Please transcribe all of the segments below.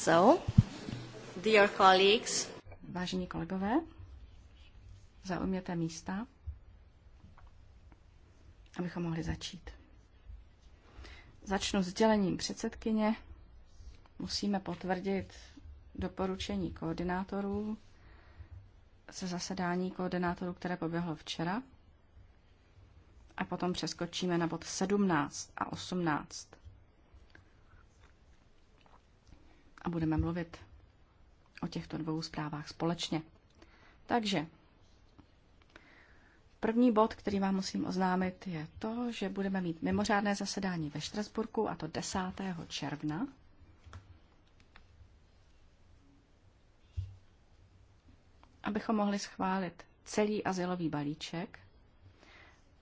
So, dear colleagues. Vážení kolegové, zaujměte místa, abychom mohli začít. Začnu sdělením předsedkyně. Musíme potvrdit doporučení koordinátorů ze zasedání koordinátorů, které proběhlo včera. A potom přeskočíme na bod 17 a 18. a budeme mluvit o těchto dvou zprávách společně. Takže první bod, který vám musím oznámit, je to, že budeme mít mimořádné zasedání ve Štrasburku, a to 10. června. Abychom mohli schválit celý asilový balíček,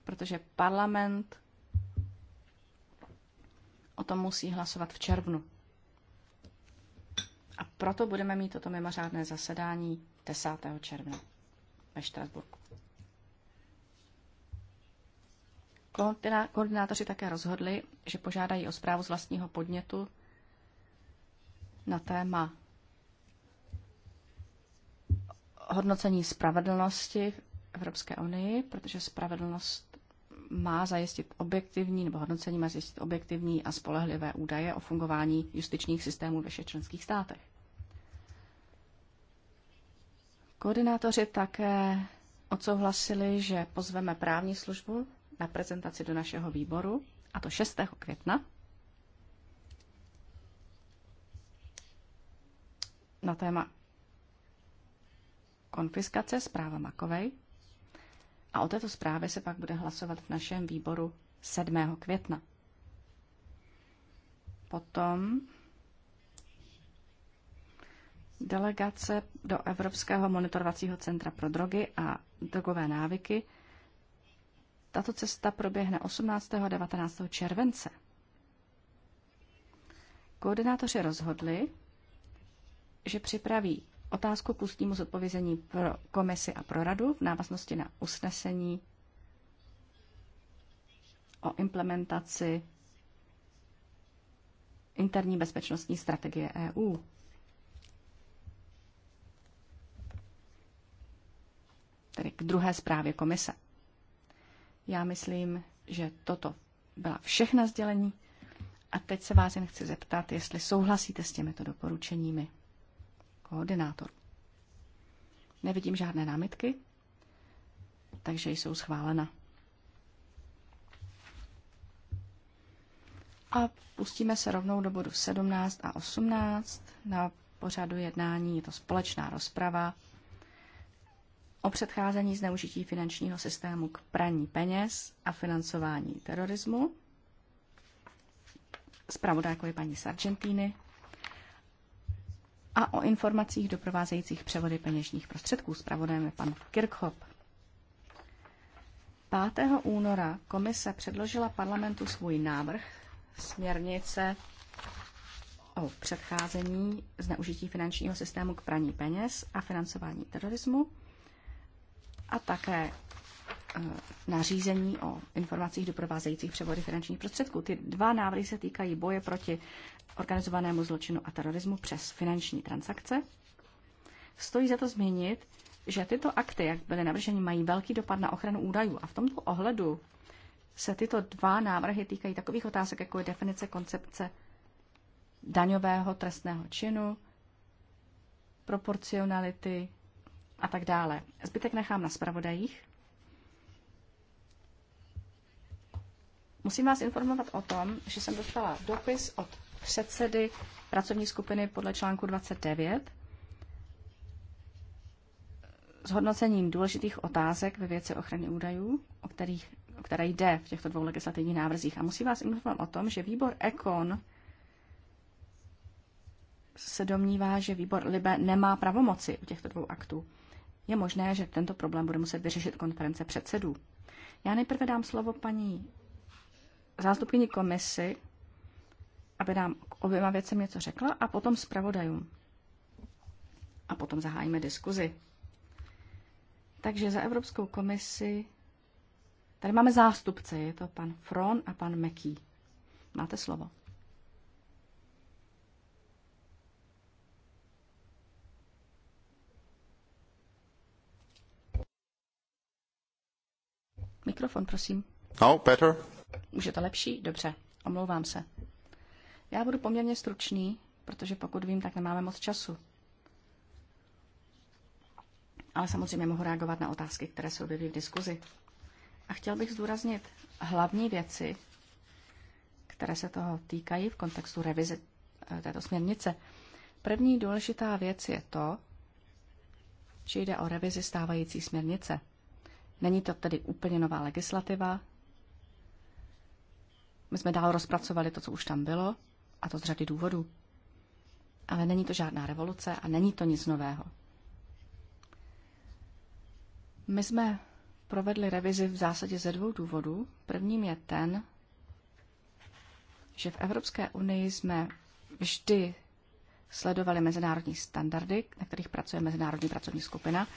protože parlament o tom musí hlasovat v červnu. A proto budeme mít toto mimořádné zasedání 10. června ve Štrasburku. Koordinátoři také rozhodli, že požádají o zprávu z vlastního podnětu na téma hodnocení spravedlnosti v Evropské unii, protože spravedlnost má zajistit objektivní, nebo hodnocení má zajistit objektivní a spolehlivé údaje o fungování justičních systémů ve všech členských státech. Koordinátoři také odsouhlasili, že pozveme právní službu na prezentaci do našeho výboru, a to 6. května. Na téma konfiskace zpráva Makovej. A o této zprávě se pak bude hlasovat v našem výboru 7. května. Potom delegace do Evropského monitorovacího centra pro drogy a drogové návyky. Tato cesta proběhne 18. a 19. července. Koordinátoři rozhodli, že připraví otázku k ústnímu zodpovězení pro komisi a pro radu v návaznosti na usnesení o implementaci interní bezpečnostní strategie EU. tedy k druhé zprávě komise. Já myslím, že toto byla všechna sdělení a teď se vás jen chci zeptat, jestli souhlasíte s těmito doporučeními. Koordinátor. Nevidím žádné námitky, takže jsou schválena. A pustíme se rovnou do bodu 17 a 18. Na pořadu jednání je to společná rozprava o předcházení zneužití finančního systému k praní peněz a financování terorismu. Zpravodajkou je paní Sargentini a o informacích doprovázejících převody peněžních prostředků. Zpravodajem je pan Kirchhoff. 5. února komise předložila parlamentu svůj návrh směrnice o předcházení zneužití finančního systému k praní peněz a financování terorismu a také e, nařízení o informacích doprovázejících převody finančních prostředků. Ty dva návrhy se týkají boje proti organizovanému zločinu a terorismu přes finanční transakce. Stojí za to změnit, že tyto akty, jak byly navrženy, mají velký dopad na ochranu údajů a v tomto ohledu se tyto dva návrhy týkají takových otázek, jako je definice koncepce daňového trestného činu, proporcionality, a tak dále. Zbytek nechám na spravodajích. Musím vás informovat o tom, že jsem dostala dopis od předsedy pracovní skupiny podle článku 29 s hodnocením důležitých otázek ve věci ochrany údajů, o, kterých, o které jde v těchto dvou legislativních návrzích. A musím vás informovat o tom, že výbor ECON se domnívá, že výbor LIBE nemá pravomoci u těchto dvou aktů. Je možné, že tento problém bude muset vyřešit konference předsedů. Já nejprve dám slovo paní zástupkyni komisy, aby nám k oběma věcem něco řekla, a potom zpravodajům. A potom zahájíme diskuzi. Takže za Evropskou komisi tady máme zástupce, je to pan Fron a pan Meký. Máte slovo. Mikrofon, prosím. No, better. Už je to lepší? Dobře, omlouvám se. Já budu poměrně stručný, protože pokud vím, tak nemáme moc času. Ale samozřejmě mohu reagovat na otázky, které se objeví v diskuzi. A chtěl bych zdůraznit hlavní věci, které se toho týkají v kontextu revize eh, této směrnice. První důležitá věc je to, že jde o revizi stávající směrnice. Není to tedy úplně nová legislativa. My jsme dál rozpracovali to, co už tam bylo, a to z řady důvodů. Ale není to žádná revoluce a není to nic nového. My jsme provedli revizi v zásadě ze dvou důvodů. Prvním je ten, že v Evropské unii jsme vždy sledovali mezinárodní standardy, na kterých pracuje Mezinárodní pracovní skupina.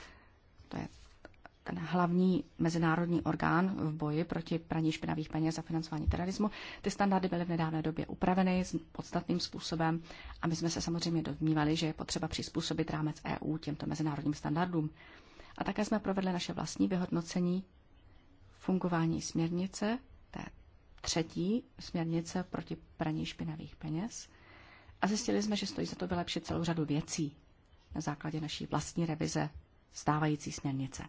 To je ten hlavní mezinárodní orgán v boji proti praní špinavých peněz a financování terorismu. Ty standardy byly v nedávné době upraveny s podstatným způsobem a my jsme se samozřejmě domnívali, že je potřeba přizpůsobit rámec EU těmto mezinárodním standardům. A také jsme provedli naše vlastní vyhodnocení fungování směrnice, té třetí směrnice proti praní špinavých peněz. A zjistili jsme, že stojí za to vylepšit celou řadu věcí na základě naší vlastní revize stávající směrnice.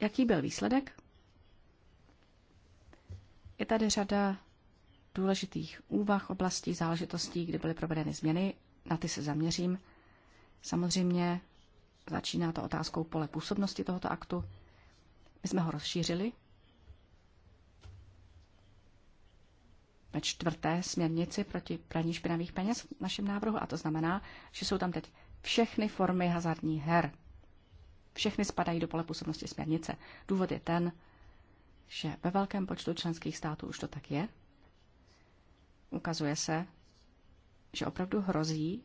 Jaký byl výsledek? Je tady řada důležitých úvah, oblastí, záležitostí, kde byly provedeny změny, na ty se zaměřím. Samozřejmě začíná to otázkou pole působnosti tohoto aktu. My jsme ho rozšířili ve čtvrté směrnici proti praní špinavých peněz v našem návrhu a to znamená, že jsou tam teď všechny formy hazardních her všechny spadají do pole působnosti směrnice. Důvod je ten, že ve velkém počtu členských států už to tak je. Ukazuje se, že opravdu hrozí,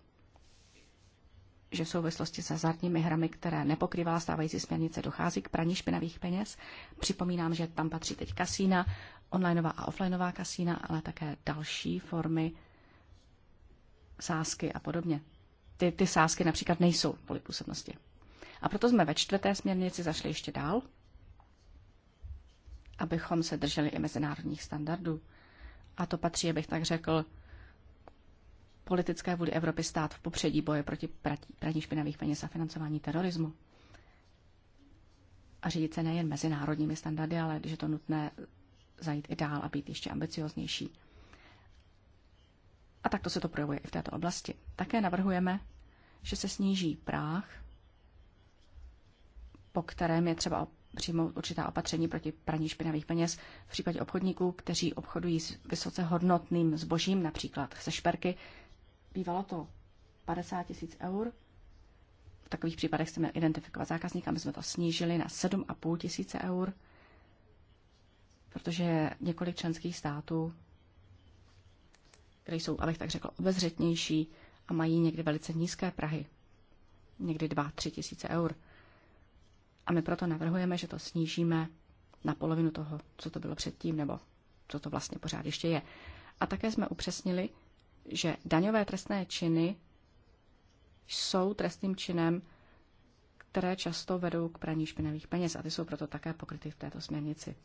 že v souvislosti s hazardními hrami, které nepokrývá stávající směrnice, dochází k praní špinavých peněz. Připomínám, že tam patří teď kasína, onlineová a offlineová kasína, ale také další formy sásky a podobně. Ty, ty sásky například nejsou v působnosti. A proto jsme ve čtvrté směrnici zašli ještě dál, abychom se drželi i mezinárodních standardů. A to patří, abych tak řekl, politické vůli Evropy stát v popředí boje proti praní špinavých peněz a financování terorismu. A řídit se nejen mezinárodními standardy, ale když je to nutné, zajít i dál a být ještě ambicioznější. A takto se to projevuje i v této oblasti. Také navrhujeme, že se sníží práh po kterém je třeba přijmout určitá opatření proti praní špinavých peněz v případě obchodníků, kteří obchodují s vysoce hodnotným zbožím, například se šperky. Bývalo to 50 tisíc eur. V takových případech chceme identifikovat zákazníka, my jsme to snížili na 7,5 tisíce eur, protože několik členských států, které jsou, abych tak řekl, obezřetnější a mají někdy velice nízké Prahy, někdy 2-3 tisíce eur. A my proto navrhujeme, že to snížíme na polovinu toho, co to bylo předtím, nebo co to vlastně pořád ještě je. A také jsme upřesnili, že daňové trestné činy jsou trestným činem, které často vedou k praní špinavých peněz a ty jsou proto také pokryty v této směrnici.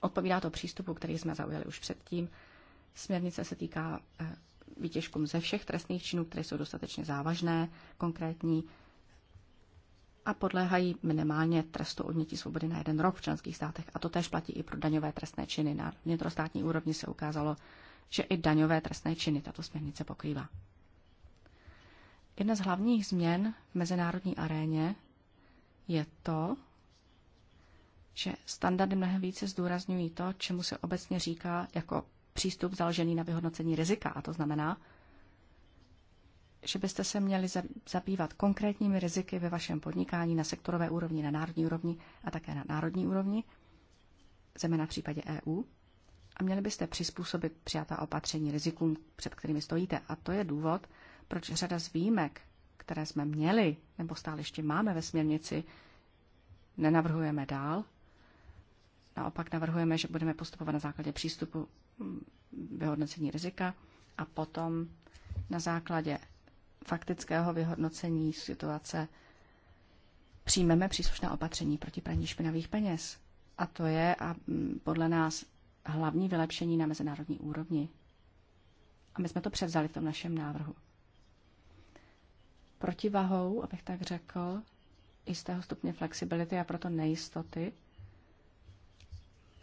Odpovídá to přístupu, který jsme zaujali už předtím. Směrnice se týká eh, výtěžkům ze všech trestných činů, které jsou dostatečně závažné, konkrétní a podléhají minimálně trestu odnětí svobody na jeden rok v členských státech. A to tež platí i pro daňové trestné činy. Na vnitrostátní úrovni se ukázalo, že i daňové trestné činy tato směrnice pokrývá. Jedna z hlavních změn v mezinárodní aréně je to, že standardy mnohem více zdůrazňují to, čemu se obecně říká jako přístup založený na vyhodnocení rizika. A to znamená, že byste se měli zabývat konkrétními riziky ve vašem podnikání na sektorové úrovni, na národní úrovni a také na národní úrovni, zejména v případě EU, a měli byste přizpůsobit přijatá opatření rizikům, před kterými stojíte. A to je důvod, proč řada z výjimek, které jsme měli nebo stále ještě máme ve směrnici, nenavrhujeme dál. Naopak navrhujeme, že budeme postupovat na základě přístupu mm, vyhodnocení rizika a potom na základě faktického vyhodnocení situace přijmeme příslušná opatření proti praní špinavých peněz. A to je a mm, podle nás hlavní vylepšení na mezinárodní úrovni. A my jsme to převzali v tom našem návrhu. Protivahou, abych tak řekl, jistého stupně flexibility a proto nejistoty,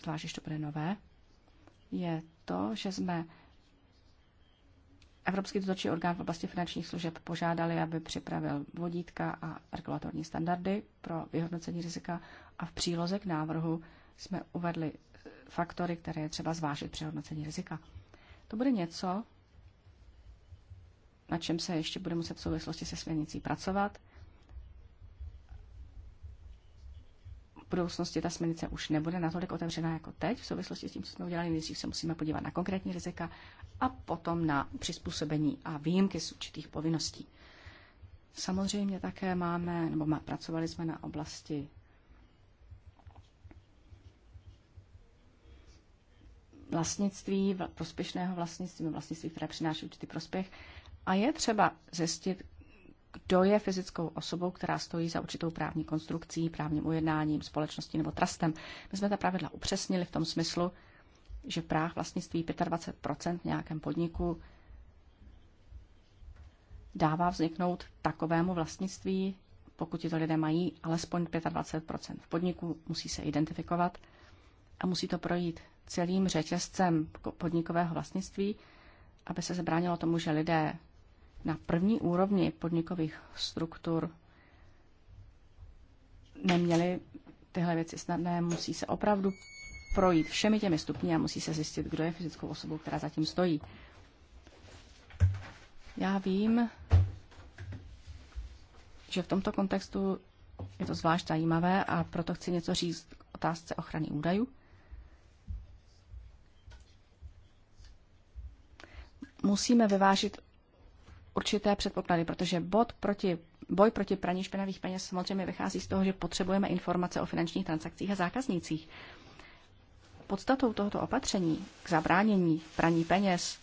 zvlášť, když to bude nové, je to, že jsme Evropský dotační orgán v oblasti finančních služeb požádali, aby připravil vodítka a regulatorní standardy pro vyhodnocení rizika a v příloze k návrhu jsme uvedli faktory, které je třeba zvážit při hodnocení rizika. To bude něco, na čem se ještě bude muset v souvislosti se směrnicí pracovat budoucnosti ta směrnice už nebude natolik otevřená jako teď. V souvislosti s tím, co jsme udělali, nejdřív se musíme podívat na konkrétní rizika a potom na přizpůsobení a výjimky z určitých povinností. Samozřejmě také máme, nebo má, pracovali jsme na oblasti vlastnictví, prospěšného vlastnictví, vlastnictví, které přináší určitý prospěch. A je třeba zjistit, kdo je fyzickou osobou, která stojí za určitou právní konstrukcí, právním ujednáním, společností nebo trustem. My jsme ta pravidla upřesnili v tom smyslu, že práh vlastnictví 25 v nějakém podniku dává vzniknout takovému vlastnictví, pokud ti to lidé mají, alespoň 25 v podniku, musí se identifikovat a musí to projít celým řetězcem podnikového vlastnictví, aby se zabránilo tomu, že lidé na první úrovni podnikových struktur neměli tyhle věci snadné, musí se opravdu projít všemi těmi stupni a musí se zjistit, kdo je fyzickou osobou, která zatím stojí. Já vím, že v tomto kontextu je to zvlášť zajímavé a proto chci něco říct k otázce ochrany údajů. Musíme vyvážit určité předpoklady, protože bod proti, boj proti praní špinavých peněz samozřejmě vychází z toho, že potřebujeme informace o finančních transakcích a zákaznících. Podstatou tohoto opatření k zabránění praní peněz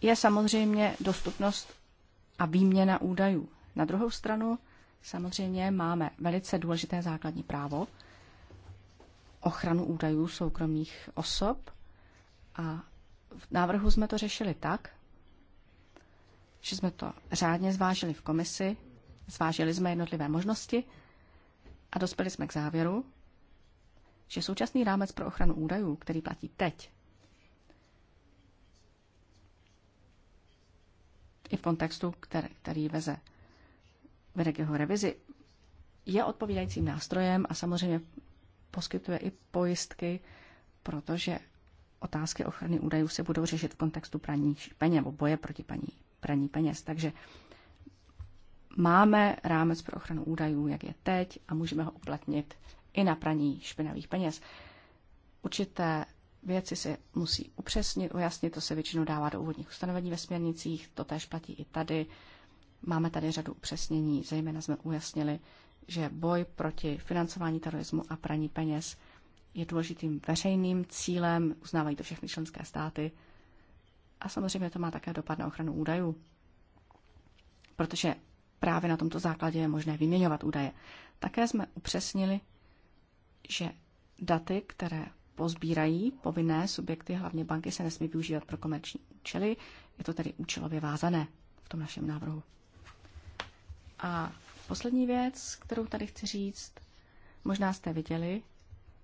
je samozřejmě dostupnost a výměna údajů. Na druhou stranu samozřejmě máme velice důležité základní právo, ochranu údajů soukromých osob a v návrhu jsme to řešili tak, že jsme to řádně zvážili v komisi, zvážili jsme jednotlivé možnosti a dospěli jsme k závěru, že současný rámec pro ochranu údajů, který platí teď, i v kontextu, který, který veze, vede k jeho revizi, je odpovídajícím nástrojem a samozřejmě poskytuje i pojistky, protože otázky ochrany údajů se budou řešit v kontextu praní peněz, nebo boje proti paní praní peněz. Takže máme rámec pro ochranu údajů, jak je teď, a můžeme ho uplatnit i na praní špinavých peněz. Určité věci se musí upřesnit, ujasnit, to se většinou dává do úvodních ustanovení ve směrnicích, to též platí i tady. Máme tady řadu upřesnění, zejména jsme ujasnili, že boj proti financování terorismu a praní peněz je důležitým veřejným cílem, uznávají to všechny členské státy a samozřejmě to má také dopad na ochranu údajů, protože právě na tomto základě je možné vyměňovat údaje. Také jsme upřesnili, že daty, které pozbírají povinné subjekty, hlavně banky, se nesmí využívat pro komerční účely. Je to tedy účelově vázané v tom našem návrhu. A poslední věc, kterou tady chci říct, možná jste viděli,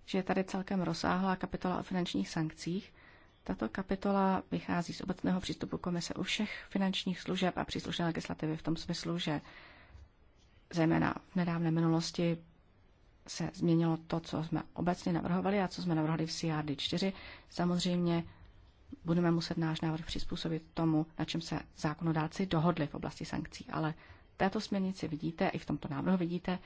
že je tady celkem rozsáhlá kapitola o finančních sankcích tato kapitola vychází z obecného přístupu komise u všech finančních služeb a příslušné legislativy v tom smyslu, že zejména v nedávné minulosti se změnilo to, co jsme obecně navrhovali a co jsme navrhovali v CRD 4. Samozřejmě budeme muset náš návrh přizpůsobit tomu, na čem se zákonodáci dohodli v oblasti sankcí, ale této směrnici vidíte, i v tomto návrhu vidíte,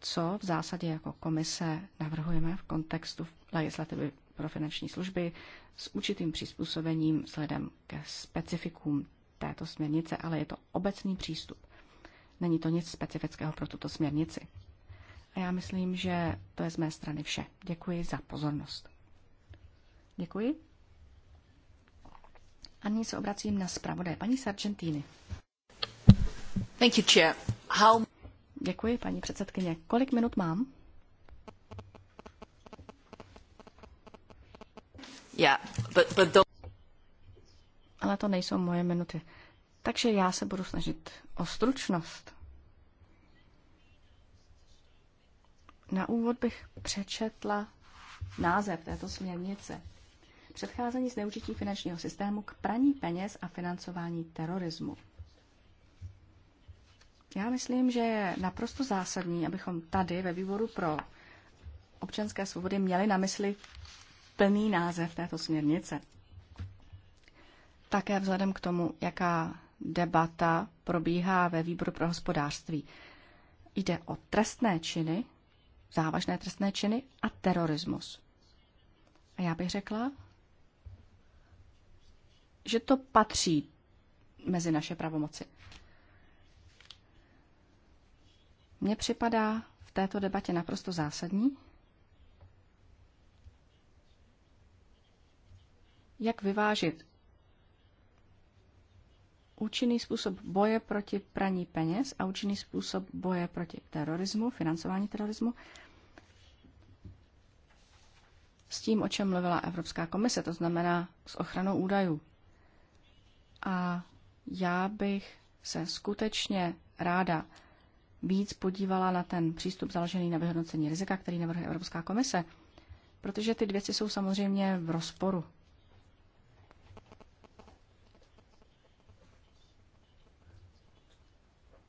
co v zásadě jako komise navrhujeme v kontextu legislativy pro finanční služby s určitým přizpůsobením vzhledem ke specifikům této směrnice, ale je to obecný přístup. Není to nic specifického pro tuto směrnici. A já myslím, že to je z mé strany vše. Děkuji za pozornost. Děkuji. A nyní se obracím na zpravodaje paní Sargentini. Thank you, Chair. How... Děkuji, paní předsedkyně. Kolik minut mám? Yeah, but, but Ale to nejsou moje minuty. Takže já se budu snažit o stručnost. Na úvod bych přečetla název této směrnice. Předcházení zneužití finančního systému k praní peněz a financování terorismu. Já myslím, že je naprosto zásadní, abychom tady ve výboru pro občanské svobody měli na mysli plný název této směrnice. Také vzhledem k tomu, jaká debata probíhá ve výboru pro hospodářství. Jde o trestné činy, závažné trestné činy a terorismus. A já bych řekla, že to patří mezi naše pravomoci. Mně připadá v této debatě naprosto zásadní, jak vyvážit účinný způsob boje proti praní peněz a účinný způsob boje proti terorismu, financování terorismu, s tím, o čem mluvila Evropská komise, to znamená s ochranou údajů. A já bych se skutečně ráda víc podívala na ten přístup založený na vyhodnocení rizika, který navrhuje Evropská komise, protože ty dvě věci jsou samozřejmě v rozporu.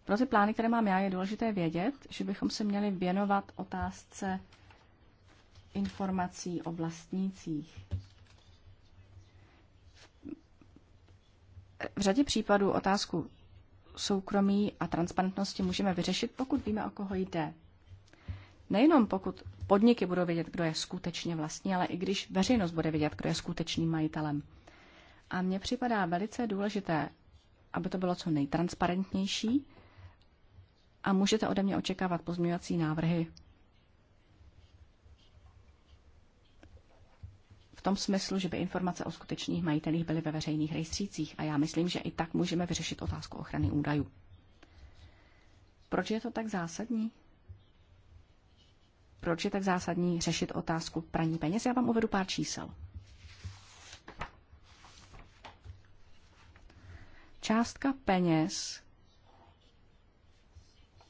Pro ty plány, které mám já, je důležité vědět, že bychom se měli věnovat otázce informací o vlastnících. V řadě případů otázku soukromí a transparentnosti můžeme vyřešit, pokud víme, o koho jde. Nejenom pokud podniky budou vědět, kdo je skutečně vlastní, ale i když veřejnost bude vědět, kdo je skutečným majitelem. A mně připadá velice důležité, aby to bylo co nejtransparentnější a můžete ode mě očekávat pozměňovací návrhy. V tom smyslu, že by informace o skutečných majitelích byly ve veřejných rejstřících a já myslím, že i tak můžeme vyřešit otázku ochrany údajů. Proč je to tak zásadní? Proč je tak zásadní řešit otázku praní peněz? Já vám uvedu pár čísel. Částka peněz,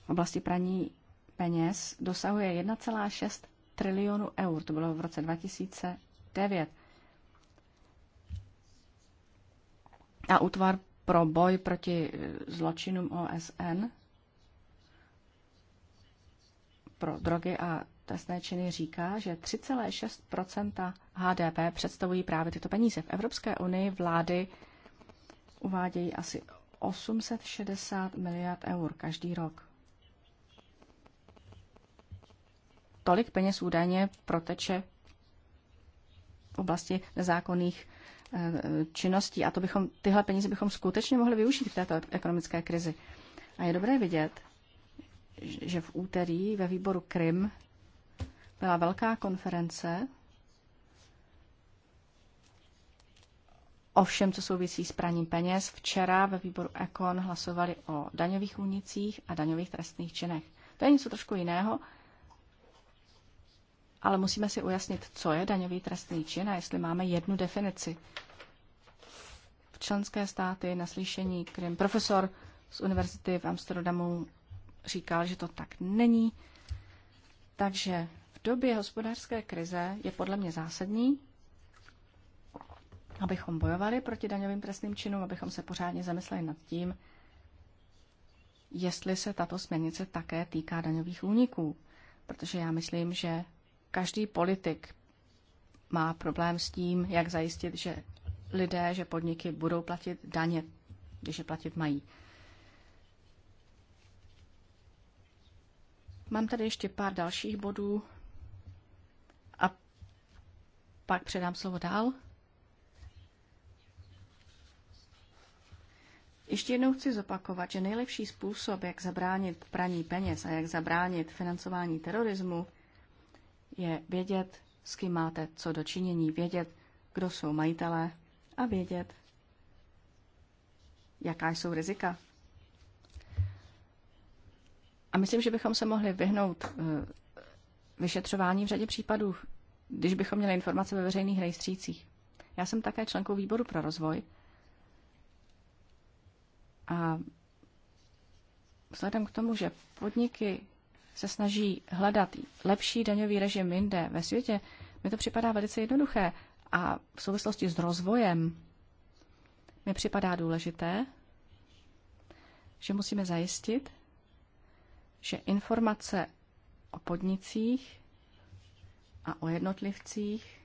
v oblasti praní peněz dosahuje 1,6 trilionu eur. To bylo v roce 2009. A útvar pro boj proti eh, zločinům OSN pro drogy a trestné činy říká, že 3,6 HDP představují právě tyto peníze. V Evropské unii vlády uvádějí asi 860 miliard eur každý rok. tolik peněz údajně proteče v oblasti nezákonných eh, činností. A to bychom, tyhle peníze bychom skutečně mohli využít v této ekonomické krizi. A je dobré vidět, že v úterý ve výboru Krim byla velká konference o všem, co souvisí s praním peněz. Včera ve výboru Ekon hlasovali o daňových únicích a daňových trestných činech. To je něco trošku jiného, ale musíme si ujasnit, co je daňový trestný čin a jestli máme jednu definici. V členské státy na slyšení Krim profesor z univerzity v Amsterdamu říkal, že to tak není. Takže v době hospodářské krize je podle mě zásadní, abychom bojovali proti daňovým trestným činům, abychom se pořádně zamysleli nad tím, jestli se tato směrnice také týká daňových úniků. Protože já myslím, že Každý politik má problém s tím, jak zajistit, že lidé, že podniky budou platit daně, když je platit mají. Mám tady ještě pár dalších bodů a pak předám slovo dál. Ještě jednou chci zopakovat, že nejlepší způsob, jak zabránit praní peněz a jak zabránit financování terorismu, je vědět, s kým máte co dočinění, vědět, kdo jsou majitelé a vědět, jaká jsou rizika. A myslím, že bychom se mohli vyhnout eh, vyšetřování v řadě případů, když bychom měli informace ve veřejných rejstřících. Já jsem také členkou výboru pro rozvoj a vzhledem k tomu, že podniky se snaží hledat lepší daňový režim jinde ve světě, mi to připadá velice jednoduché a v souvislosti s rozvojem mi připadá důležité, že musíme zajistit, že informace o podnicích a o jednotlivcích,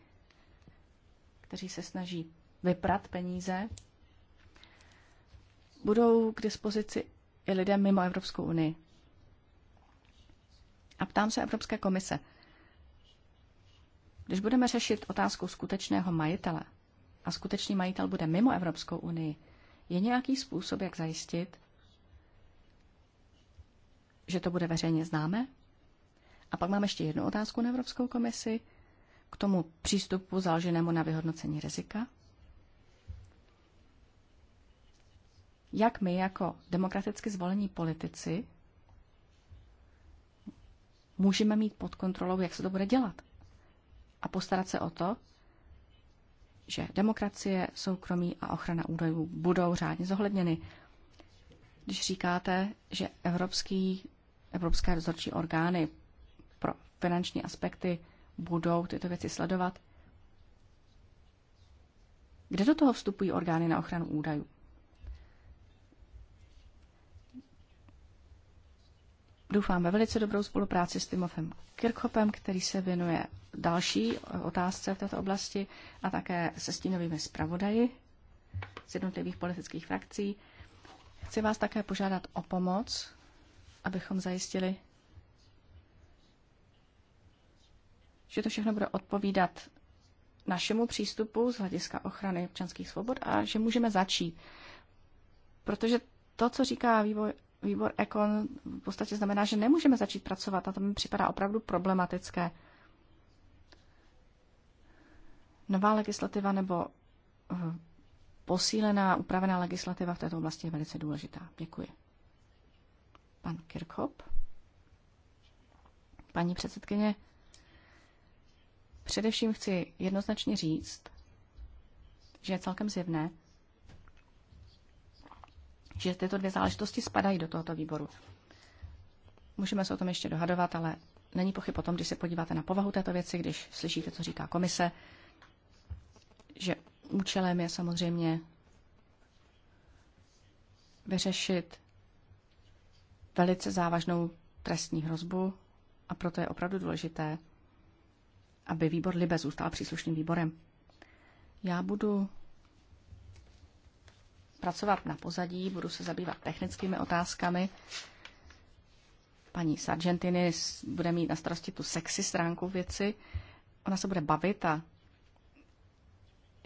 kteří se snaží vyprat peníze, budou k dispozici i lidem mimo Evropskou unii. A ptám se Evropské komise. Když budeme řešit otázku skutečného majitele a skutečný majitel bude mimo Evropskou unii, je nějaký způsob, jak zajistit, že to bude veřejně známé? A pak mám ještě jednu otázku na Evropskou komisi k tomu přístupu založenému na vyhodnocení rizika. Jak my jako demokraticky zvolení politici můžeme mít pod kontrolou, jak se to bude dělat. A postarat se o to, že demokracie, soukromí a ochrana údajů budou řádně zohledněny. Když říkáte, že evropský, evropské rozhodčí orgány pro finanční aspekty budou tyto věci sledovat, kde do toho vstupují orgány na ochranu údajů? doufám ve velice dobrou spolupráci s Timofem Kirchhopem, který se věnuje další otázce v této oblasti a také se stínovými zpravodaji z jednotlivých politických frakcí. Chci vás také požádat o pomoc, abychom zajistili, že to všechno bude odpovídat našemu přístupu z hlediska ochrany občanských svobod a že můžeme začít. Protože to, co říká vývoj, výbor Ekon v podstatě znamená, že nemůžeme začít pracovat a to mi připadá opravdu problematické. Nová legislativa nebo eh, posílená, upravená legislativa v této oblasti je velice důležitá. Děkuji. Pan Kirchhoff. Paní předsedkyně, především chci jednoznačně říct, že je celkem zjevné, že tyto dvě záležitosti spadají do tohoto výboru. Můžeme se o tom ještě dohadovat, ale není pochyb o tom, když se podíváte na povahu této věci, když slyšíte, co říká komise, že účelem je samozřejmě vyřešit velice závažnou trestní hrozbu a proto je opravdu důležité, aby výbor Libe zůstal příslušným výborem. Já budu pracovat na pozadí, budu se zabývat technickými otázkami. Paní Sargentiny bude mít na starosti tu sexy stránku věci. Ona se bude bavit a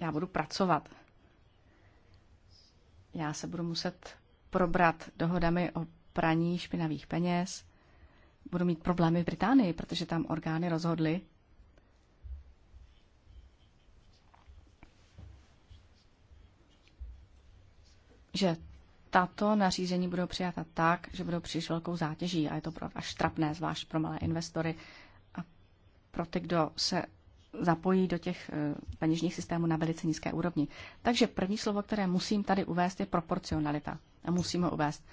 já budu pracovat. Já se budu muset probrat dohodami o praní špinavých peněz. Budu mít problémy v Británii, protože tam orgány rozhodly, že tato nařízení budou přijata tak, že budou příliš velkou zátěží a je to až trapné, zvlášť pro malé investory a pro ty, kdo se zapojí do těch eh, peněžních systémů na velice nízké úrovni. Takže první slovo, které musím tady uvést, je proporcionalita. A musím ho uvést.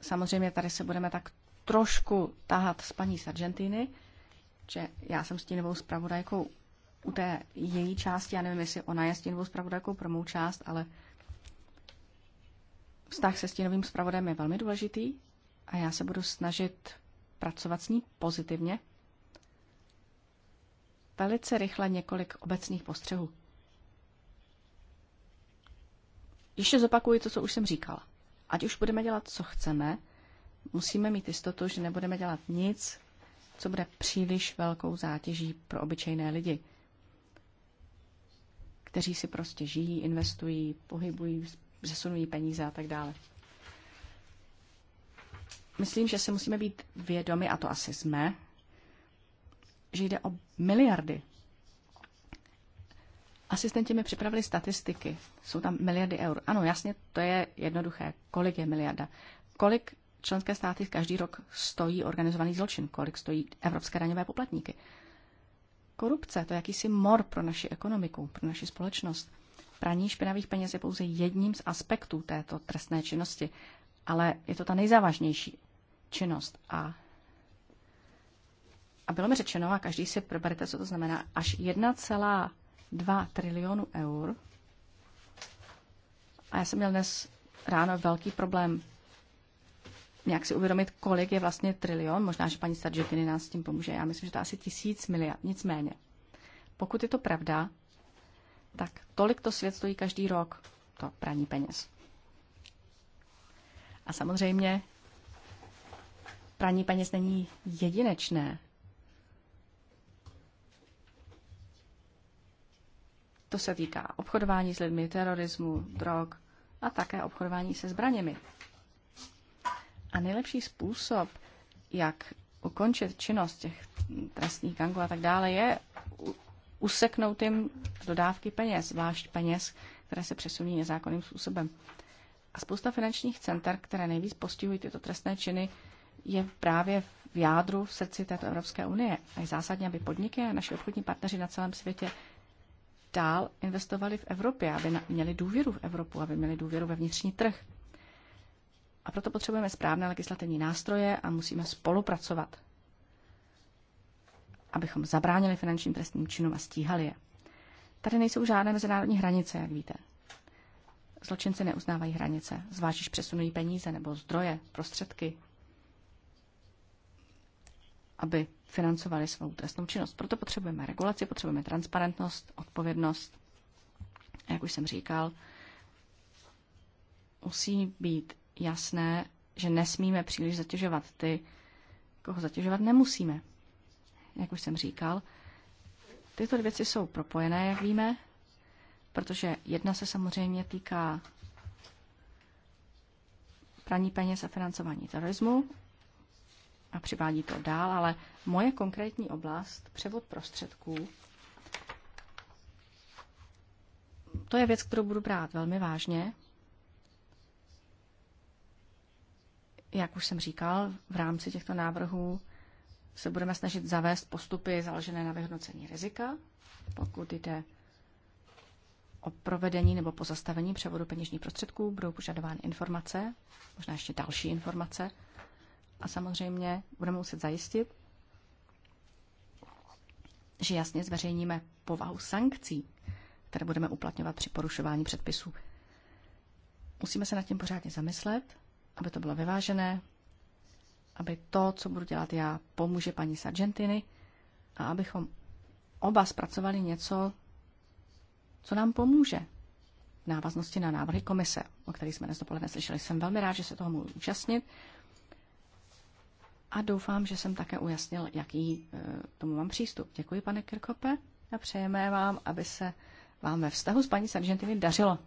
Samozřejmě tady se budeme tak trošku tahat s paní z Argentiny, že já jsem stínovou zpravodajkou u té její části, já nevím, jestli ona je stínovou zpravodajkou pro mou část, ale Vztah se stínovým zpravodem je velmi důležitý a já se budu snažit pracovat s ní pozitivně. Velice rychle několik obecných postřehů. Ještě zopakuji to, co už jsem říkala. Ať už budeme dělat, co chceme, musíme mít jistotu, že nebudeme dělat nic, co bude příliš velkou zátěží pro obyčejné lidi, kteří si prostě žijí, investují, pohybují, přesunují peníze a tak dále. Myslím, že se musíme být vědomi, a to asi jsme, že jde o miliardy. Asistenti mi připravili statistiky. Jsou tam miliardy eur. Ano, jasně, to je jednoduché. Kolik je miliarda? Kolik členské státy každý rok stojí organizovaný zločin? Kolik stojí evropské daňové poplatníky? Korupce, to je jakýsi mor pro naši ekonomiku, pro naši společnost. Praní špinavých peněz je pouze jedním z aspektů této trestné činnosti, ale je to ta nejzávažnější činnost. A, a bylo mi řečeno, a každý si proberete, co to znamená, až 1,2 trilionu eur. A já jsem měl dnes ráno velký problém nějak si uvědomit, kolik je vlastně trilion. Možná, že paní Sargentiny nás s tím pomůže. Já myslím, že to asi tisíc miliard, nicméně. Pokud je to pravda, tak tolik to svět stojí každý rok, to praní peněz. A samozřejmě praní peněz není jedinečné. To se týká obchodování s lidmi, terorismu, drog a také obchodování se zbraněmi. A nejlepší způsob, jak ukončit činnost těch trestních gangů a tak dále, je useknout jim dodávky peněz, zvlášť peněz, které se přesuní nezákonným způsobem. A spousta finančních center, které nejvíc postihují tyto trestné činy, je právě v jádru, v srdci této Evropské unie. A je zásadně, aby podniky a naši obchodní partneři na celém světě dál investovali v Evropě, aby měli důvěru v Evropu, aby měli důvěru ve vnitřní trh. A proto potřebujeme správné legislativní nástroje a musíme spolupracovat abychom zabránili finančním trestním činům a stíhali je. Tady nejsou žádné mezinárodní hranice, jak víte. Zločinci neuznávají hranice, zvlášť když přesunují peníze nebo zdroje, prostředky, aby financovali svou trestnou činnost. Proto potřebujeme regulaci, potřebujeme transparentnost, odpovědnost. A jak už jsem říkal, musí být jasné, že nesmíme příliš zatěžovat ty, koho zatěžovat nemusíme jak už jsem říkal. Tyto dvě věci jsou propojené, jak víme, protože jedna se samozřejmě týká praní peněz a financování terorismu a přivádí to dál, ale moje konkrétní oblast, převod prostředků, to je věc, kterou budu brát velmi vážně. Jak už jsem říkal, v rámci těchto návrhů se budeme snažit zavést postupy založené na vyhodnocení rizika, pokud jde o provedení nebo pozastavení převodu peněžních prostředků, budou požadovány informace, možná ještě další informace. A samozřejmě budeme muset zajistit, že jasně zveřejníme povahu sankcí, které budeme uplatňovat při porušování předpisů. Musíme se nad tím pořádně zamyslet, aby to bylo vyvážené, aby to, co budu dělat já, pomůže paní Sargentiny a abychom oba zpracovali něco, co nám pomůže v návaznosti na návrhy komise, o kterých jsme dnes dopoledne slyšeli. Jsem velmi rád, že se toho můžu účastnit a doufám, že jsem také ujasnil, jaký e, tomu mám přístup. Děkuji, pane Kirkope, a přejeme vám, aby se vám ve vztahu s paní Sargentiny dařilo.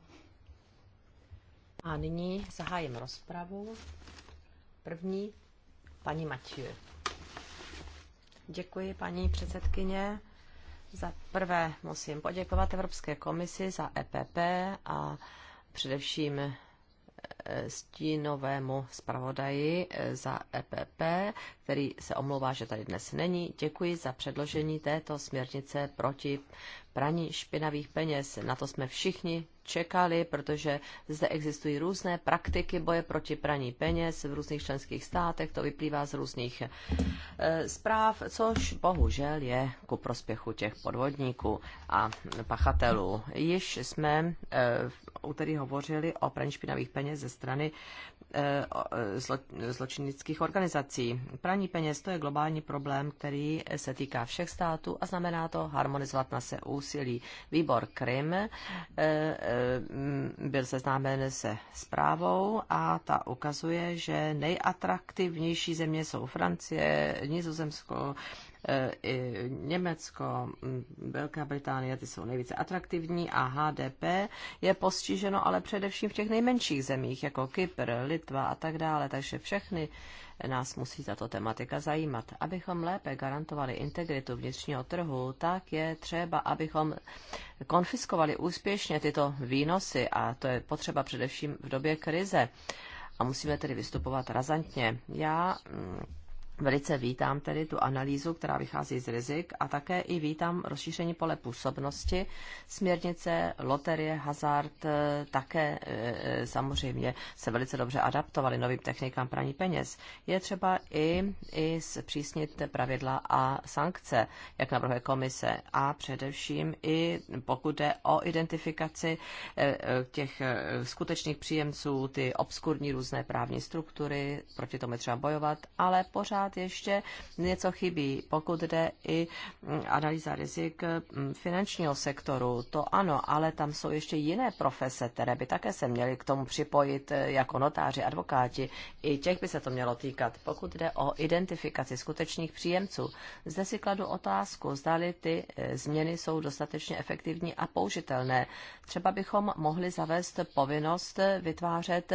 A nyní zahájím rozpravu. První Paní Mathieu. Děkuji, paní předsedkyně. Za prvé musím poděkovat Evropské komisi za EPP a především e, stínovému zpravodaji e, za EPP, který se omlouvá, že tady dnes není. Děkuji za předložení této směrnice proti praní špinavých peněz. Na to jsme všichni čekali, protože zde existují různé praktiky boje proti praní peněz v různých členských státech, to vyplývá z různých eh, zpráv, což bohužel je ku prospěchu těch podvodníků a pachatelů. Již jsme eh, v úterý hovořili o praní špinavých peněz ze strany eh, zločinnických zločinických organizací. Praní peněz to je globální problém, který se týká všech států a znamená to harmonizovat na, se, úsilí. Výbor Krym eh, eh, byl seznámen se zprávou a ta ukazuje, že nejatraktivnější země jsou Francie, Nizozemsko, eh, i Německo, mm, Velká Británie, ty jsou nejvíce atraktivní a HDP je postiženo ale především v těch nejmenších zemích, jako Kypr, Litva a tak dále. Takže všechny nás musí tato tematika zajímat. Abychom lépe garantovali integritu vnitřního trhu, tak je třeba, abychom konfiskovali úspěšně tyto výnosy a to je potřeba především v době krize. A musíme tedy vystupovat razantně. Já mm, Velice vítám tedy tu analýzu, která vychází z rizik a také i vítám rozšíření pole působnosti směrnice, loterie, hazard, eh, také eh, eh, samozřejmě se velice dobře adaptovaly novým technikám praní peněz. Je třeba i, i zpřísnit pravidla a sankce, jak navrhuje komise a především i pokud jde o identifikaci těch skutečných příjemců, ty obskurní různé právní struktury, proti tomu je třeba bojovat, ale pořád pořád ještě něco chybí, pokud jde i mm, analýza rizik mm, finančního sektoru. To ano, ale tam jsou ještě jiné profese, které by také se měly k tomu připojit eh, jako notáři, advokáti. I těch by se to mělo týkat. Pokud jde o identifikaci skutečných příjemců, zde si kladu otázku, zdali ty eh, změny jsou dostatečně efektivní a použitelné. Třeba bychom mohli zavést povinnost eh, vytvářet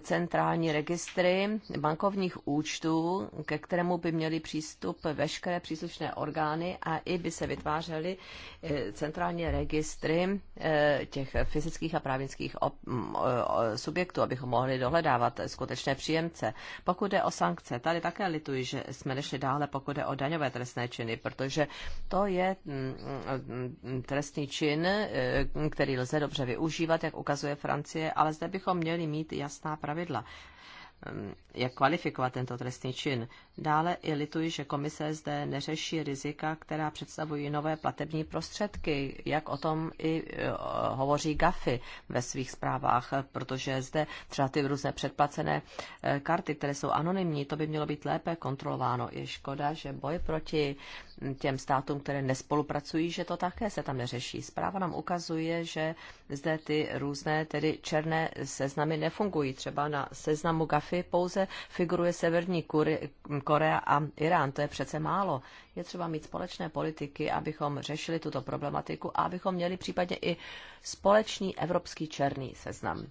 centrální registry bankovních účtů, ke kterému by měly přístup veškeré příslušné orgány a i by se vytvářely eh, centrální registry eh, těch fyzických a právnických mm, subjektů, abychom mohli dohledávat skutečné příjemce. Pokud jde o sankce, tady také lituji, že jsme nešli dále, pokud jde o daňové trestné činy, protože to je mm, mm, trestný čin, eh, který lze dobře využívat, jak ukazuje Francie, ale zde bychom měli mít jasná pravidla. Um, jak kvalifikovat tento trestný čin. Dále i lituji, že komise zde neřeší rizika, která představují nové platební prostředky, jak o tom i uh, hovoří GAFI ve svých zprávách, protože zde třeba ty různé předplacené uh, karty, které jsou anonymní, to by mělo být lépe kontrolováno. Je škoda, že boj proti těm státům, které nespolupracují, že to také se tam neřeší. Zpráva nám ukazuje, že zde ty různé, tedy černé seznamy nefungují. Třeba na seznamu GAFI pouze figuruje Severní Korea a Irán. To je přece málo. Je třeba mít společné politiky, abychom řešili tuto problematiku a abychom měli případně i společný evropský černý seznam.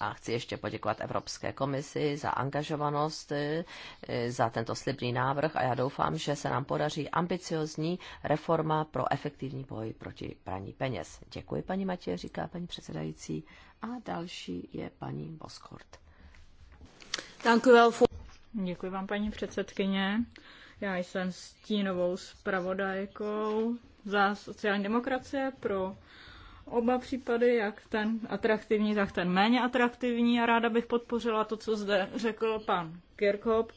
A chci ještě poděkovat Evropské komisi za angažovanost, e, e, za tento slibný návrh a já doufám, že se nám podaří ambiciozní reforma pro efektivní boj proti praní peněz. Děkuji, paní Matěje, říká paní předsedající. A další je paní Boskort. Děkuji vám, paní předsedkyně. Já jsem stínovou zpravodajkou za sociální demokracie pro oba případy, jak ten atraktivní, tak ten méně atraktivní a ráda bych podpořila to, co zde řekl pan Kirchhoff,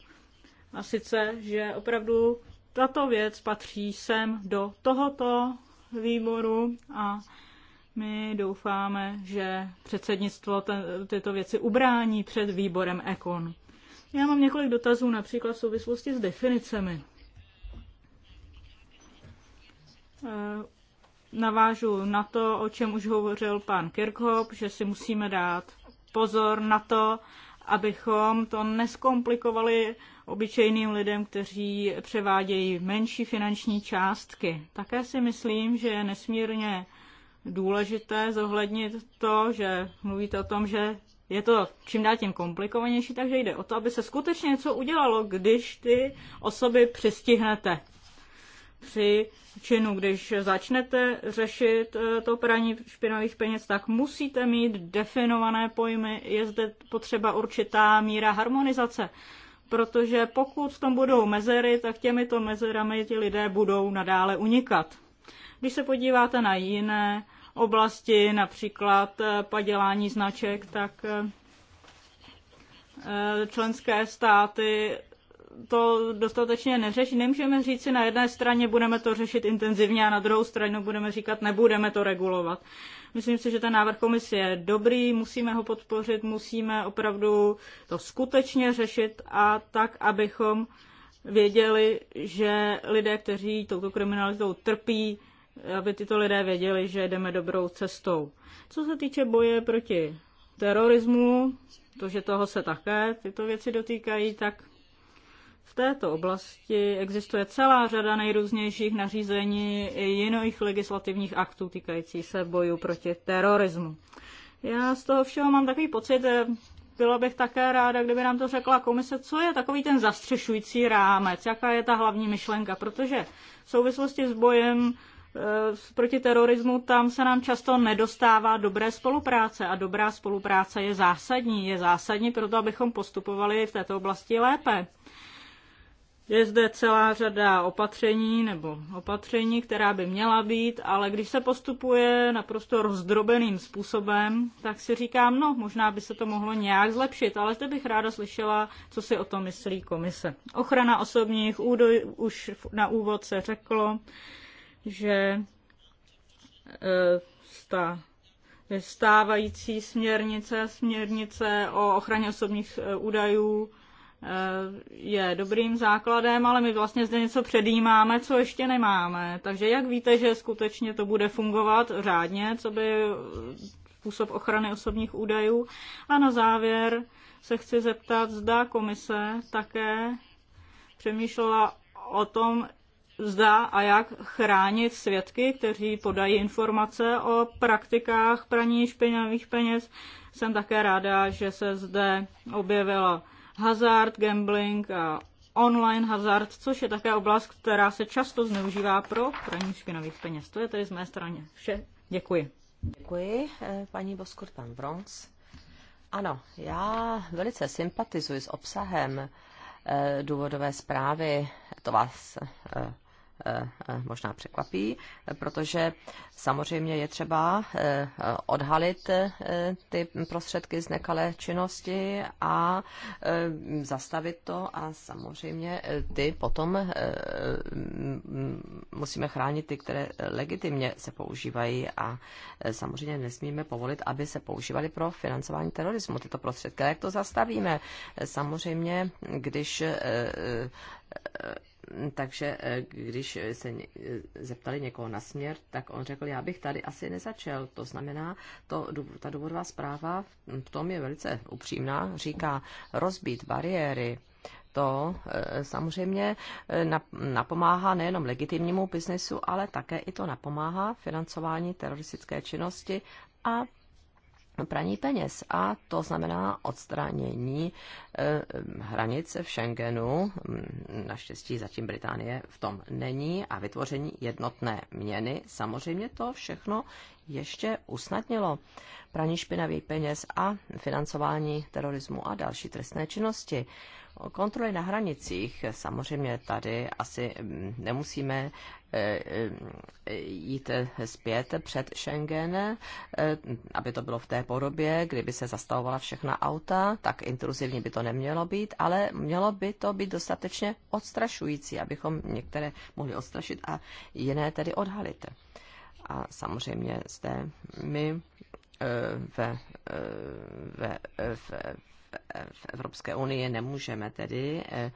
a sice, že opravdu tato věc patří sem do tohoto výboru a my doufáme, že předsednictvo ten, tyto věci ubrání před výborem EKON. Já mám několik dotazů například v souvislosti s definicemi. Eh, navážu na to, o čem už hovořil pan Kirchhoff, že si musíme dát pozor na to, abychom to neskomplikovali obyčejným lidem, kteří převádějí menší finanční částky. Také si myslím, že je nesmírně důležité zohlednit to, že mluvíte o tom, že je to čím dál tím komplikovanější, takže jde o to, aby se skutečně něco udělalo, když ty osoby přistihnete při činu. Když začnete řešit eh, to praní špinavých peněz, tak musíte mít definované pojmy. Je zde potřeba určitá míra harmonizace, protože pokud v tom budou mezery, tak těmito mezerami ti lidé budou nadále unikat. Když se podíváte na jiné oblasti, například eh, padělání značek, tak eh, členské státy to dostatečně neřeší. Nemůžeme říct si na jedné straně budeme to řešit intenzivně a na druhou stranu budeme říkat nebudeme to regulovat. Myslím si, že ten návrh komise je dobrý, musíme ho podpořit, musíme opravdu to skutečně řešit a tak, abychom věděli, že lidé, kteří touto kriminalitou trpí, aby tyto lidé věděli, že jdeme dobrou cestou. Co se týče boje proti terorismu, to, že toho se také tyto věci dotýkají, tak v této oblasti existuje celá řada nejrůznějších nařízení i jiných legislativních aktů týkající se boju proti terorismu. Já z toho všeho mám takový pocit, že byla bych také ráda, kdyby nám to řekla komise, co je takový ten zastřešující rámec, jaká je ta hlavní myšlenka, protože v souvislosti s bojem eh, proti terorismu, tam se nám často nedostává dobré spolupráce a dobrá spolupráce je zásadní. Je zásadní proto, abychom postupovali v této oblasti lépe. Je zde celá řada opatření nebo opatření, která by měla být, ale když se postupuje naprosto rozdrobeným způsobem, tak si říkám, no, možná by se to mohlo nějak zlepšit, ale zde bych ráda slyšela, co si o tom myslí komise. Ochrana osobních údajů už na úvod se řeklo, že eh, ta stávající směrnice, směrnice o ochraně osobních eh, údajů Eh, je dobrým základem, ale my vlastně zde něco předjímáme, co ještě nemáme. Takže jak víte, že skutečně to bude fungovat řádně, co by eh, způsob ochrany osobních údajů. A na závěr se chci zeptat, zda komise také přemýšlela o tom, zda a jak chránit svědky, kteří podají informace o praktikách praní špinavých peněz. Jsem také ráda, že se zde objevila hazard, gambling a online hazard, což je také oblast, která se často zneužívá pro praní špinavých peněz. To je tedy z mé strany vše. Děkuji. Děkuji, eh, paní Boskurtan pan Bronx. Ano, já velice sympatizuji s obsahem eh, důvodové zprávy. To vás eh, Eh, eh, možná překvapí, protože samozřejmě je třeba eh, odhalit ty prostředky z nekalé činnosti a zastavit to a samozřejmě ty potom mm, musíme chránit ty, které legitimně se používají a samozřejmě nesmíme povolit, aby se používaly pro financování terorismu tyto prostředky. A jak to zastavíme? Samozřejmě, když takže eh, když se eh, zeptali někoho na směr, tak on řekl, já bych tady asi nezačel. To znamená, to, ta důvodová zpráva v tom je velice upřímná, říká rozbít bariéry, to eh, samozřejmě napomáhá nejenom legitimnímu biznesu, ale také i to napomáhá financování teroristické činnosti a praní peněz. A to znamená odstranění eh, hranice v Schengenu. Mm, naštěstí zatím Británie v tom není a vytvoření jednotné měny. Samozřejmě to všechno ještě usnadnilo praní špinavých peněz a financování terorismu a další trestné činnosti. Kontroly na hranicích, samozřejmě tady asi mm, nemusíme eh, eh, jít eh, zpět před Schengen, aby to bylo v té podobě, kdyby se zastavovala všechna auta, tak intruzivní by to nemělo být, ale mělo by to být dostatečně odstrašující, abychom některé mohli odstrašit a jiné tedy odhalit. A samozřejmě zde my ve, ve, ve, v Evropské unii nemůžeme tedy eh,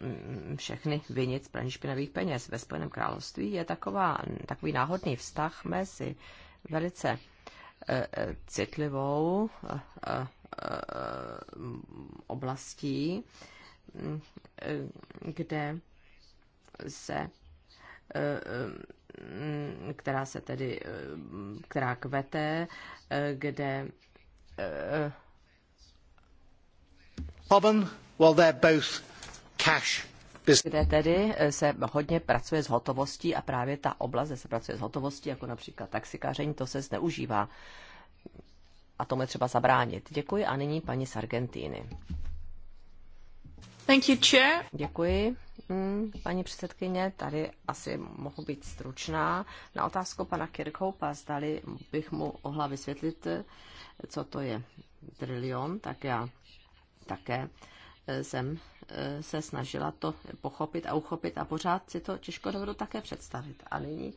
mm, všechny vinit z praní špinavých peněz. Ve Spojeném království je taková, takový náhodný vztah mezi velice eh, eh, citlivou oblastí, mm, kde se mm, která se tedy, která kvete, kde well they're both cash kde tedy eh, se hodně pracuje s hotovostí a právě ta oblast, kde se pracuje s hotovostí, jako například taxikáření, to se zneužívá. A tomu je třeba zabránit. Děkuji a nyní paní z Argentíny. Thank you, chair. Děkuji. Mm, paní předsedkyně, tady asi mohu být stručná. Na otázku pana Kirkhoupa, zdali bych mu mohla vysvětlit, co to je trilion, tak já také eh, jsem eh, se snažila to pochopit a uchopit a pořád si to těžko dovedu také představit. A nyní,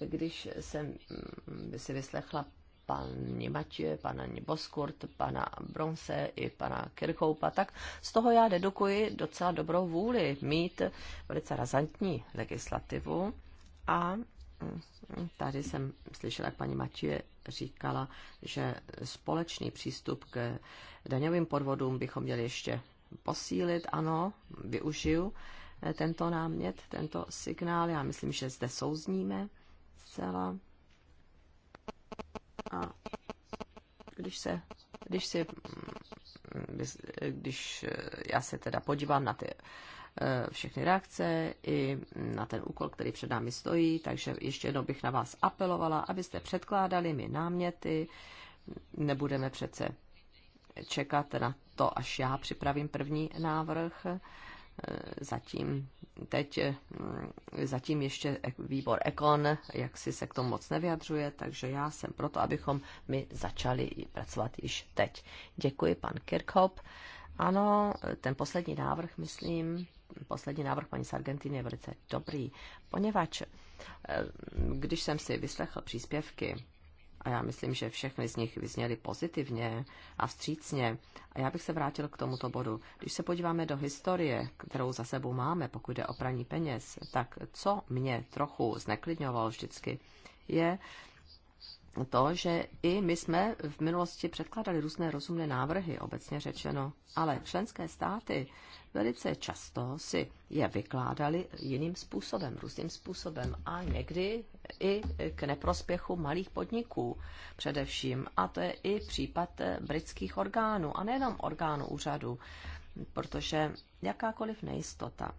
když jsem mm, si vyslechla paní Matě, pana Niboskurt, pana Bronse i pana Kirchoupa, tak z toho já dedukuji docela dobrou vůli mít velice razantní legislativu a tady jsem slyšela, jak paní Matěje říkala, že společný přístup k daňovým podvodům bychom měli ještě posílit. Ano, využiju eh, tento námět, tento signál. Já myslím, že zde souzníme zcela. A když se, když si, mm, když eh, já se teda podívám na ty Eh, všechny reakce i na ten úkol, který před námi stojí, takže ještě jednou bych na vás apelovala, abyste předkládali mi náměty, nebudeme přece čekat na to, až já připravím první návrh. Eh, zatím, teď, eh, zatím ještě výbor Ekon, jak si se k tomu moc nevyjadřuje, takže já jsem proto, abychom my začali pracovat již teď. Děkuji, pan Kirchhoff. Ano, ten poslední návrh, myslím, poslední návrh paní z Argentiny je velice dobrý, poněvadž eh, když jsem si vyslechl příspěvky, a já myslím, že všechny z nich vyzněly pozitivně a vstřícně. A já bych se vrátil k tomuto bodu. Když se podíváme do historie, kterou za sebou máme, pokud jde o praní peněz, tak co mě trochu zneklidňovalo vždycky, je, to, že i my jsme v minulosti předkládali různé rozumné návrhy, obecně řečeno, ale členské státy velice často si je vykládali jiným způsobem, různým způsobem a někdy i k neprospěchu malých podniků především. A to je i případ britských orgánů a nejenom orgánů úřadu, protože jakákoliv nejistota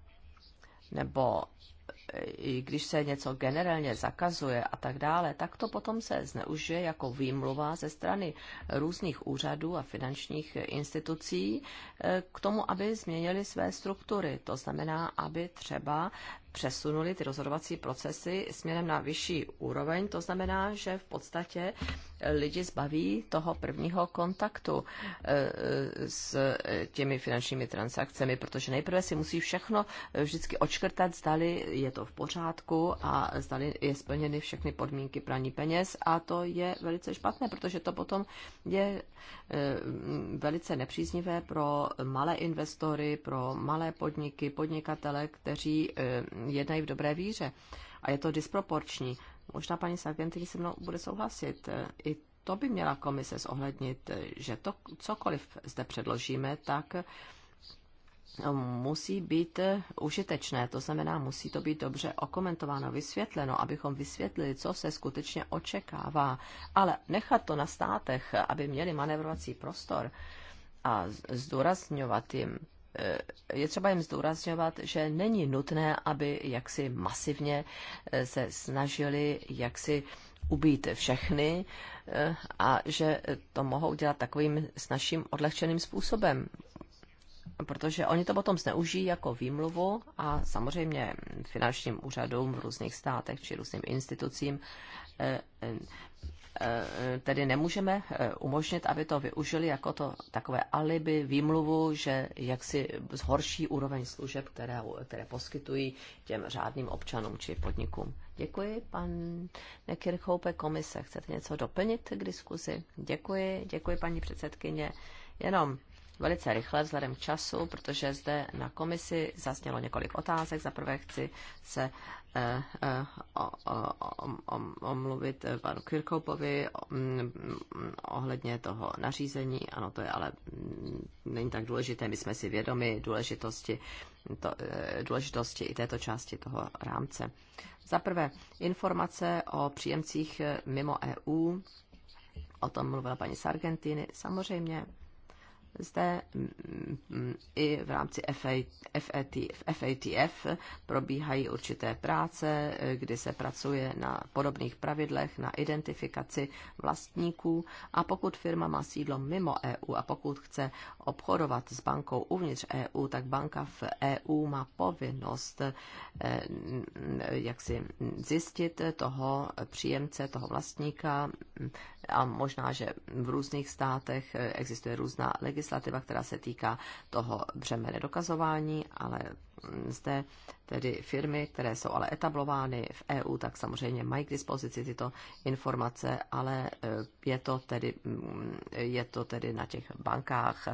nebo když se něco generálně zakazuje a tak dále, tak to potom se zneužije jako výmluva ze strany různých úřadů a finančních institucí eh, k tomu, aby změnili své struktury. To znamená, aby třeba přesunuli ty rozhodovací procesy směrem na vyšší úroveň. To znamená, že v podstatě lidi zbaví toho prvního kontaktu e, e, s těmi finančními transakcemi, protože nejprve si musí všechno e, vždycky očkrtat, zdali je to v pořádku a zdali je splněny všechny podmínky praní peněz a to je velice špatné, protože to potom je velice nepříznivé pro malé investory, pro malé podniky, podnikatele, kteří jednají v dobré víře. A je to disproporční. Možná paní Sargentini se mnou bude souhlasit. I to by měla komise zohlednit, že to cokoliv zde předložíme, tak musí být užitečné, to znamená, musí to být dobře okomentováno, vysvětleno, abychom vysvětlili, co se skutečně očekává, ale nechat to na státech, aby měli manevrovací prostor a zdůrazňovat jim je třeba jim zdůrazňovat, že není nutné, aby jaksi masivně eh, se snažili jaksi ubít všechny eh, a že to mohou dělat takovým snažším odlehčeným způsobem. Protože oni to potom zneužijí jako výmluvu a samozřejmě finančním úřadům v různých státech či různým institucím eh, Eh, tedy nemůžeme eh, umožnit, aby to využili jako to takové alibi, výmluvu, že jak si zhorší úroveň služeb, které, které poskytují těm řádným občanům či podnikům. Děkuji, pan Nekirchoupe, komise. Chcete něco doplnit k diskuzi? Děkuji, děkuji, paní předsedkyně. Jenom velice rychle vzhledem k času, protože zde na komisi zasnělo několik otázek. Za prvé chci se Eh, eh, omluvit panu Kirkoupovi mm, ohledně toho nařízení. Ano, to je ale mm, není tak důležité. My jsme si vědomi důležitosti, to, eh, důležitosti i této části toho rámce. Za prvé, informace o příjemcích mimo EU. O tom mluvila paní Sargentini. Samozřejmě zde mm, mm, i v rámci FATF probíhají určité práce, eh, kdy se pracuje na podobných pravidlech na identifikaci vlastníků a pokud firma má sídlo mimo EU a pokud chce obchodovat s bankou uvnitř EU, tak banka v EU má povinnost eh, jak si zjistit toho příjemce, toho vlastníka a možná, že v různých státech eh, existuje různá legislativa, která se týká toho břemene dokazování, ale mm, zde tedy firmy, které jsou ale etablovány v EU, tak samozřejmě mají k dispozici tyto informace, ale eh, je to tedy, mm, je to tedy na těch bankách,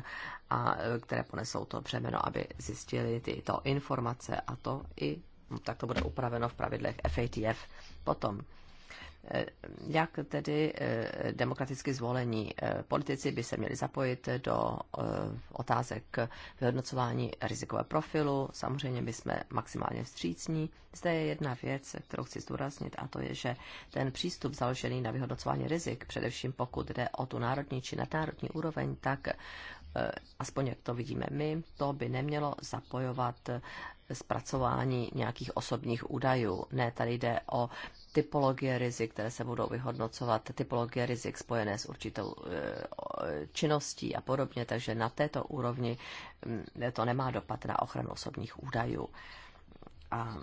a, eh, které ponesou to břemeno, aby zjistili tyto informace a to i mm, tak to bude upraveno v pravidlech FATF. Potom Eh, jak tedy eh, demokraticky zvolení eh, politici by se měli zapojit do otázek vyhodnocování rizikového profilu. Samozřejmě by jsme maximálně vstřícní. Zde je jedna věc, kterou chci zdůraznit, a to je, že ten přístup založený na vyhodnocování rizik, především pokud jde o tu národní či nadnárodní úroveň, tak aspoň jak to vidíme my, to by nemělo zapojovat zpracování nějakých osobních údajů. Ne, tady jde o typologie rizik, které se budou vyhodnocovat, typologie rizik spojené s určitou e, činností a podobně, takže na této úrovni mm, to nemá dopad na ochranu osobních údajů. A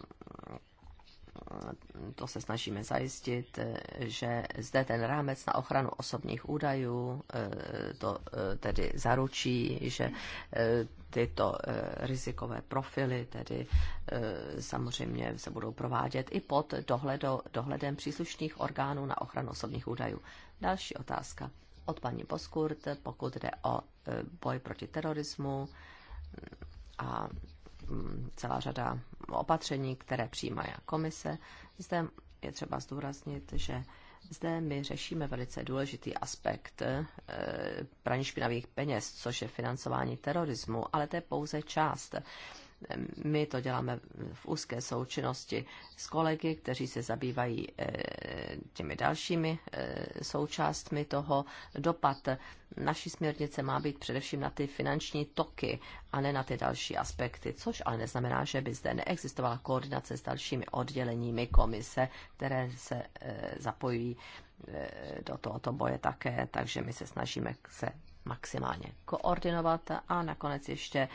to se snažíme zajistit, že zde ten rámec na ochranu osobních údajů eh, to eh, tedy zaručí, že eh, tyto rizikové profily tedy samozřejmě se budou provádět i pod dohledo, dohledem příslušných orgánů na ochranu osobních údajů. Další otázka od paní Poskurt, pokud jde o boj proti terorismu a celá řada opatření, které přijímá komise. Zde je třeba zdůraznit, že zde my řešíme velice důležitý aspekt eh, praní špinavých peněz, což je financování terorismu, ale to je pouze část my to děláme v úzké součinnosti s kolegy, kteří se zabývají eh, těmi dalšími eh, součástmi toho. Dopad naší směrnice má být především na ty finanční toky a ne na ty další aspekty, což ale neznamená, že by zde neexistovala koordinace s dalšími odděleními komise, které se eh, zapojí do tohoto boje také, takže my se snažíme se maximálně koordinovat a nakonec ještě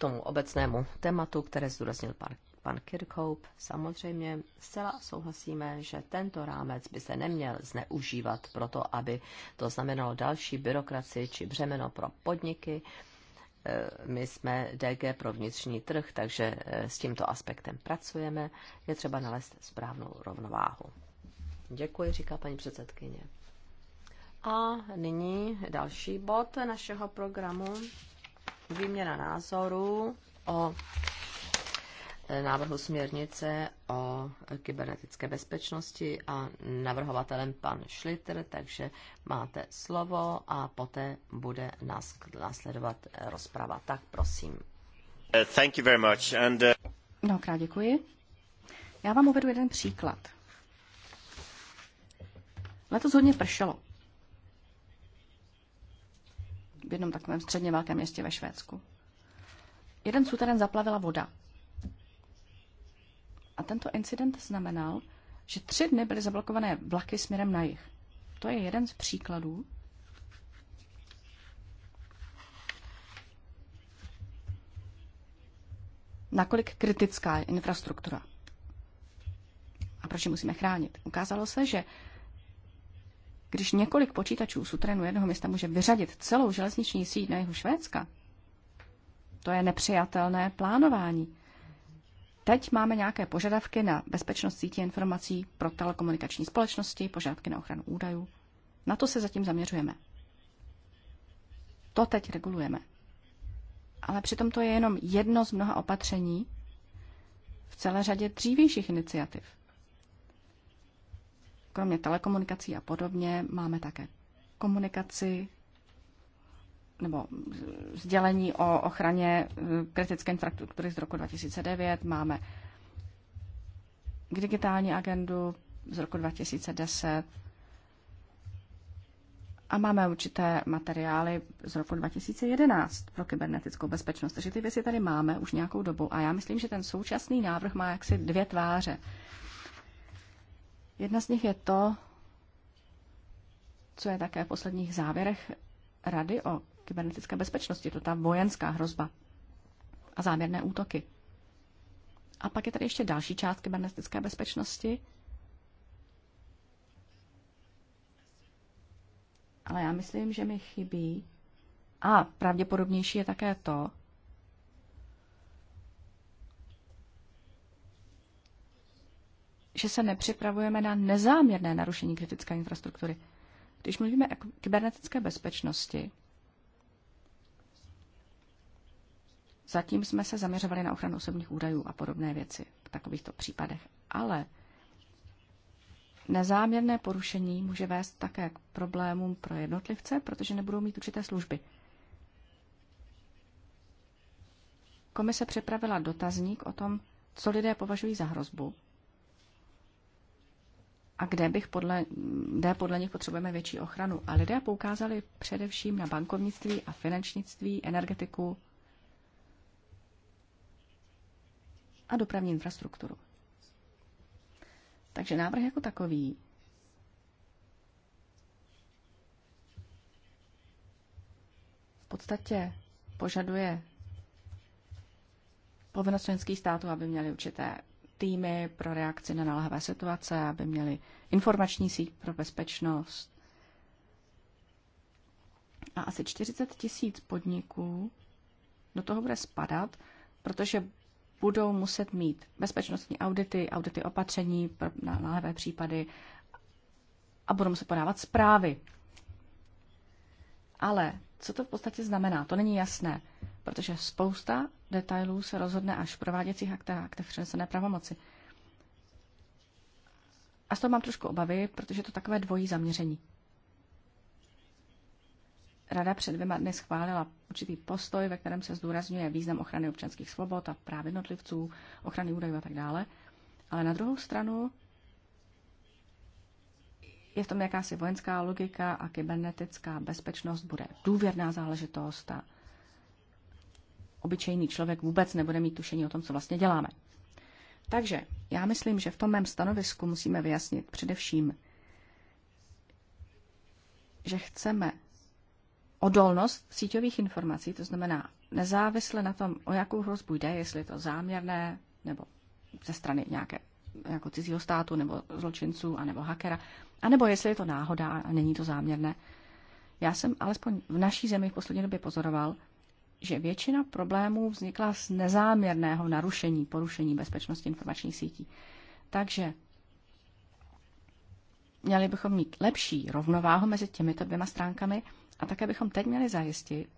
tomu obecnému tématu, které zdůraznil pan, pan Kirkhope, samozřejmě zcela souhlasíme, že tento rámec by se neměl zneužívat proto, aby to znamenalo další byrokracii či břemeno pro podniky. E, my jsme DG pro vnitřní trh, takže e, s tímto aspektem pracujeme. Je třeba nalézt správnou rovnováhu. Děkuji, říká paní předsedkyně. A nyní další bod našeho programu výměna názorů o e, návrhu směrnice o kybernetické bezpečnosti a navrhovatelem pan Schlitter, takže máte slovo a poté bude nás následovat rozprava. Tak prosím. Uh, thank you very much. And, uh... Mnohokrát děkuji. Já vám uvedu jeden příklad. Letos hodně pršelo v jednom takovém středně velkém městě ve Švédsku. Jeden suterén zaplavila voda. A tento incident znamenal, že tři dny byly zablokované vlaky směrem na jih. To je jeden z příkladů. Nakolik kritická je infrastruktura a proč ji musíme chránit? Ukázalo se, že když několik počítačů z utrénu jednoho města může vyřadit celou železniční síť na jihu Švédska, to je nepřijatelné plánování. Teď máme nějaké požadavky na bezpečnost sítě informací pro telekomunikační společnosti, požadavky na ochranu údajů. Na to se zatím zaměřujeme. To teď regulujeme. Ale přitom to je jenom jedno z mnoha opatření v celé řadě dřívějších iniciativ kromě telekomunikací a podobně máme také komunikaci nebo sdělení o ochraně eh, kritické infrastruktury z roku 2009, máme digitální agendu z roku 2010 a máme určité materiály z roku 2011 pro kybernetickou bezpečnost. Takže ty věci tady máme už nějakou dobu a já myslím, že ten současný návrh má jaksi dvě tváře. Jedna z nich je to, co je také v posledních závěrech Rady o kybernetické bezpečnosti, to ta vojenská hrozba a záměrné útoky. A pak je tady ještě další část kybernetické bezpečnosti. Ale já myslím, že mi chybí. A pravděpodobnější je také to, že se nepřipravujeme na nezáměrné narušení kritické infrastruktury. Když mluvíme o kybernetické bezpečnosti, zatím jsme se zaměřovali na ochranu osobních údajů a podobné věci v takovýchto případech. Ale nezáměrné porušení může vést také k problémům pro jednotlivce, protože nebudou mít určité služby. Komise připravila dotazník o tom, co lidé považují za hrozbu a kde, bych podle, kde podle nich potřebujeme větší ochranu. A lidé poukázali především na bankovnictví a finančnictví, energetiku a dopravní infrastrukturu. Takže návrh jako takový v podstatě požaduje povinnost členských států, aby měli určité týmy pro reakci na nalhavé situace, aby měli informační síť pro bezpečnost. A asi 40 tisíc podniků do toho bude spadat, protože budou muset mít bezpečnostní audity, audity opatření na nalevé případy a budou muset podávat zprávy. Ale co to v podstatě znamená? To není jasné protože spousta detailů se rozhodne až v prováděcích aktech aktech přenesené pravomoci. A z toho mám trošku obavy, protože to takové dvojí zaměření. Rada před dvěma dny schválila určitý postoj, ve kterém se zdůrazňuje význam ochrany občanských svobod a práv jednotlivců, ochrany údajů a tak dále. Ale na druhou stranu je v tom jakási vojenská logika a kybernetická bezpečnost bude důvěrná záležitost a obyčejný člověk vůbec nebude mít tušení o tom, co vlastně děláme. Takže já myslím, že v tom mém stanovisku musíme vyjasnit především, že chceme odolnost síťových informací, to znamená nezávisle na tom, o jakou hrozbu jde, jestli je to záměrné nebo ze strany nějaké jako cizího státu nebo zločinců a nebo hackera, anebo jestli je to náhoda a není to záměrné. Já jsem alespoň v naší zemi v poslední době pozoroval, že většina problémů vznikla z nezáměrného narušení, porušení bezpečnosti informačních sítí. Takže měli bychom mít lepší rovnováhu mezi těmito dvěma stránkami a také bychom teď měli zajistit,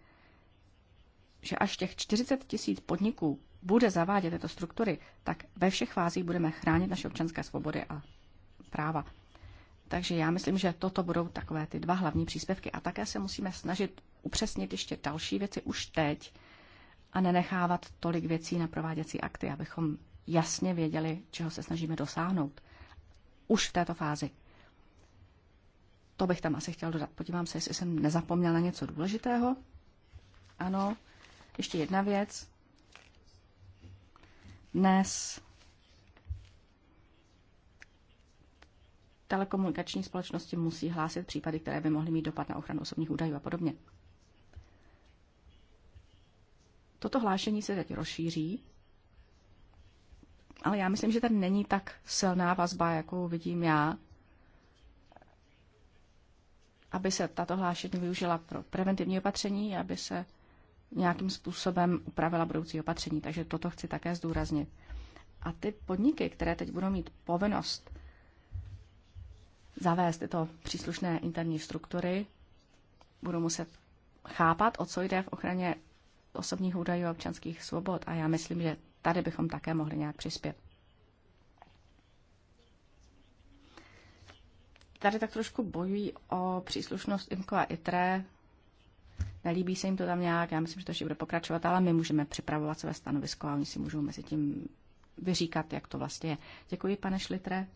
že až těch 40 tisíc podniků bude zavádět tyto struktury, tak ve všech fázích budeme chránit naše občanské svobody a práva. Takže já myslím, že toto budou takové ty dva hlavní příspěvky. A také se musíme snažit upřesnit ještě další věci už teď a nenechávat tolik věcí na prováděcí akty, abychom jasně věděli, čeho se snažíme dosáhnout. Už v této fázi. To bych tam asi chtěl dodat. Podívám se, jestli jsem nezapomněl na něco důležitého. Ano, ještě jedna věc. Dnes telekomunikační společnosti musí hlásit případy, které by mohly mít dopad na ochranu osobních údajů a podobně. Toto hlášení se teď rozšíří, ale já myslím, že tady není tak silná vazba, jakou vidím já, aby se tato hlášení využila pro preventivní opatření, aby se nějakým způsobem upravila budoucí opatření. Takže toto chci také zdůraznit. A ty podniky, které teď budou mít povinnost zavést tyto příslušné interní struktury, budou muset chápat, o co jde v ochraně osobních údajů a občanských svobod a já myslím, že tady bychom také mohli nějak přispět. Tady tak trošku bojují o příslušnost IMCO a ITRE. Nelíbí se jim to tam nějak, já myslím, že to ještě bude pokračovat, ale my můžeme připravovat své stanovisko a oni si můžou mezi tím vyříkat, jak to vlastně je. Děkuji, pane Šlitre.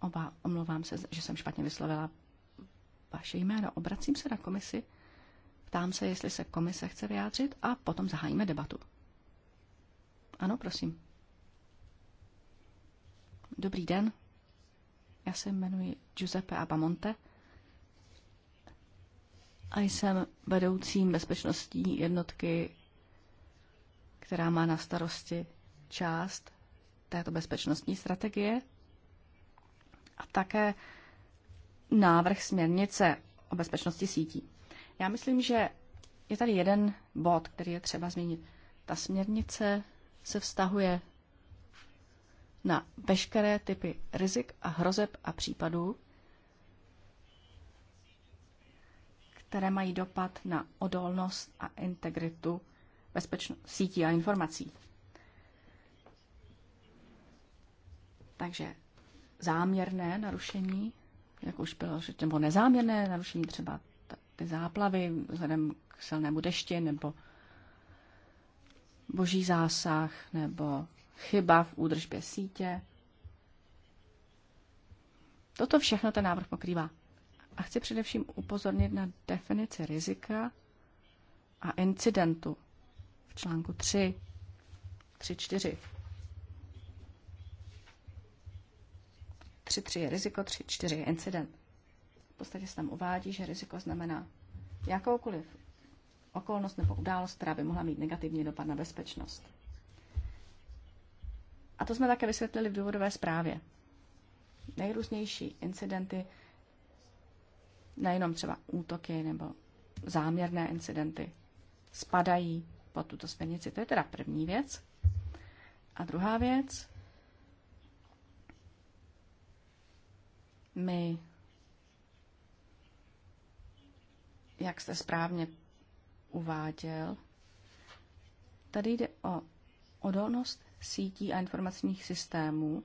Oba, omlouvám se, že jsem špatně vyslovila vaše jméno. Obracím se na komisi. Ptám se, jestli se komise chce vyjádřit a potom zahájíme debatu. Ano, prosím. Dobrý den. Já se jmenuji Giuseppe Abamonte a jsem vedoucím bezpečnostní jednotky, která má na starosti část této bezpečnostní strategie a také návrh směrnice o bezpečnosti sítí. Já myslím, že je tady jeden bod, který je třeba změnit. Ta směrnice se vztahuje na veškeré typy rizik a hrozeb a případů, které mají dopad na odolnost a integritu bezpečno- sítí a informací. Takže záměrné narušení, jak už bylo, nebo nezáměrné narušení třeba ty záplavy vzhledem k silnému dešti nebo boží zásah nebo chyba v údržbě sítě. Toto všechno ten návrh pokrývá. A chci především upozornit na definici rizika a incidentu v článku 3, 3, 4. 3, 3 je riziko, 3, 4 je incident. V podstatě se tam uvádí, že riziko znamená jakoukoliv okolnost nebo událost, která by mohla mít negativní dopad na bezpečnost. A to jsme také vysvětlili v důvodové zprávě. Nejrůznější incidenty, nejenom třeba útoky nebo záměrné incidenty, spadají pod tuto směrnici. To je teda první věc. A druhá věc, my jak jste správně uváděl, tady jde o odolnost sítí a informačních systémů,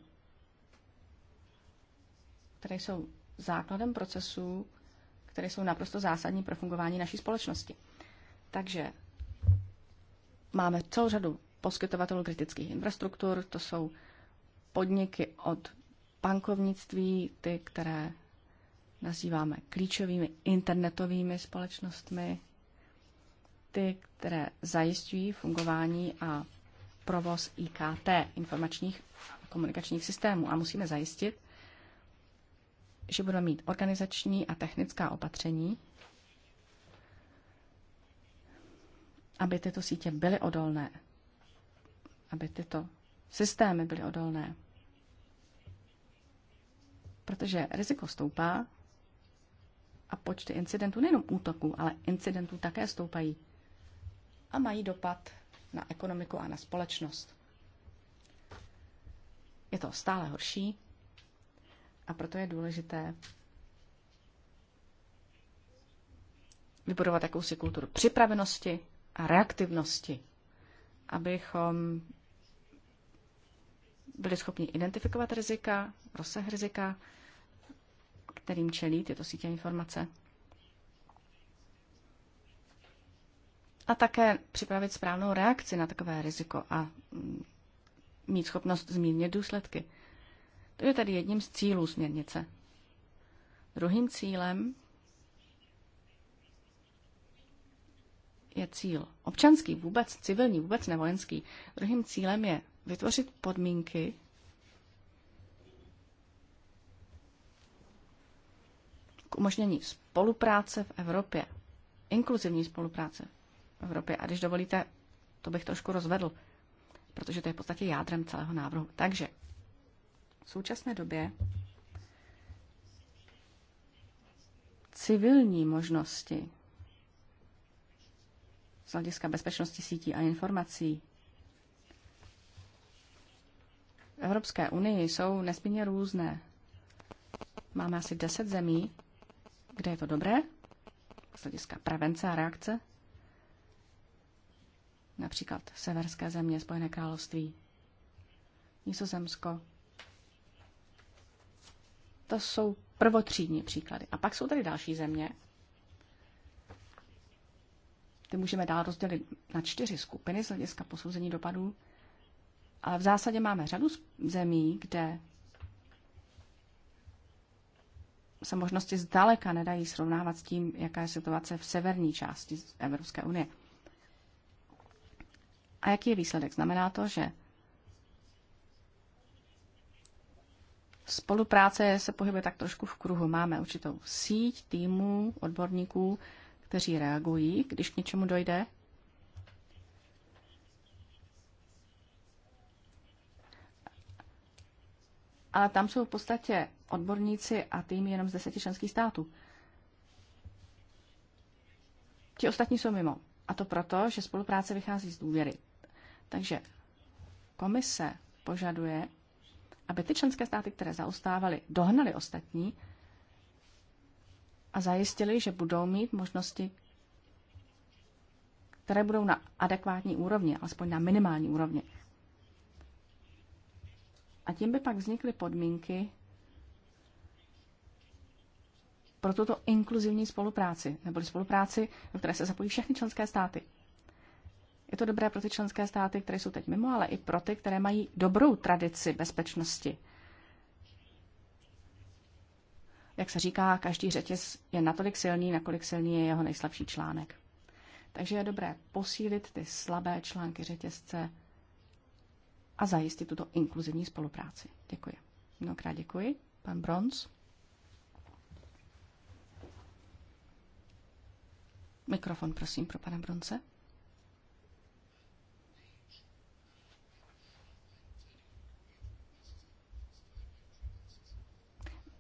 které jsou základem procesů, které jsou naprosto zásadní pro fungování naší společnosti. Takže máme celou řadu poskytovatelů kritických infrastruktur, to jsou podniky od bankovnictví, ty, které nazýváme klíčovými internetovými společnostmi, ty, které zajistují fungování a provoz IKT, informačních a komunikačních systémů. A musíme zajistit, že budeme mít organizační a technická opatření, aby tyto sítě byly odolné, aby tyto systémy byly odolné. Protože riziko stoupá, a počty incidentů, nejenom útoků, ale incidentů také stoupají a mají dopad na ekonomiku a na společnost. Je to stále horší a proto je důležité vybudovat jakousi kulturu připravenosti a reaktivnosti, abychom byli schopni identifikovat rizika, rozsah rizika, kterým čelí tyto sítě informace. A také připravit správnou reakci na takové riziko a mm, mít schopnost zmírnit důsledky. To je tedy jedním z cílů směrnice. Druhým cílem je cíl občanský vůbec, civilní vůbec, nevojenský. Druhým cílem je vytvořit podmínky, k umožnění spolupráce v Evropě, inkluzivní spolupráce v Evropě. A když dovolíte, to bych trošku rozvedl, protože to je v podstatě jádrem celého návrhu. Takže v současné době civilní možnosti z hlediska bezpečnosti sítí a informací v Evropské unii jsou nesmírně různé. Máme asi 10 zemí, kde je to dobré, z hlediska prevence a reakce. Například severské země, Spojené království, Nizozemsko. To jsou prvotřídní příklady. A pak jsou tady další země. Ty můžeme dál rozdělit na čtyři skupiny z hlediska posouzení dopadů. Ale v zásadě máme řadu zemí, kde se možnosti zdaleka nedají srovnávat s tím, jaká je situace v severní části Evropské unie. A jaký je výsledek? Znamená to, že spolupráce se pohybuje tak trošku v kruhu. Máme určitou síť týmů, odborníků, kteří reagují, když k něčemu dojde, ale tam jsou v podstatě odborníci a týmy jenom z deseti členských států. Ti ostatní jsou mimo. A to proto, že spolupráce vychází z důvěry. Takže komise požaduje, aby ty členské státy, které zaostávaly, dohnaly ostatní a zajistili, že budou mít možnosti, které budou na adekvátní úrovni, alespoň na minimální úrovni. A tím by pak vznikly podmínky pro tuto inkluzivní spolupráci, neboli spolupráci, do které se zapojí všechny členské státy. Je to dobré pro ty členské státy, které jsou teď mimo, ale i pro ty, které mají dobrou tradici bezpečnosti. Jak se říká, každý řetěz je natolik silný, nakolik silný je jeho nejslabší článek. Takže je dobré posílit ty slabé články řetězce a zajistit tuto inkluzivní spolupráci. Děkuji. Mnohokrát děkuji. Pan Bronz. Mikrofon, prosím, pro pana Bronce.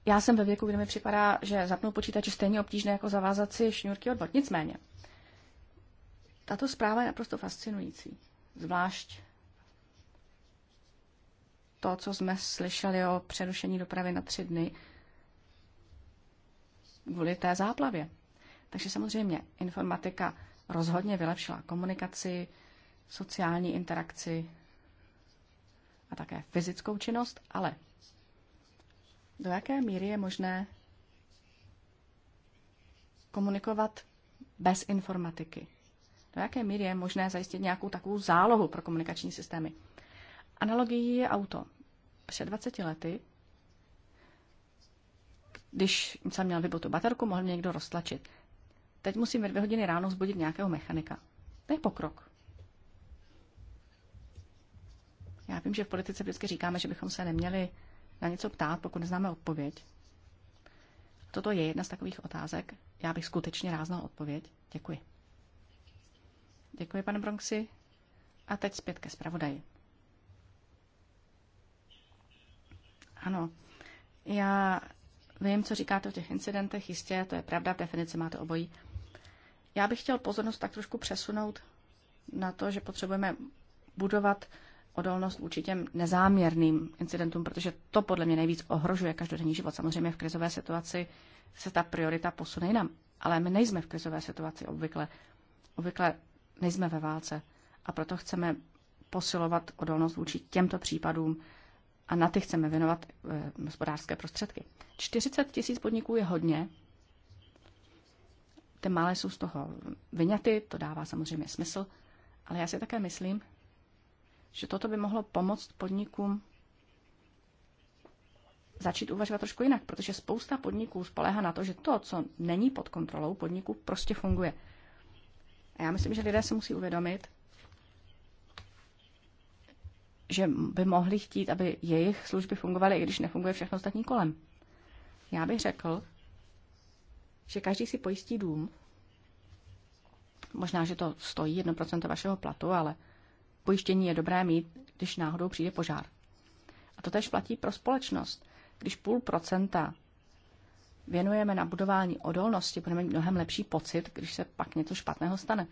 Já jsem ve věku, kdy mi připadá, že zapnout počítač je stejně obtížné jako zavázat si šňůrky od bot. Nicméně, tato zpráva je naprosto fascinující. Zvlášť to, co jsme slyšeli o přerušení dopravy na tři dny kvůli té záplavě. Takže samozřejmě informatika rozhodně vylepšila komunikaci, sociální interakci a také fyzickou činnost, ale do jaké míry je možné komunikovat bez informatiky? Do jaké míry je možné zajistit nějakou takovou zálohu pro komunikační systémy? Analogií je auto. Před 20 lety, když jsem měl vybotu baterku, mohl mě někdo roztlačit. Teď musím ve dvě hodiny ráno vzbudit nějakého mechanika. To je pokrok. Já vím, že v politice vždycky říkáme, že bychom se neměli na něco ptát, pokud neznáme odpověď. Toto je jedna z takových otázek. Já bych skutečně ráznal odpověď. Děkuji. Děkuji, pane Bronxy. A teď zpět ke zpravodaji. Ano, já vím, co říkáte o těch incidentech, jistě, to je pravda, v definici máte obojí. Já bych chtěl pozornost tak trošku přesunout na to, že potřebujeme budovat odolnost vůči těm nezáměrným incidentům, protože to podle mě nejvíc ohrožuje každodenní život. Samozřejmě v krizové situaci se ta priorita posune jinam, ale my nejsme v krizové situaci obvykle. Obvykle nejsme ve válce a proto chceme posilovat odolnost vůči těmto případům, a na ty chceme věnovat eh, hospodářské prostředky. 40 tisíc podniků je hodně, ty malé jsou z toho vyňaty, to dává samozřejmě smysl, ale já si také myslím, že toto by mohlo pomoct podnikům začít uvažovat trošku jinak, protože spousta podniků spolehá na to, že to, co není pod kontrolou podniků, prostě funguje. A já myslím, že lidé se musí uvědomit, že by mohli chtít, aby jejich služby fungovaly, i když nefunguje všechno ostatní kolem. Já bych řekl, že každý si pojistí dům. Možná, že to stojí 1% vašeho platu, ale pojištění je dobré mít, když náhodou přijde požár. A to tež platí pro společnost. Když půl procenta věnujeme na budování odolnosti, budeme mít mnohem lepší pocit, když se pak něco špatného stane.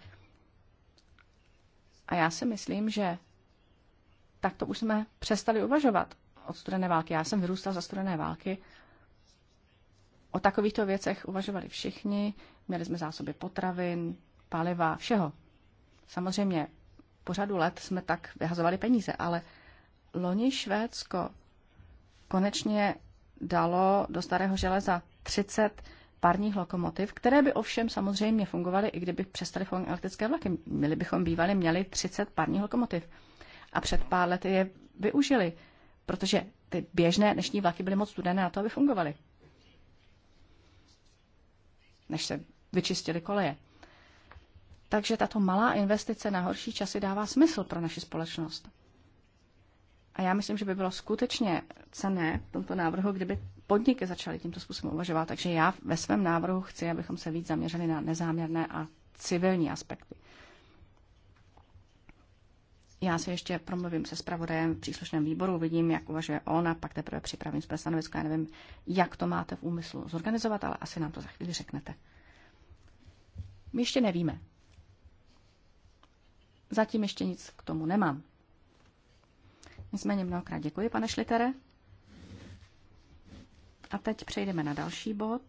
A já si myslím, že tak to už jsme přestali uvažovat od studené války. Já jsem vyrůstal za studené války. O takovýchto věcech uvažovali všichni. Měli jsme zásoby potravin, paliva, všeho. Samozřejmě po řadu let jsme tak vyhazovali peníze, ale loni Švédsko konečně dalo do starého železa 30 parních lokomotiv, které by ovšem samozřejmě fungovaly, i kdyby přestaly fungovat elektrické vlaky. Měli bychom bývali měli 30 parních lokomotiv a před pár lety je využili, protože ty běžné dnešní vlaky byly moc studené na to, aby fungovaly. Než se vyčistili koleje. Takže tato malá investice na horší časy dává smysl pro naši společnost. A já myslím, že by bylo skutečně cené v tomto návrhu, kdyby podniky začaly tímto způsobem uvažovat. Takže já ve svém návrhu chci, abychom se víc zaměřili na nezáměrné a civilní aspekty. Já se ještě promluvím se zpravodajem v příslušném výboru, vidím, jak uvažuje on a pak teprve připravím své stanovisko. Já nevím, jak to máte v úmyslu zorganizovat, ale asi nám to za chvíli řeknete. My ještě nevíme. Zatím ještě nic k tomu nemám. Nicméně mnohokrát děkuji, pane Šlitere. A teď přejdeme na další bod.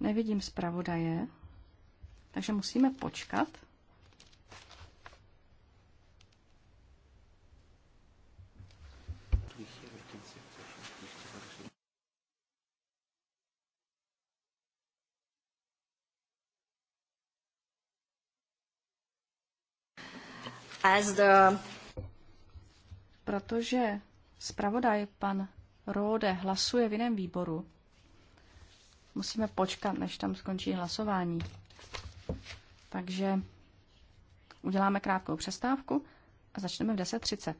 Nevidím zpravodaje. Takže musíme počkat. As the... Protože zpravodaj pan Rode hlasuje v jiném výboru, musíme počkat, než tam skončí hlasování. Takže uděláme krátkou přestávku a začneme v 10.30.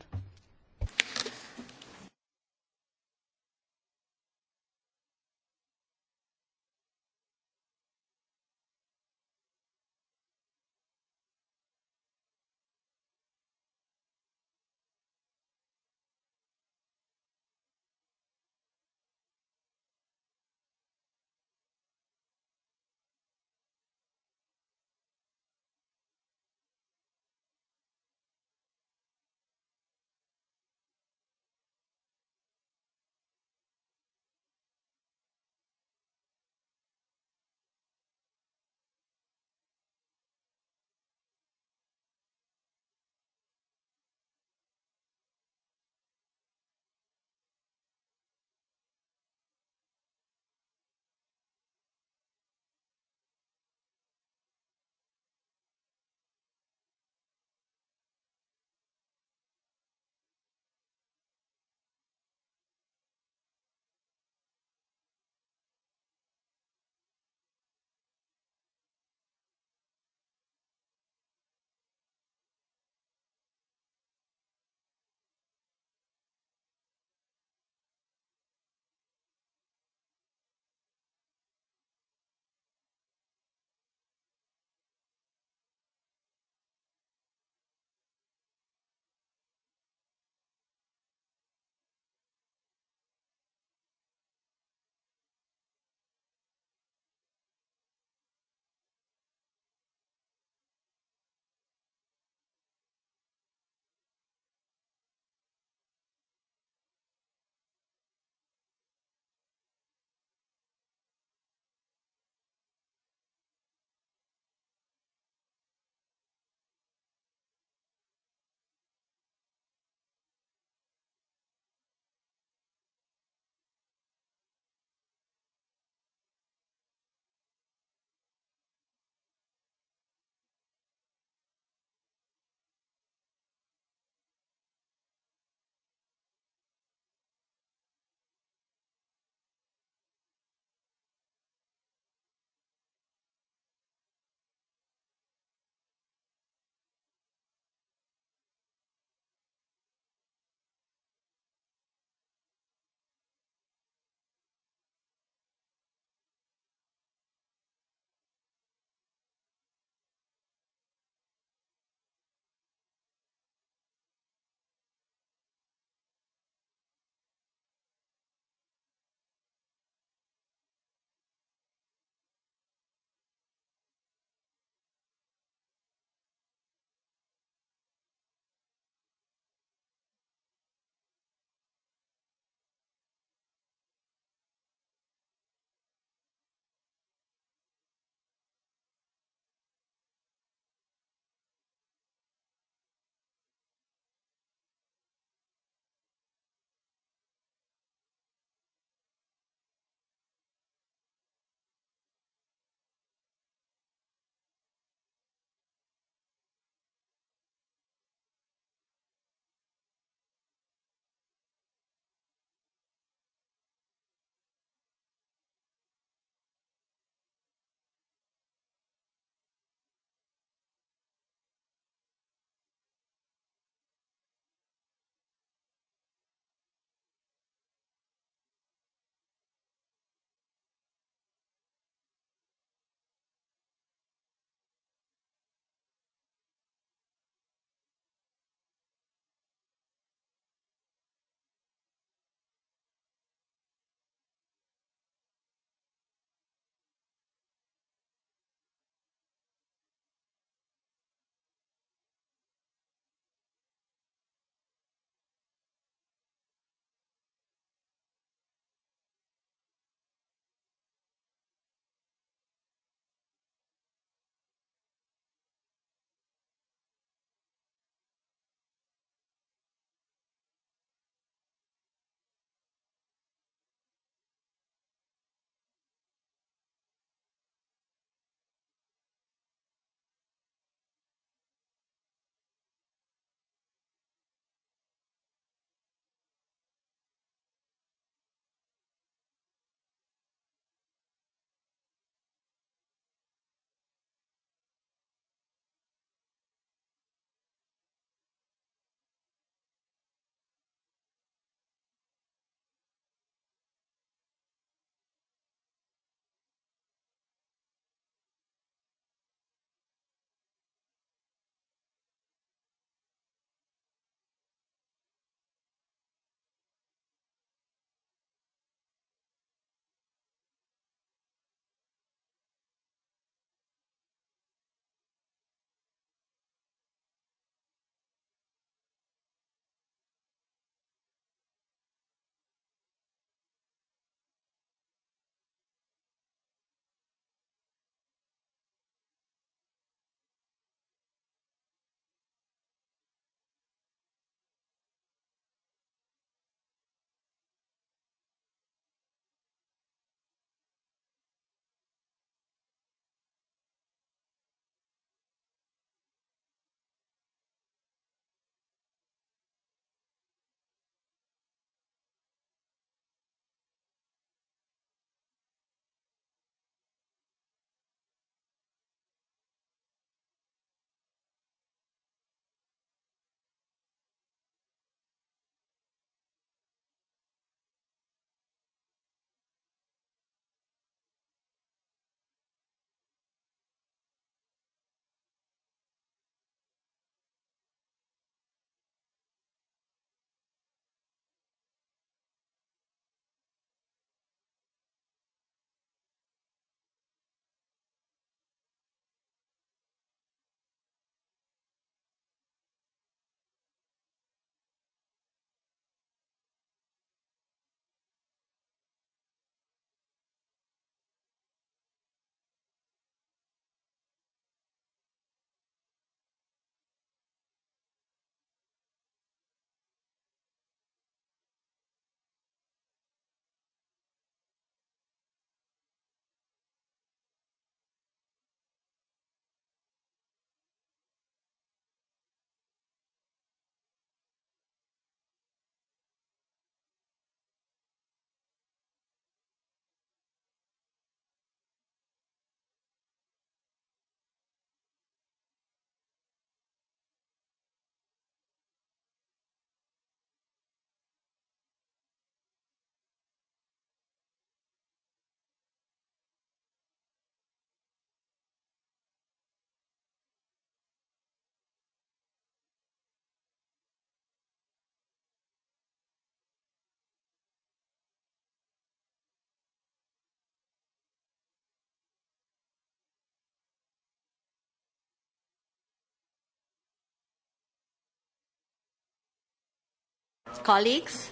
Colleagues,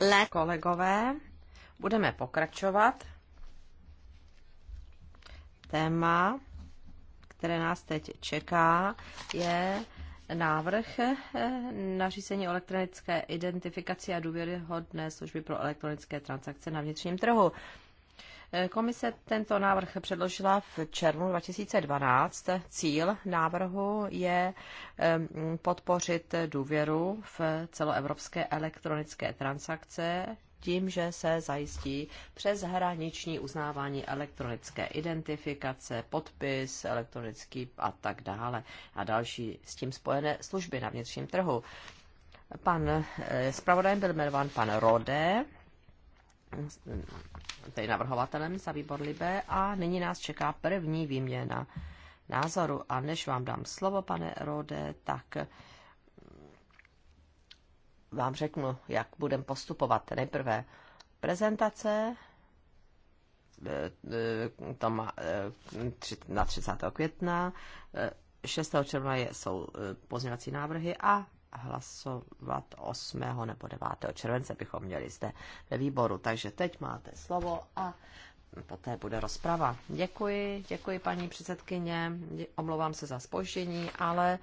let... Kolegové, budeme pokračovat. Téma, které nás teď čeká, je návrh eh, nařízení o elektronické identifikaci a důvěryhodné služby pro elektronické transakce na vnitřním trhu. Komise tento návrh předložila v červnu 2012. Cíl návrhu je podpořit důvěru v celoevropské elektronické transakce tím, že se zajistí přes hraniční uznávání elektronické identifikace, podpis elektronický a tak dále a další s tím spojené služby na vnitřním trhu. Pan eh, zpravodajem byl jmenován pan Rode tady navrhovatelem za výbor Libe a nyní nás čeká první výměna názoru. A než vám dám slovo, pane Rode, tak vám řeknu, jak budeme postupovat. Nejprve prezentace, eh, to má eh, na 30. května, 6. Eh, června jsou pozměňovací návrhy a hlasovat 8. nebo 9. července bychom měli zde ve výboru. Takže teď máte slovo a poté bude rozprava. Děkuji, děkuji paní předsedkyně, omlouvám se za spoždění, ale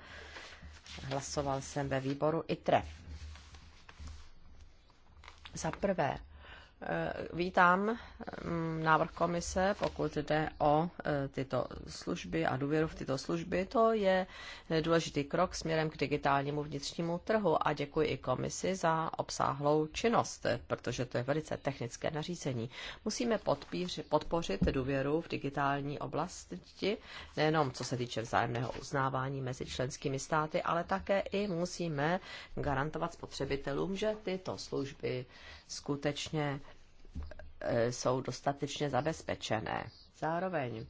hlasoval jsem ve výboru ITRE. Za prvé, Eh, vítám mm, návrh komise, pokud jde o eh, tyto služby a důvěru v tyto služby. To je důležitý krok směrem k digitálnímu vnitřnímu trhu a děkuji i komisi za obsáhlou činnost, protože to je velice technické nařízení. Musíme podpíř, podpořit důvěru v digitální oblasti, nejenom co se týče vzájemného uznávání mezi členskými státy, ale také i musíme garantovat spotřebitelům, že tyto služby skutečně e, jsou dostatečně zabezpečené. Zároveň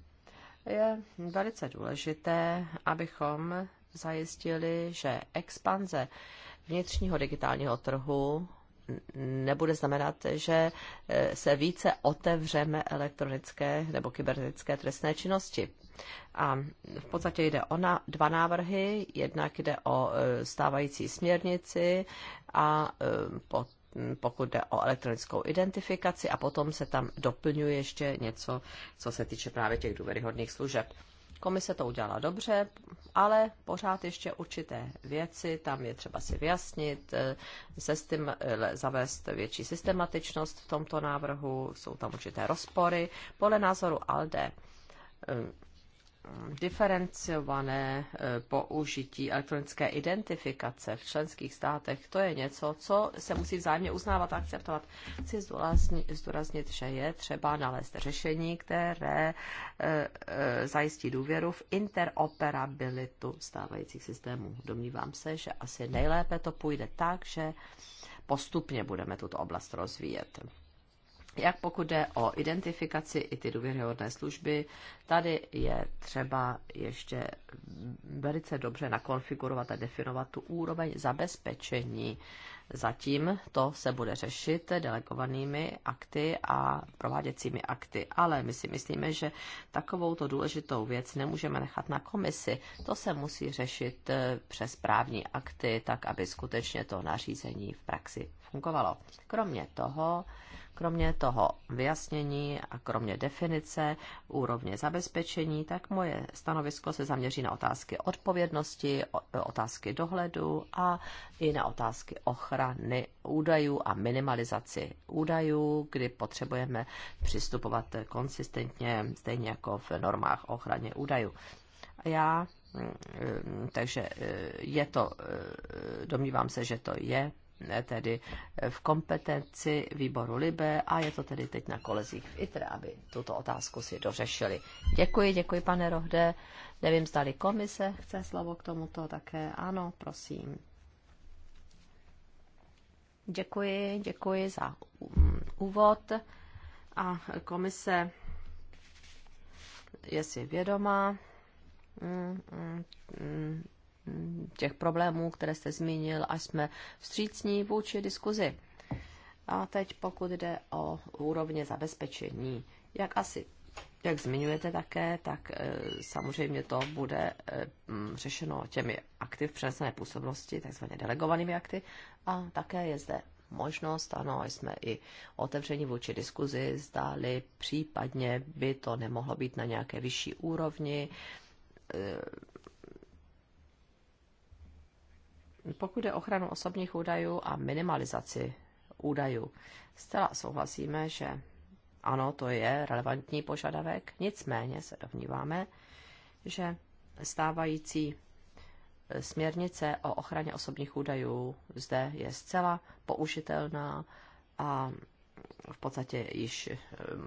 je velice důležité, abychom zajistili, že expanze vnitřního digitálního trhu nebude znamenat, že e, se více otevřeme elektronické nebo kybernetické trestné činnosti. A v podstatě jde o na, dva návrhy. Jednak jde o e, stávající směrnici a pot, pokud jde o elektronickou identifikaci a potom se tam doplňuje ještě něco, co se týče právě těch důvěryhodných služeb. Komise to udělala dobře, ale pořád ještě určité věci, tam je třeba si vyjasnit, e, tím e, zavést větší systematičnost v tomto návrhu, jsou tam určité rozpory. Podle názoru ALDE e, diferenciované eh, použití elektronické identifikace v členských státech, to je něco, co se musí vzájemně uznávat a akceptovat. Chci zdůraznit, že je třeba nalézt řešení, které eh, eh, zajistí důvěru v interoperabilitu stávajících systémů. Domnívám se, že asi nejlépe to půjde tak, že postupně budeme tuto oblast rozvíjet. Jak pokud jde o identifikaci i ty důvěryhodné služby, tady je třeba ještě velice dobře nakonfigurovat a definovat tu úroveň zabezpečení. Zatím to se bude řešit delegovanými akty a prováděcími akty, ale my si myslíme, že takovou to důležitou věc nemůžeme nechat na komisi. To se musí řešit eh, přes právní akty, tak aby skutečně to nařízení v praxi fungovalo. Kromě toho, kromě toho vyjasnění a kromě definice úrovně zabezpečení, tak moje stanovisko se zaměří na otázky odpovědnosti, otázky dohledu a i na otázky ochrany údajů a minimalizaci údajů, kdy potřebujeme přistupovat konsistentně, stejně jako v normách ochraně údajů. Já mm, mm, takže e, je to, e, domnívám se, že to je tedy eh, v kompetenci výboru Libe a je to tedy teď na kolezích v ITRE, aby tuto otázku si dořešili. Děkuji, děkuji pane Rohde. Nevím, zdali komise chce slovo k tomuto také. Ano, prosím. Děkuji, děkuji za mm, úvod. A komise je si vědomá mm, mm, těch problémů, které jste zmínil, a jsme vstřícní vůči diskuzi. A teď pokud jde o úrovně zabezpečení, jak asi jak zmiňujete také, tak e, samozřejmě to bude e, řešeno těmi akty v přenesené působnosti, takzvaně delegovanými akty. A také je zde možnost, ano, jsme i otevření vůči diskuzi, zdáli případně by to nemohlo být na nějaké vyšší úrovni, e, pokud je ochranu osobních údajů a minimalizaci údajů, zcela souhlasíme, že ano, to je relevantní požadavek, nicméně se domníváme, že stávající e, směrnice o ochraně osobních údajů zde je zcela použitelná a v podstatě již e,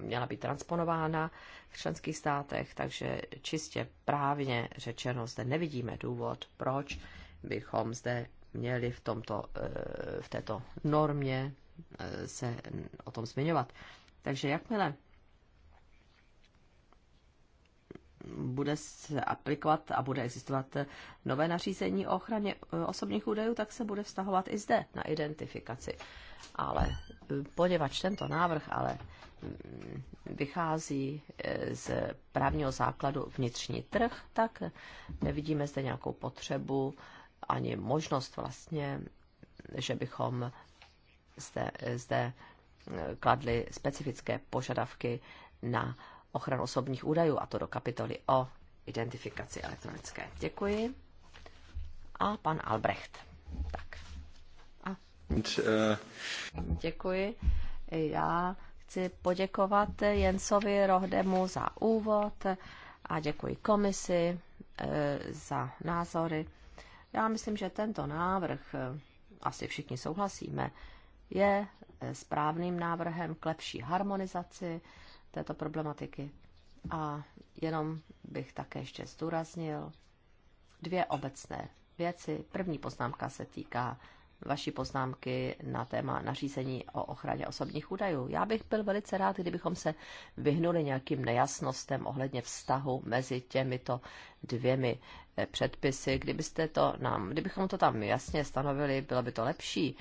měla být transponována v členských státech, takže čistě právně řečeno zde nevidíme důvod, proč bychom zde měli v, tomto, eh, v této normě eh, se o tom zmiňovat. Takže jakmile bude se aplikovat a bude existovat nové nařízení o ochraně eh, osobních údajů, tak se bude vztahovat i zde na identifikaci. Ale poněvadž tento návrh ale mm, vychází z právního základu vnitřní trh, tak nevidíme zde nějakou potřebu uh, ani možnost vlastně, že bychom zde, zde eh, kladli specifické požadavky na ochranu osobních údajů, a to do kapitoly o identifikaci elektronické. Děkuji. A pan Albrecht. Tak. A. Děkuji. Já chci poděkovat Jensovi Rohdemu za úvod a děkuji komisi eh, za názory. Já myslím, že tento návrh, eh, asi všichni souhlasíme, je eh, správným návrhem k lepší harmonizaci této problematiky. A jenom bych také ještě zdůraznil dvě obecné věci. První poznámka se týká vaší poznámky na téma nařízení o ochraně osobních údajů. Já bych byl velice rád, kdybychom se vyhnuli nějakým nejasnostem ohledně vztahu mezi těmito dvěmi předpisy. Kdybyste to nám, kdybychom to tam jasně stanovili, bylo by to lepší,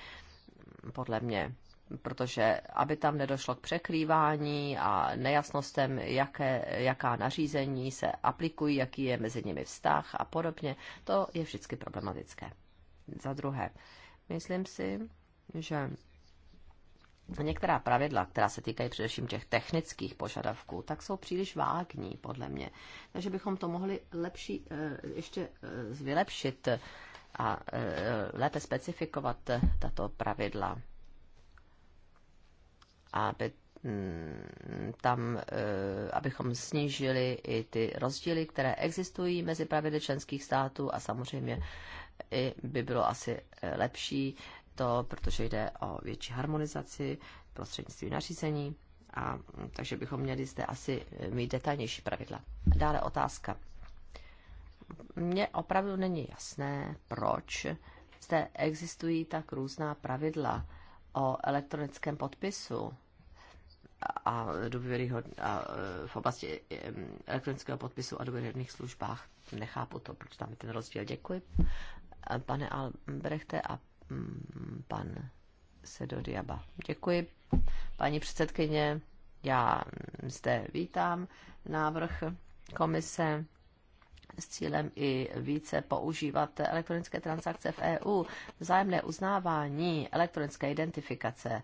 podle mě protože aby tam nedošlo k překrývání a nejasnostem, jaké, jaká nařízení se aplikují, jaký je mezi nimi vztah a podobně, to je vždycky problematické. Za druhé, myslím si, že a některá pravidla, která se týkají především těch technických požadavků, tak jsou příliš vágní, podle mě. Takže bychom to mohli lepší, eh, ještě eh, vylepšit a eh, lépe specifikovat tato pravidla, aby mm, tam, abychom snížili i ty rozdíly, které existují mezi pravidly členských států a samozřejmě i by bylo asi lepší to, protože jde o větší harmonizaci prostřednictvím nařízení, a, takže bychom měli zde asi mít detailnější pravidla. Dále otázka. Mně opravdu není jasné, proč zde existují tak různá pravidla o elektronickém podpisu a, důvěryhod, a e, v oblasti e, elektronického podpisu a důvěryhodných službách. Nechápu to, proč tam je ten rozdíl. Děkuji, e, pane Albrechte, a Mm, pan Sedo Diaba. Děkuji, paní předsedkyně. Já zde vítám návrh komise s cílem i více používat elektronické transakce v EU, vzájemné uznávání elektronické identifikace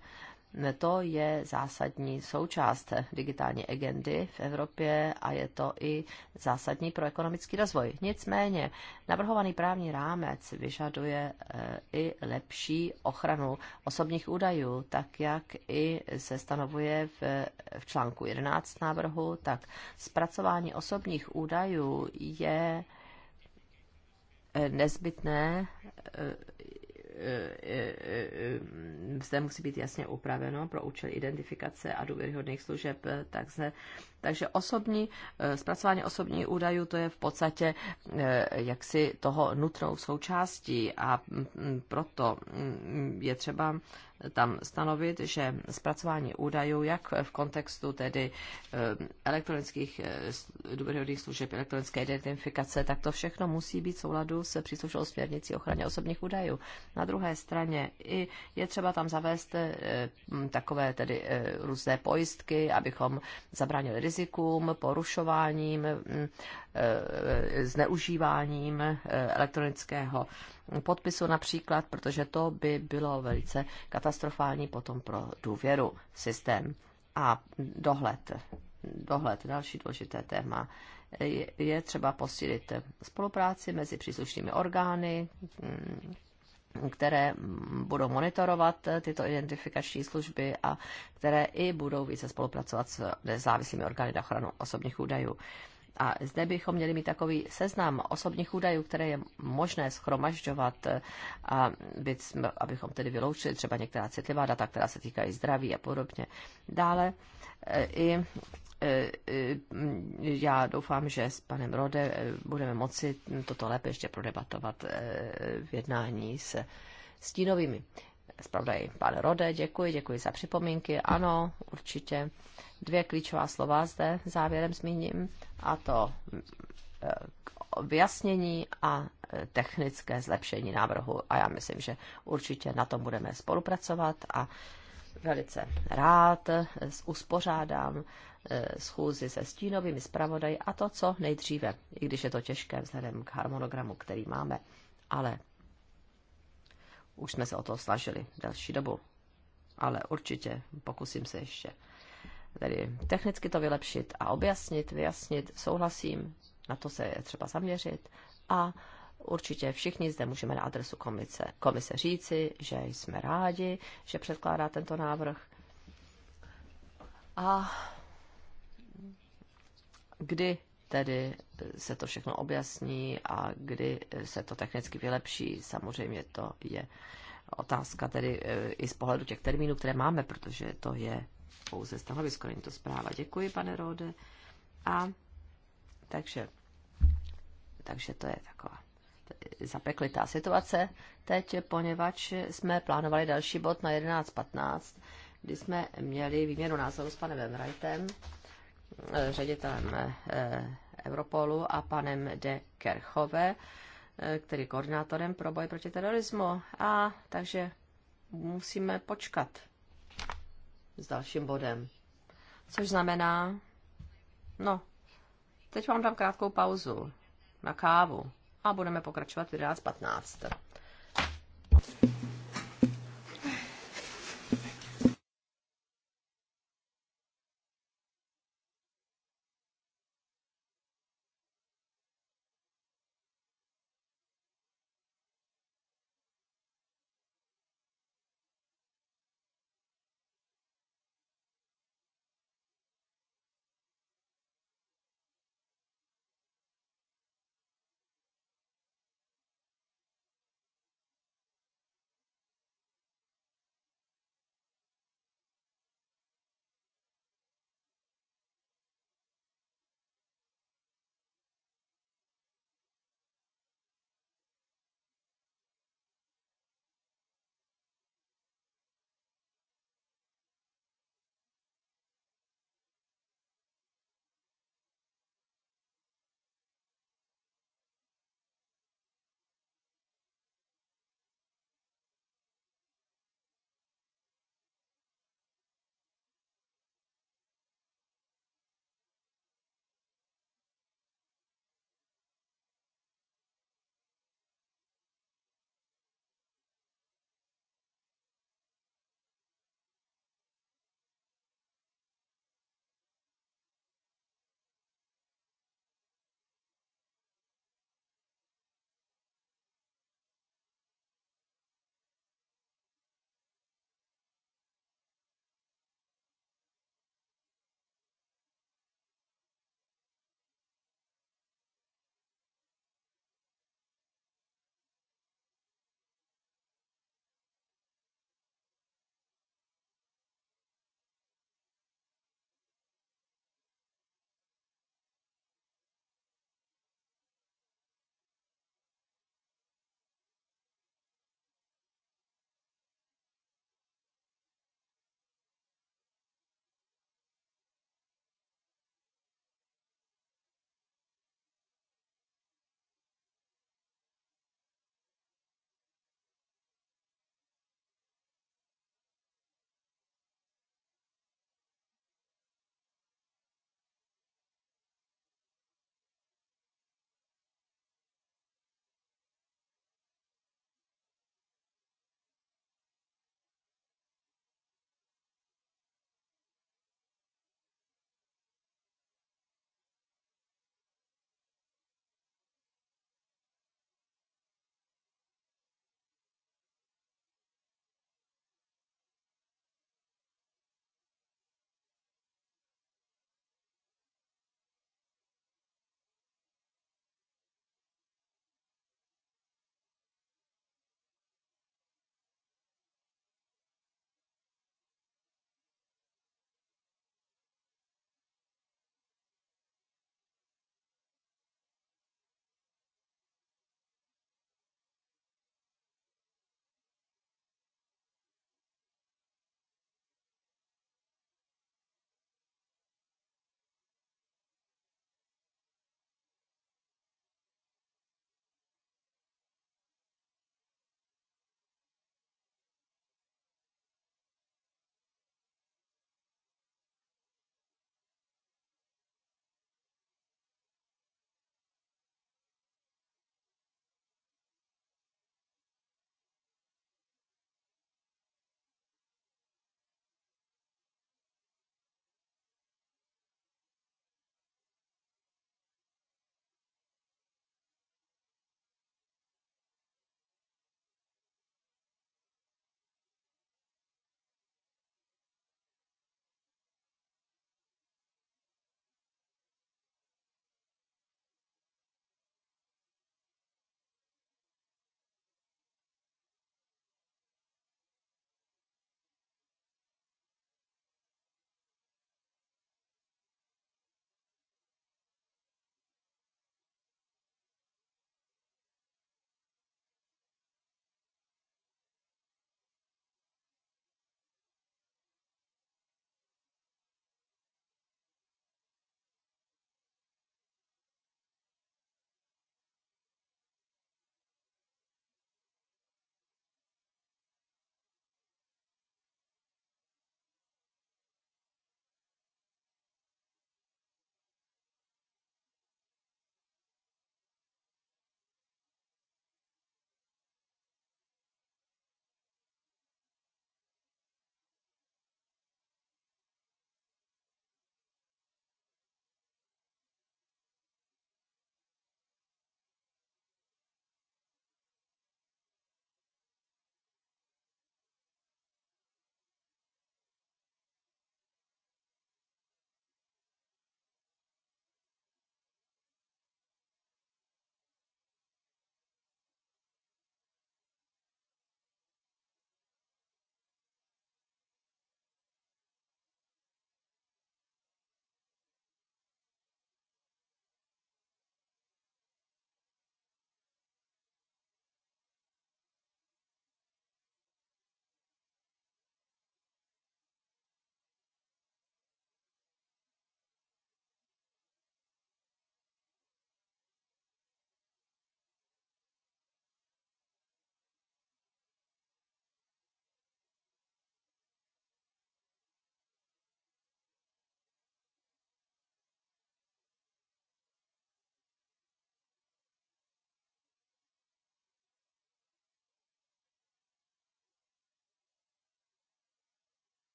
to je zásadní součást digitální agendy v Evropě a je to i zásadní pro ekonomický rozvoj. Nicméně navrhovaný právní rámec vyžaduje eh, i lepší ochranu osobních údajů, tak jak i se stanovuje v, v článku 11 návrhu, tak zpracování osobních údajů je eh, nezbytné eh, zde musí být jasně upraveno pro účel identifikace a důvěryhodných služeb, takže takže osobní, eh, zpracování osobních údajů, to je v podstatě eh, jaksi toho nutnou součástí a mm, mm, proto mm, je třeba tam stanovit, že zpracování údajů, jak v kontextu tedy eh, elektronických důvěrných služeb, elektronické identifikace, tak to všechno musí být souladu se příslušnou směrnicí ochraně osobních údajů. Na druhé straně i je třeba tam zavést takové tedy různé pojistky, abychom zabránili riziku rizikům, porušováním, mm, eh, zneužíváním eh, elektronického podpisu například, protože to by bylo velice katastrofální potom pro důvěru v systém. A dohled, dohled, další důležité téma, je třeba posílit spolupráci mezi příslušnými orgány, mm, které budou monitorovat tyto identifikační služby a které i budou více spolupracovat s nezávislými orgány na ochranu osobních údajů. A zde bychom měli mít takový seznam osobních údajů, které je možné schromažďovat, a byt, abychom tedy vyloučili třeba některá citlivá data, která se týkají zdraví a podobně. Dále eh, eh, i já doufám, že s panem Rode eh, budeme moci toto lépe ještě prodebatovat v jednání se stínovými zpravodaj pan Rode, děkuji, děkuji za připomínky. Ano, určitě dvě klíčová slova zde závěrem zmíním, a to vyjasnění eh, a eh, technické zlepšení návrhu. A já myslím, že určitě na tom budeme spolupracovat a velice rád eh, uspořádám schůzi se stínovými zpravodaji a to, co nejdříve, i když je to těžké vzhledem k harmonogramu, který máme. Ale už jsme se o to snažili delší dobu, ale určitě pokusím se ještě tedy technicky to vylepšit a objasnit, vyjasnit, souhlasím, na to se je třeba zaměřit a určitě všichni zde můžeme na adresu komise, komise říci, že jsme rádi, že předkládá tento návrh. A kdy tedy se to všechno objasní a kdy se to technicky vylepší. Samozřejmě to je otázka tedy e, i z pohledu těch termínů, které máme, protože to je pouze stanovisko, není to zpráva. Děkuji, pane Rode. A takže, takže to je taková zapeklitá situace teď, poněvadž jsme plánovali další bod na 11.15, kdy jsme měli výměnu názoru s panem Emrajtem, e, ředitelem e, Europolu a panem de Kerchove, eh, který je koordinátorem pro boj proti terorismu. A takže musíme počkat s dalším bodem. Což znamená, no, teď vám dám krátkou pauzu na kávu a budeme pokračovat v 11.15.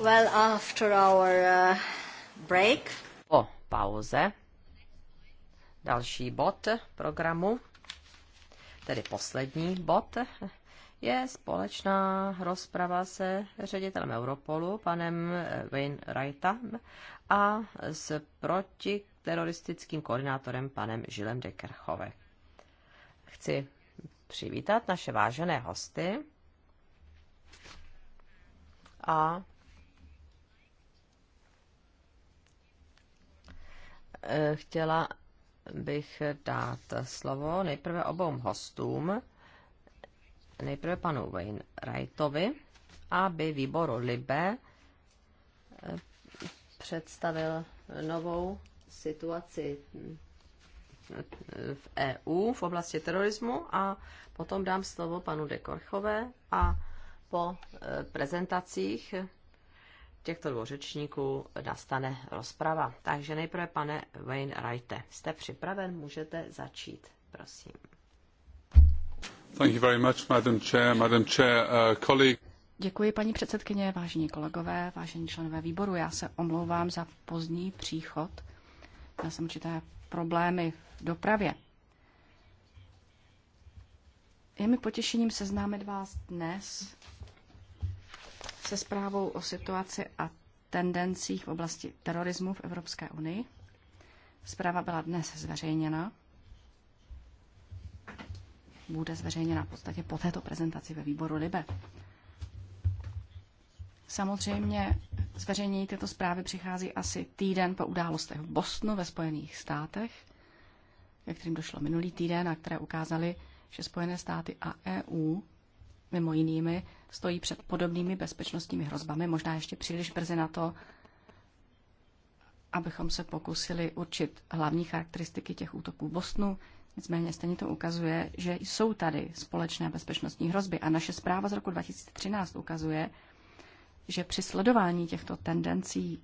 Well, after our uh, break. Po pauze. Další bod programu, tedy poslední bod, je společná rozprava se ředitelem Europolu, panem eh, Wayne Wrightem a s protiteroristickým koordinátorem panem Žilem de Kerchove. Chci přivítat naše vážené hosty a Eh, chtěla bych dát slovo nejprve obou hostům, nejprve panu Wrightovi, aby výboru Libe eh, představil novou situaci eh, v EU v oblasti terorismu a potom dám slovo panu Dekorchové a po prezentacích těchto dvou řečníků nastane rozprava. Takže nejprve, pane Wayne Wrighte, jste připraven, můžete začít, prosím. Thank you very much, Madam Chair, Madam Chair, uh, colleague. Děkuji, paní předsedkyně, vážení kolegové, vážení členové výboru. Já se omlouvám za pozdní příchod. Já jsem určité problémy v dopravě. Je mi potěšením seznámit vás dnes se zprávou o situaci a tendencích v oblasti terorismu v Evropské unii. Zpráva byla dnes zveřejněna. Bude zveřejněna v podstatě po této prezentaci ve výboru LIBE. Samozřejmě zveřejnění této zprávy přichází asi týden po událostech v Bosnu ve Spojených státech, ke kterým došlo minulý týden a které ukázaly, že Spojené státy a EU mimo jinými, stojí před podobnými bezpečnostními hrozbami, možná ještě příliš brzy na to, abychom se pokusili určit hlavní charakteristiky těch útoků v Bosnu. Nicméně stejně to ukazuje, že jsou tady společné bezpečnostní hrozby. A naše zpráva z roku 2013 ukazuje, že při sledování těchto tendencí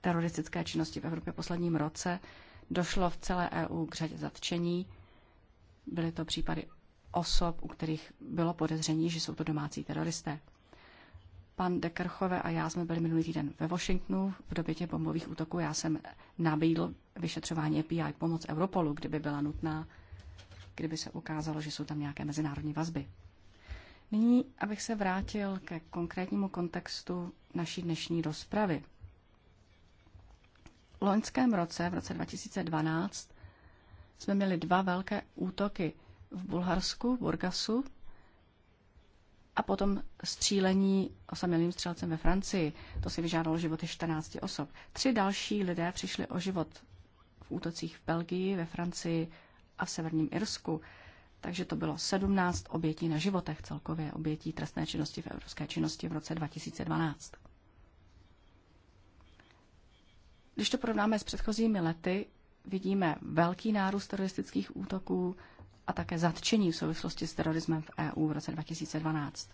teroristické činnosti v Evropě posledním roce došlo v celé EU k řadě zatčení. Byly to případy osob, u kterých bylo podezření, že jsou to domácí teroristé. Pan de Kerchove a já jsme byli minulý týden ve Washingtonu v době těch bombových útoků. Já jsem nabídl vyšetřování FBI pomoc Europolu, kdyby byla nutná, kdyby se ukázalo, že jsou tam nějaké mezinárodní vazby. Nyní, abych se vrátil ke konkrétnímu kontextu naší dnešní rozpravy. V loňském roce, v roce 2012, jsme měli dva velké útoky – v Bulharsku, v Burgasu, a potom střílení osamělým střelcem ve Francii. To si vyžádalo životy 14 osob. Tři další lidé přišli o život v útocích v Belgii, ve Francii a v severním Irsku. Takže to bylo 17 obětí na životech celkově, obětí trestné činnosti v evropské činnosti v roce 2012. Když to porovnáme s předchozími lety, vidíme velký nárůst teroristických útoků, a také zatčení v souvislosti s terorismem v EU v roce 2012.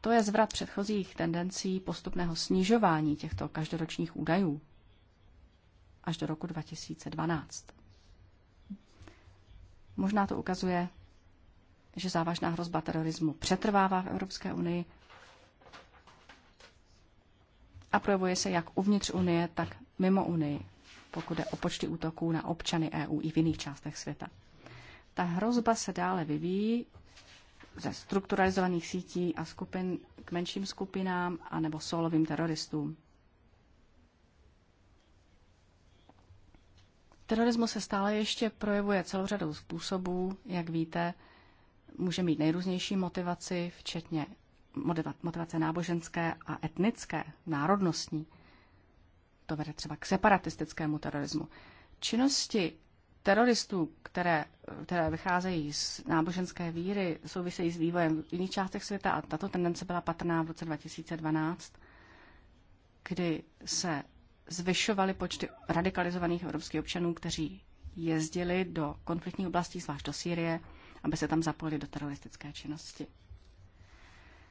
To je zvrat předchozích tendencí postupného snižování těchto každoročních údajů až do roku 2012. Možná to ukazuje, že závažná hrozba terorismu přetrvává v Evropské unii a projevuje se jak uvnitř Unie, tak mimo Unii, pokud jde o počty útoků na občany EU i v jiných částech světa. Ta hrozba se dále vyvíjí ze strukturalizovaných sítí a skupin k menším skupinám a nebo solovým teroristům. Terorismus se stále ještě projevuje celou řadou způsobů, jak víte, může mít nejrůznější motivaci, včetně motivace náboženské a etnické, národnostní. To vede třeba k separatistickému terorismu. Činnosti teroristů, které, které vycházejí z náboženské víry, souvisejí s vývojem v jiných částech světa a tato tendence byla patrná v roce 2012, kdy se zvyšovaly počty radikalizovaných evropských občanů, kteří jezdili do konfliktních oblastí, zvlášť do Sýrie, aby se tam zapojili do teroristické činnosti.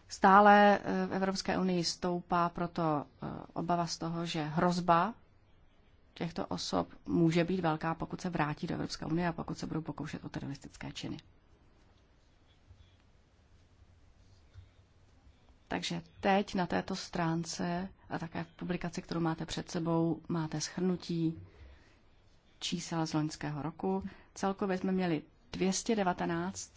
Stále eh, v Evropské unii stoupá proto eh, obava z toho, že hrozba těchto osob může být velká, pokud se vrátí do Evropské unie a pokud se budou pokoušet o teroristické činy. Takže teď na této stránce a také v publikaci, kterou máte před sebou, máte schrnutí čísel z loňského roku. Celkově jsme měli 219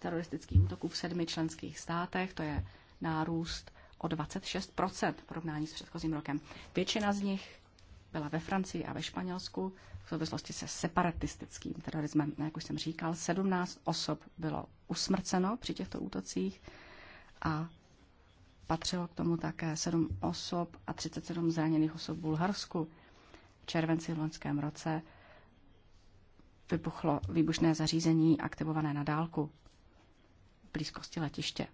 teroristických útoků v sedmi členských státech, to je nárůst o 26 v porovnání s předchozím rokem. Většina z nich byla ve Francii a ve Španělsku v souvislosti se separatistickým terorismem. Jak už jsem říkal, 17 osob bylo usmrceno při těchto útocích a patřilo k tomu také 7 osob a 37 zraněných osob v Bulharsku. V červenci v loňském roce vybuchlo výbušné zařízení aktivované na dálku v blízkosti letiště.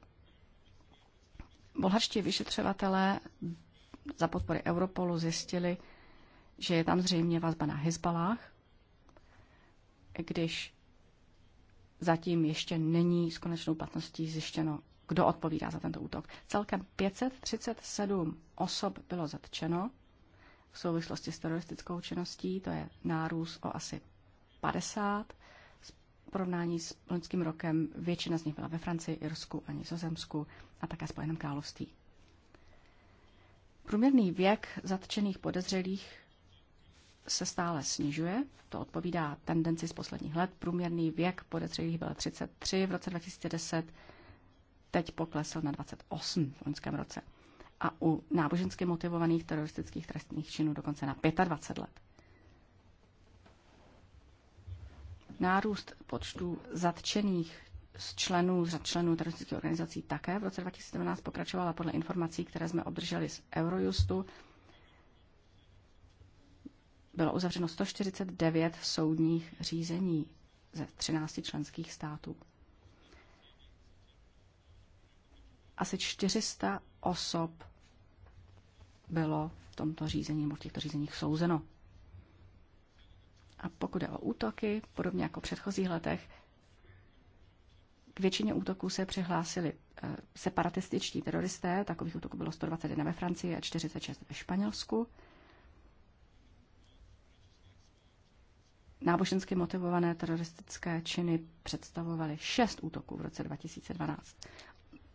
Bulharští vyšetřovatelé za podpory Europolu zjistili, že je tam zřejmě vazba na Hezbalách, když zatím ještě není s konečnou platností zjištěno, kdo odpovídá za tento útok. Celkem 537 osob bylo zatčeno v souvislosti s teroristickou činností, to je nárůst o asi 50. V porovnání s loňským rokem většina z nich byla ve Francii, Irsku a Nizozemsku a také Spojeném království. Průměrný věk zatčených podezřelých se stále snižuje. To odpovídá tendenci z posledních let. Průměrný věk podezřelých byl 33 v roce 2010, teď poklesl na 28 v loňském roce. A u nábožensky motivovaných teroristických trestných činů dokonce na 25 let. Nárůst počtu zatčených z členů, z členů teroristických organizací také v roce 2017 pokračovala podle informací, které jsme obdrželi z Eurojustu bylo uzavřeno 149 soudních řízení ze 13 členských států. Asi 400 osob bylo v tomto řízení nebo v těchto řízeních souzeno. A pokud je o útoky, podobně jako v předchozích letech, k většině útoků se přihlásili eh, separatističtí teroristé, takových útoků bylo 121 ve Francii a 46 ve Španělsku. nábožensky motivované teroristické činy představovaly šest útoků v roce 2012.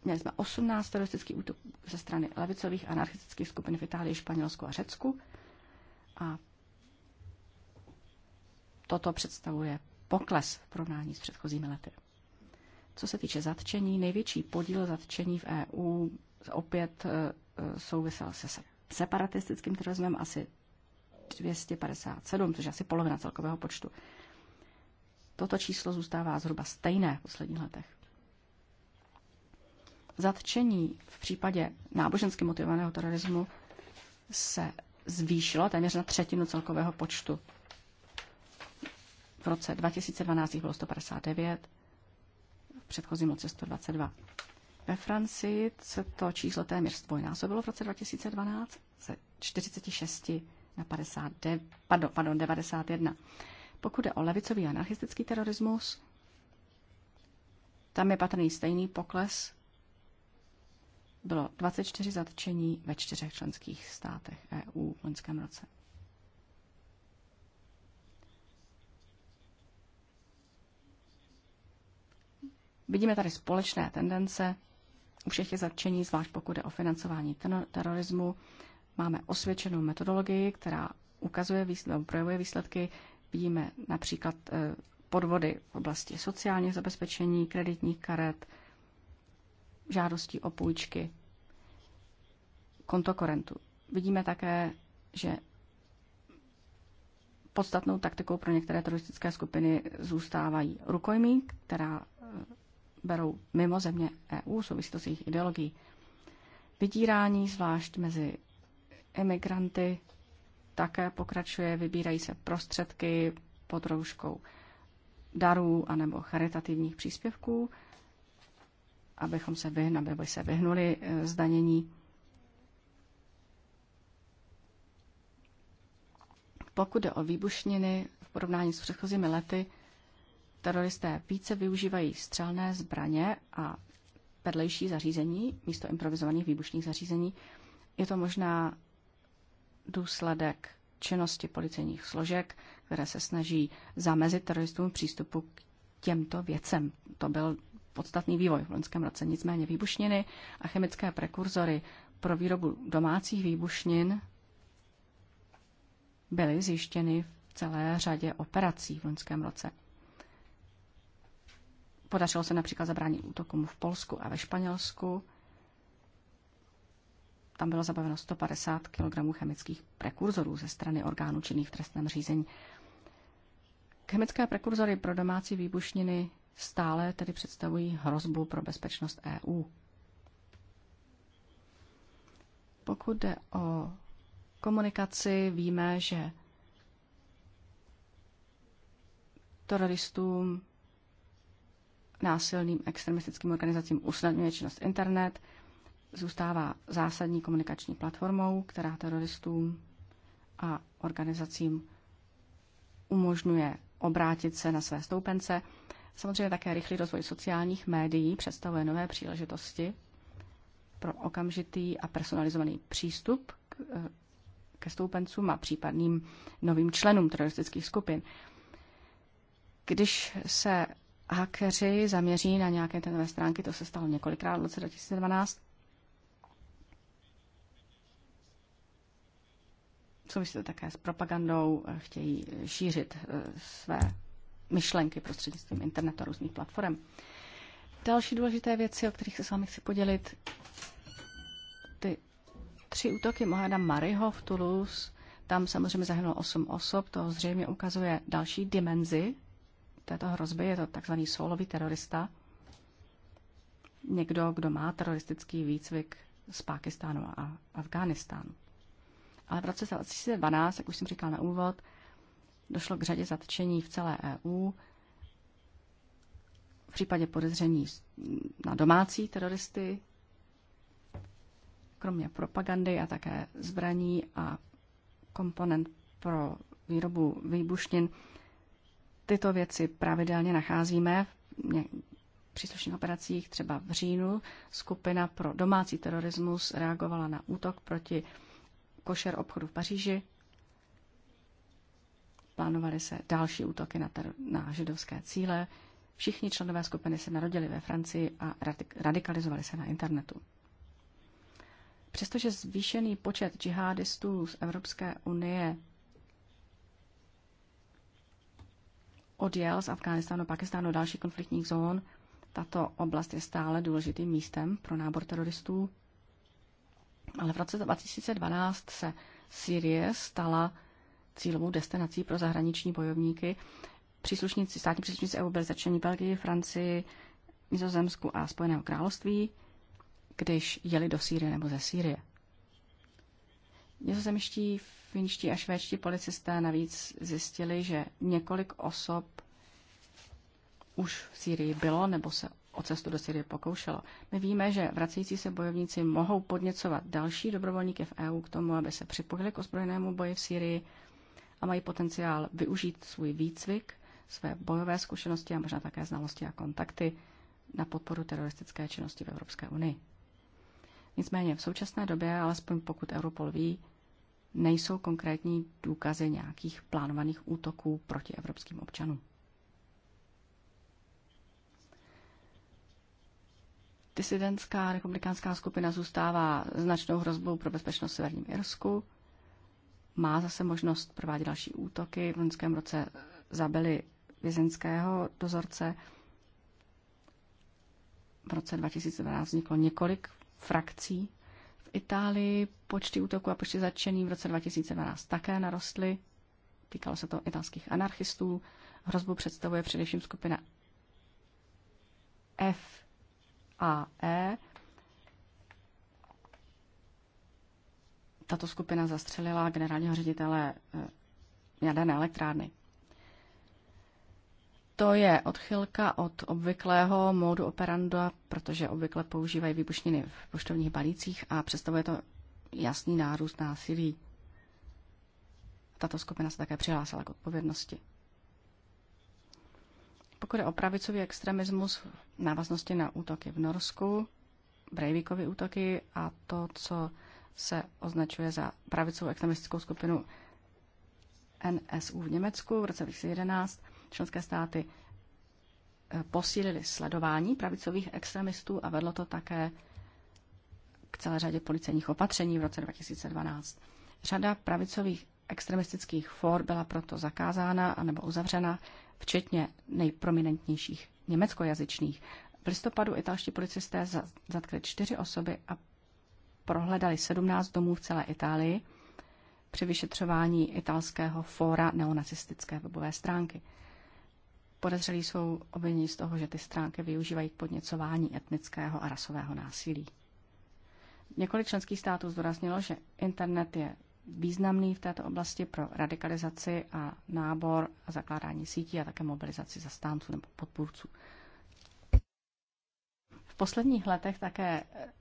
Měli jsme 18 teroristických útoků ze strany levicových anarchistických skupin v Itálii, Španělsku a Řecku. A toto představuje pokles v porovnání s předchozími lety. Co se týče zatčení, největší podíl zatčení v EU opět e, e, souvisel se separatistickým terorismem, asi 257, což je asi polovina celkového počtu. Toto číslo zůstává zhruba stejné v posledních letech. Zatčení v případě nábožensky motivovaného terorismu se zvýšilo téměř na třetinu celkového počtu. V roce 2012 bylo 159, v předchozím roce 122. Ve Francii se to číslo téměř zdvojnásobilo v roce 2012 ze 46 na 59, pardon, pardon, 91. Pokud je o levicový anarchistický terorismus, tam je patrný stejný pokles. Bylo 24 zatčení ve čtyřech členských státech EU v loňském roce. Vidíme tady společné tendence u všech je zatčení, zvlášť pokud je o financování terorismu. Máme osvědčenou metodologii, která ukazuje výsledky, projevuje výsledky. Vidíme například eh, podvody v oblasti sociálního zabezpečení, kreditních karet, žádostí o půjčky, kontokorentu. Vidíme také, že podstatnou taktikou pro některé teroristické skupiny zůstávají rukojmí, která eh, berou mimo země EU, souvisí to s jejich ideologií. Vydírání, zvlášť mezi emigranty také pokračuje, vybírají se prostředky pod rouškou darů anebo charitativních příspěvků, abychom se vyhnuli, aby se vyhnuli e, zdanění. Pokud jde o výbušniny v porovnání s předchozími lety, teroristé více využívají střelné zbraně a vedlejší zařízení místo improvizovaných výbušných zařízení. Je to možná důsledek činnosti policejních složek, které se snaží zamezit teroristům přístupu k těmto věcem. To byl podstatný vývoj v loňském roce. Nicméně výbušniny a chemické prekurzory pro výrobu domácích výbušnin byly zjištěny v celé řadě operací v loňském roce. Podařilo se například zabránit útokům v Polsku a ve Španělsku tam bylo zabaveno 150 kg chemických prekurzorů ze strany orgánů činných v trestném řízení. Chemické prekurzory pro domácí výbušniny stále tedy představují hrozbu pro bezpečnost EU. Pokud jde o komunikaci, víme, že teroristům, násilným extremistickým organizacím usnadňuje činnost internet – zůstává zásadní komunikační platformou, která teroristům a organizacím umožňuje obrátit se na své stoupence. Samozřejmě také rychlý rozvoj sociálních médií představuje nové příležitosti pro okamžitý a personalizovaný přístup k, eh, ke stoupencům a případným novým členům teroristických skupin. Když se hackeři zaměří na nějaké tenové stránky, to se stalo několikrát v roce 2012, Souvisí to také s propagandou, eh, chtějí eh, šířit eh, své myšlenky prostřednictvím internetu a různých platform. Další důležité věci, o kterých se s vámi chci podělit, ty tři útoky Mohada Mariho v Toulouse, tam samozřejmě zahynulo 8 osob, to zřejmě ukazuje další dimenzi této hrozby, je to takzvaný soulový terorista, někdo, kdo má teroristický výcvik z Pákistánu a Afghánistánu. Ale v roce 2012, jak už jsem říkal na úvod, došlo k řadě zatčení v celé EU. V případě podezření na domácí teroristy, kromě propagandy a také zbraní a komponent pro výrobu výbušnin, tyto věci pravidelně nacházíme v příslušných operacích, třeba v říjnu. Skupina pro domácí terorismus reagovala na útok proti košer obchodu v Paříži. Plánovaly se další útoky na, ter- na židovské cíle. Všichni členové skupiny se narodili ve Francii a radik- radikalizovali se na internetu. Přestože zvýšený počet džihadistů z Evropské unie odjel z Afghánistánu, Pakistánu a dalších konfliktních zón, tato oblast je stále důležitým místem pro nábor teroristů ale v roce 2012 se Syrie stala cílovou destinací pro zahraniční bojovníky. Příslušníci, státní příslušníci EU byli začleni Belgii, Francii, Nizozemsku a Spojeného království, když jeli do Sýrie nebo ze Sýrie. Nizozemští, finští a švédští policisté navíc zjistili, že několik osob už v Sýrii bylo nebo se o cestu do Syrie pokoušelo. My víme, že vracející se bojovníci mohou podněcovat další dobrovolníky v EU k tomu, aby se připojili k ozbrojenému boji v Syrii a mají potenciál využít svůj výcvik, své bojové zkušenosti a možná také znalosti a kontakty na podporu teroristické činnosti v Evropské unii. Nicméně v současné době, alespoň pokud Europol ví, nejsou konkrétní důkazy nějakých plánovaných útoků proti evropským občanům. Disidentská republikánská skupina zůstává značnou hrozbou pro bezpečnost v Severním Irsku. Má zase možnost provádět další útoky. V loňském roce zabili vězenského dozorce. V roce 2012 vzniklo několik frakcí. V Itálii počty útoků a počty zatčených v roce 2012 také narostly. Týkalo se to italských anarchistů. Hrozbu představuje především skupina F E. Tato skupina zastřelila generálního ředitele e, jaderné elektrárny. To je odchylka od obvyklého módu operanda, protože obvykle používají výbušniny v poštovních balících a představuje to jasný nárůst násilí. Tato skupina se také přihlásila k odpovědnosti. Pokud je o pravicový extremismus v návaznosti na útoky v Norsku, Breivikovy útoky a to, co se označuje za pravicovou extremistickou skupinu NSU v Německu v roce 2011, členské státy eh, posílili sledování pravicových extremistů a vedlo to také k celé řadě policejních opatření v roce 2012. Řada pravicových extremistických for byla proto zakázána anebo uzavřena, včetně nejprominentnějších německojazyčných. V listopadu italští policisté zatkli čtyři osoby a prohledali 17 domů v celé Itálii při vyšetřování italského fóra neonacistické webové stránky. Podezřelí jsou obvinění z toho, že ty stránky využívají k podněcování etnického a rasového násilí. Několik členských států zdůraznilo, že internet je významný v této oblasti pro radikalizaci a nábor a zakládání sítí a také mobilizaci zastánců nebo podpůrců. V posledních letech také eh,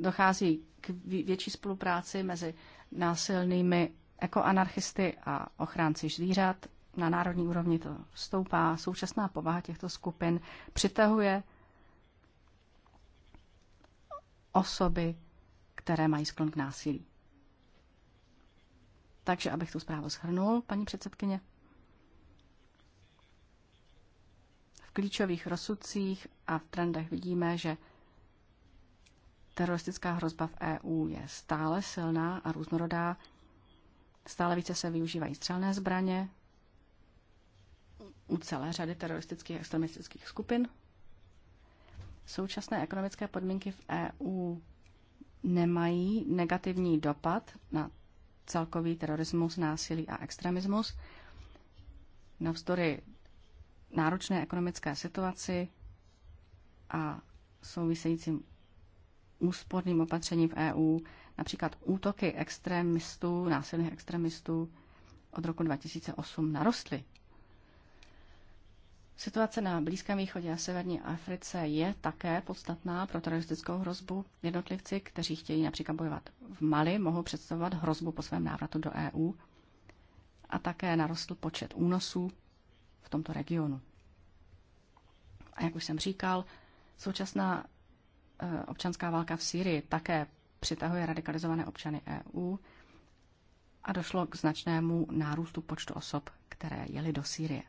dochází k větší spolupráci mezi násilnými ekoanarchisty a ochránci zvířat. Na národní úrovni to stoupá. Současná povaha těchto skupin přitahuje osoby, které mají sklon k násilí. Takže abych tu zprávu shrnul, paní předsedkyně. V klíčových rozsudcích a v trendech vidíme, že teroristická hrozba v EU je stále silná a různorodá. Stále více se využívají střelné zbraně u celé řady teroristických a extremistických skupin. Současné ekonomické podmínky v EU nemají negativní dopad na celkový terorismus, násilí a extremismus. Navzdory náročné ekonomické situaci a souvisejícím úsporným opatřením v EU, například útoky extremistů, násilných extremistů od roku 2008 narostly. Situace na Blízkém východě a Severní Africe je také podstatná pro teroristickou hrozbu. Jednotlivci, kteří chtějí například bojovat v Mali, mohou představovat hrozbu po svém návratu do EU a také narostl počet únosů v tomto regionu. A jak už jsem říkal, současná eh, občanská válka v Sýrii také přitahuje radikalizované občany EU a došlo k značnému nárůstu počtu osob, které jeli do Sýrie.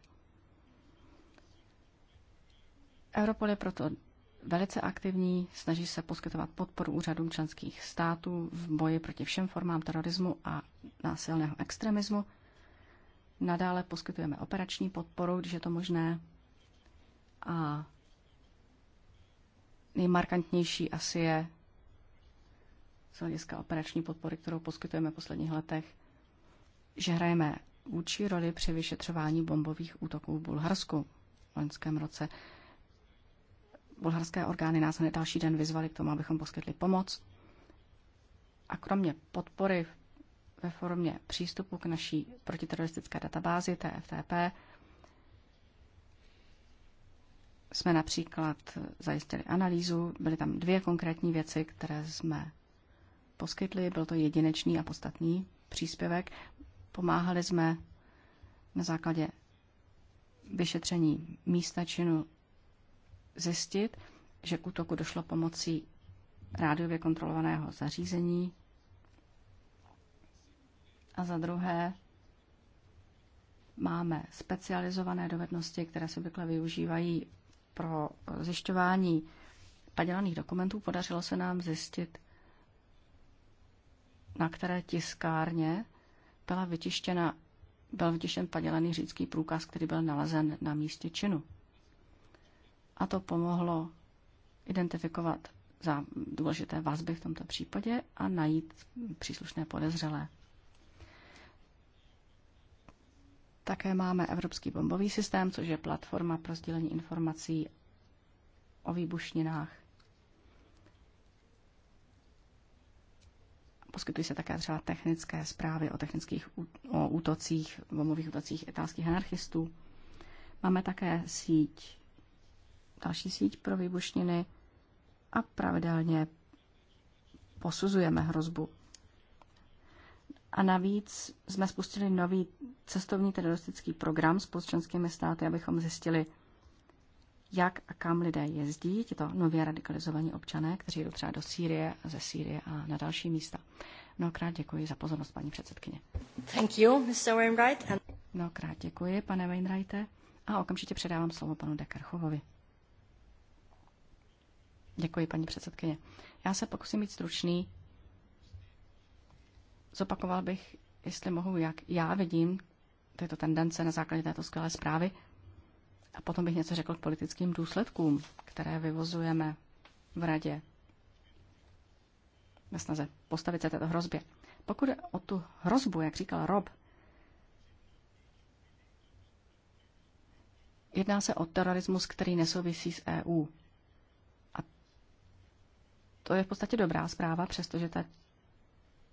Europol je proto velice aktivní, snaží se poskytovat podporu úřadům členských států v boji proti všem formám terorismu a násilného extremismu. Nadále poskytujeme operační podporu, když je to možné. A nejmarkantnější asi je z hlediska operační podpory, kterou poskytujeme v posledních letech, že hrajeme vůči roli při vyšetřování bombových útoků v Bulharsku v loňském roce. Bulharské orgány nás hned další den vyzvali k tomu, abychom poskytli pomoc. A kromě podpory ve formě přístupu k naší protiteroristické databázi TFTP jsme například zajistili analýzu. Byly tam dvě konkrétní věci, které jsme poskytli. Byl to jedinečný a podstatný příspěvek. Pomáhali jsme na základě vyšetření místa činu zjistit, že k útoku došlo pomocí rádiově kontrolovaného zařízení. A za druhé, máme specializované dovednosti, které se obvykle využívají pro zjišťování padělaných dokumentů. Podařilo se nám zjistit, na které tiskárně byla vytištěna, byl vytištěn padělaný řidičský průkaz, který byl nalezen na místě činu a to pomohlo identifikovat za důležité vazby v tomto případě a najít příslušné podezřelé. Také máme Evropský bombový systém, což je platforma pro sdílení informací o výbušninách. Poskytují se také třeba technické zprávy o technických útocích, bombových útocích italských anarchistů. Máme také síť další síť pro výbušniny a pravidelně posuzujeme hrozbu. A navíc jsme spustili nový cestovní teroristický program s polskými státy, abychom zjistili, jak a kam lidé jezdí, tyto nově radikalizovaní občané, kteří jdou třeba do Sýrie, ze Sýrie a na další místa. Mnohokrát děkuji za pozornost, paní předsedkyně. Thank you, Mr. Wainwright. And... Mnohokrát děkuji, pane Wainwrighte. A okamžitě předávám slovo panu Dekarchovovi. Děkuji, paní předsedkyně. Já se pokusím být stručný. Zopakoval bych, jestli mohu, jak já vidím tyto tendence na základě této skvělé zprávy. A potom bych něco řekl k politickým důsledkům, které vyvozujeme v radě ve snaze postavit se této hrozbě. Pokud je o tu hrozbu, jak říkal Rob, jedná se o terorismus, který nesouvisí s EU. To je v podstatě dobrá zpráva, přestože ta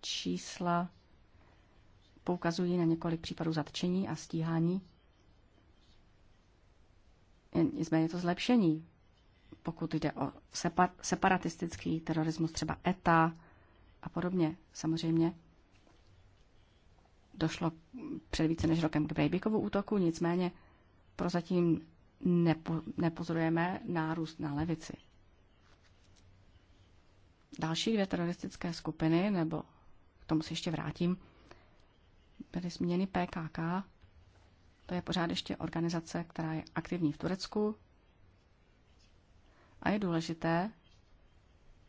čísla poukazují na několik případů zatčení a stíhání. Nicméně je to zlepšení, pokud jde o separatistický terorismus, třeba ETA a podobně. Samozřejmě došlo před více než rokem k Breivikovu útoku, nicméně prozatím nepo, nepozorujeme nárůst na levici. Další dvě teroristické skupiny, nebo k tomu se ještě vrátím, byly zmíněny PKK, to je pořád ještě organizace, která je aktivní v Turecku a je důležité,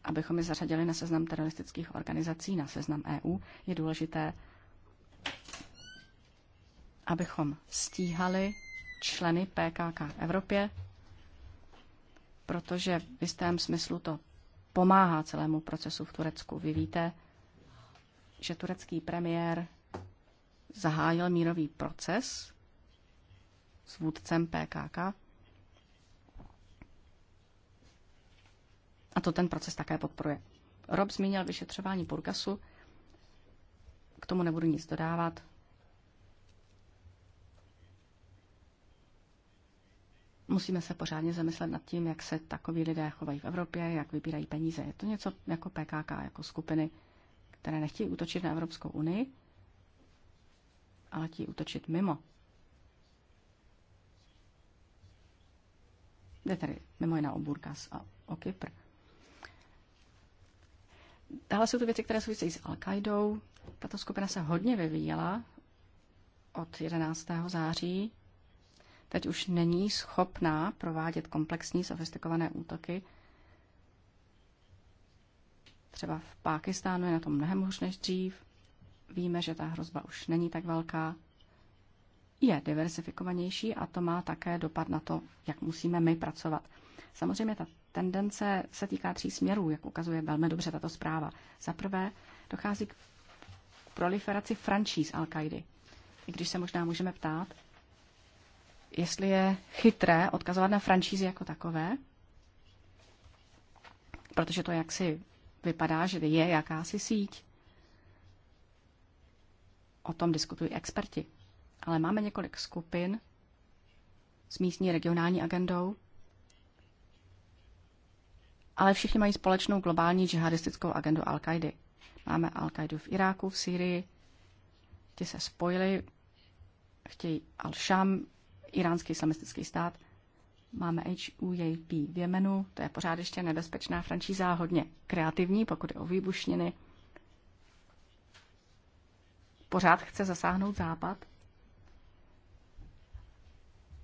abychom je zařadili na seznam teroristických organizací, na seznam EU, je důležité, abychom stíhali členy PKK v Evropě, protože v jistém smyslu to pomáhá celému procesu v Turecku. Vy víte, že turecký premiér zahájil mírový proces s vůdcem PKK. A to ten proces také podporuje. Rob zmínil vyšetřování Burgasu. K tomu nebudu nic dodávat. Musíme se pořádně zamyslet nad tím, jak se takoví lidé chovají v Evropě, jak vybírají peníze. Je to něco jako PKK, jako skupiny, které nechtějí útočit na Evropskou unii, ale chtějí útočit mimo. Jde tedy mimo jiná o Burkas a o Kypr. Tahle jsou to věci, které souvisejí s Al-Qaidou. Tato skupina se hodně vyvíjela od 11. září teď už není schopná provádět komplexní sofistikované útoky. Třeba v Pákistánu je na tom mnohem hůř než dřív. Víme, že ta hrozba už není tak velká. Je diversifikovanější a to má také dopad na to, jak musíme my pracovat. Samozřejmě ta tendence se týká tří směrů, jak ukazuje velmi dobře tato zpráva. Za prvé dochází k proliferaci franšíz al kaidy I když se možná můžeme ptát, jestli je chytré odkazovat na franšízy jako takové, protože to jaksi vypadá, že je jakási síť. O tom diskutují experti. Ale máme několik skupin s místní regionální agendou, ale všichni mají společnou globální džihadistickou agendu al qaidi Máme al qaidu v Iráku, v Syrii, ti se spojili, chtějí Al-Sham iránský islamistický stát. Máme HUJP v Jemenu, to je pořád ještě nebezpečná franšíza, hodně kreativní, pokud je o výbušniny. Pořád chce zasáhnout Západ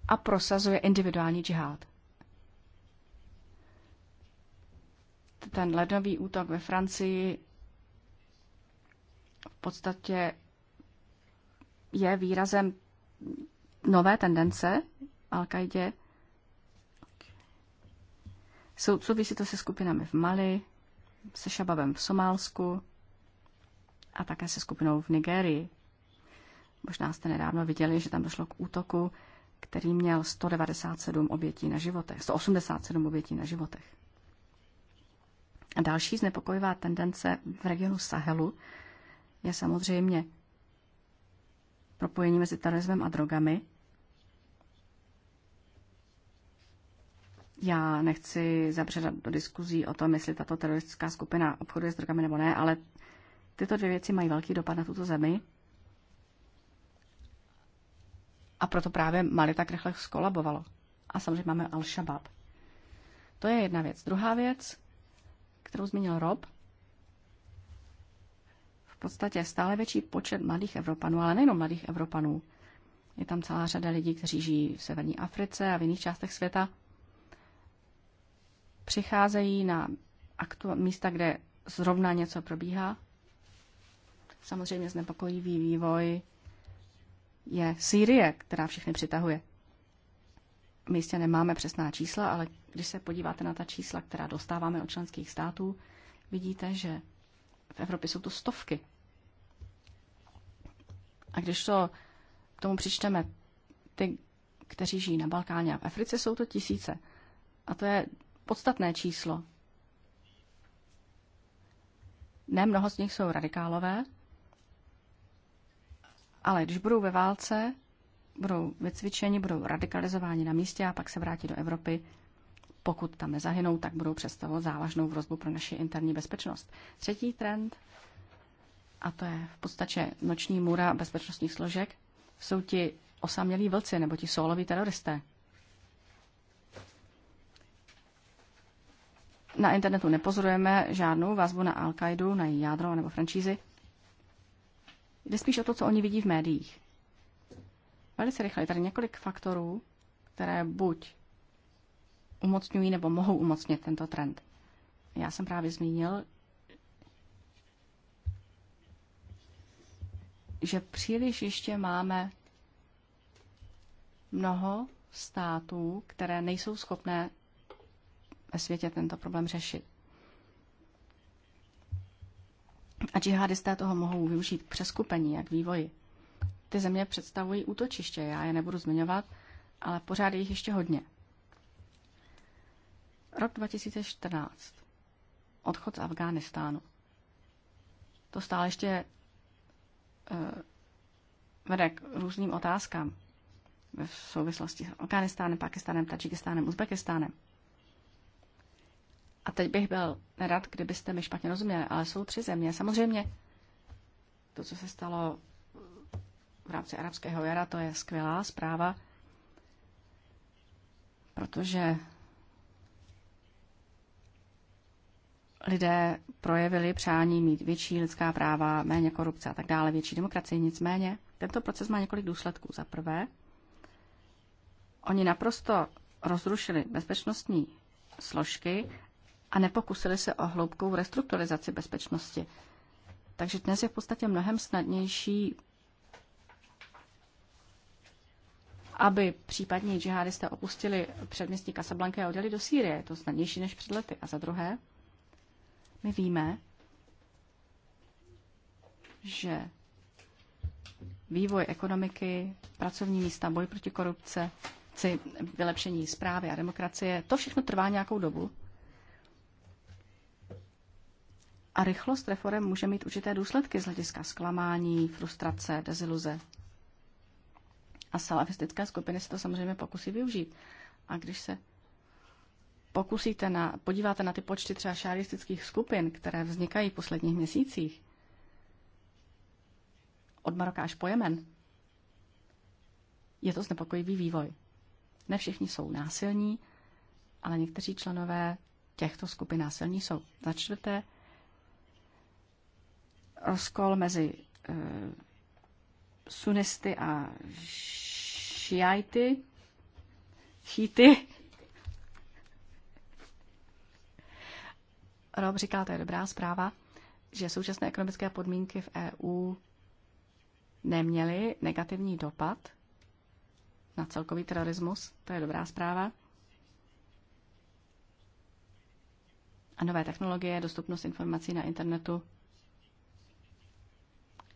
a prosazuje individuální džihad. Ten lednový útok ve Francii v podstatě je výrazem nové tendence Al-Kaidě. Souvisí to se skupinami v Mali, se Šababem v Somálsku a také se skupinou v Nigerii. Možná jste nedávno viděli, že tam došlo k útoku, který měl 197 obětí na životech, 187 obětí na životech. A další znepokojivá tendence v regionu Sahelu je samozřejmě propojení mezi terorismem a drogami. Já nechci zabředat do diskuzí o tom, jestli tato teroristická skupina obchoduje s drogami nebo ne, ale tyto dvě věci mají velký dopad na tuto zemi. A proto právě Mali tak rychle skolabovalo. A samozřejmě máme Al-Shabaab. To je jedna věc. Druhá věc, kterou zmínil Rob, podstatě stále větší počet mladých Evropanů, ale nejenom mladých Evropanů. Je tam celá řada lidí, kteří žijí v severní Africe a v jiných částech světa. Přicházejí na aktu- místa, kde zrovna něco probíhá. Samozřejmě znepokojivý vývoj je Sýrie, která všechny přitahuje. My jistě nemáme přesná čísla, ale když se podíváte na ta čísla, která dostáváme od členských států, vidíte, že v Evropě jsou to stovky. A když to k tomu přičteme ty, kteří žijí na Balkáně a v Africe, jsou to tisíce. A to je podstatné číslo. Ne mnoho z nich jsou radikálové, ale když budou ve válce, budou vycvičeni, budou radikalizováni na místě a pak se vrátí do Evropy pokud tam nezahynou, tak budou představovat závažnou hrozbu pro naši interní bezpečnost. Třetí trend, a to je v podstatě noční můra bezpečnostních složek, jsou ti osamělí vlci nebo ti souloví teroristé. Na internetu nepozorujeme žádnou vazbu na al qaidu na její jádro nebo franšízy. Jde spíš o to, co oni vidí v médiích. Velice rychle je tady několik faktorů, které buď umocňují nebo mohou umocnit tento trend. Já jsem právě zmínil, že příliš ještě máme mnoho států, které nejsou schopné ve světě tento problém řešit. A džihadisté toho mohou využít k přeskupení, jak vývoji. Ty země představují útočiště, já je nebudu zmiňovat, ale pořád je jich ještě hodně. Rok 2014. Odchod z Afghánistánu. To stále ještě eh, vede k různým otázkám v souvislosti s Afganistánem, Pakistánem, Tadžikistánem, Uzbekistánem. A teď bych byl nerad, kdybyste mi špatně rozuměli, ale jsou tři země. Samozřejmě to, co se stalo v rámci arabského jara, to je skvělá zpráva, protože lidé projevili přání mít větší lidská práva, méně korupce a tak dále, větší demokracii. Nicméně tento proces má několik důsledků. Za prvé, oni naprosto rozrušili bezpečnostní složky a nepokusili se o hloubkou restrukturalizaci bezpečnosti. Takže dnes je v podstatě mnohem snadnější, aby případní džihadisté opustili předměstí Casablanca a odjeli do Sýrie. Je to snadnější než před lety. A za druhé, my víme, že vývoj ekonomiky, pracovní místa, boj proti korupce, vylepšení zprávy a demokracie, to všechno trvá nějakou dobu. A rychlost reform může mít určité důsledky z hlediska zklamání, frustrace, deziluze. A salafistické skupiny se to samozřejmě pokusí využít. A když se pokusíte na, podíváte na ty počty třeba šaristických skupin, které vznikají v posledních měsících, od Maroka až po Jemen, je to znepokojivý vývoj. Ne všichni jsou násilní, ale někteří členové těchto skupin násilní jsou. Za čtvrté, rozkol mezi e, sunisty a šiajty, šíty, Rob říká, to je dobrá zpráva, že současné ekonomické podmínky v EU neměly negativní dopad na celkový terorismus. To je dobrá zpráva. A nové technologie, dostupnost informací na internetu,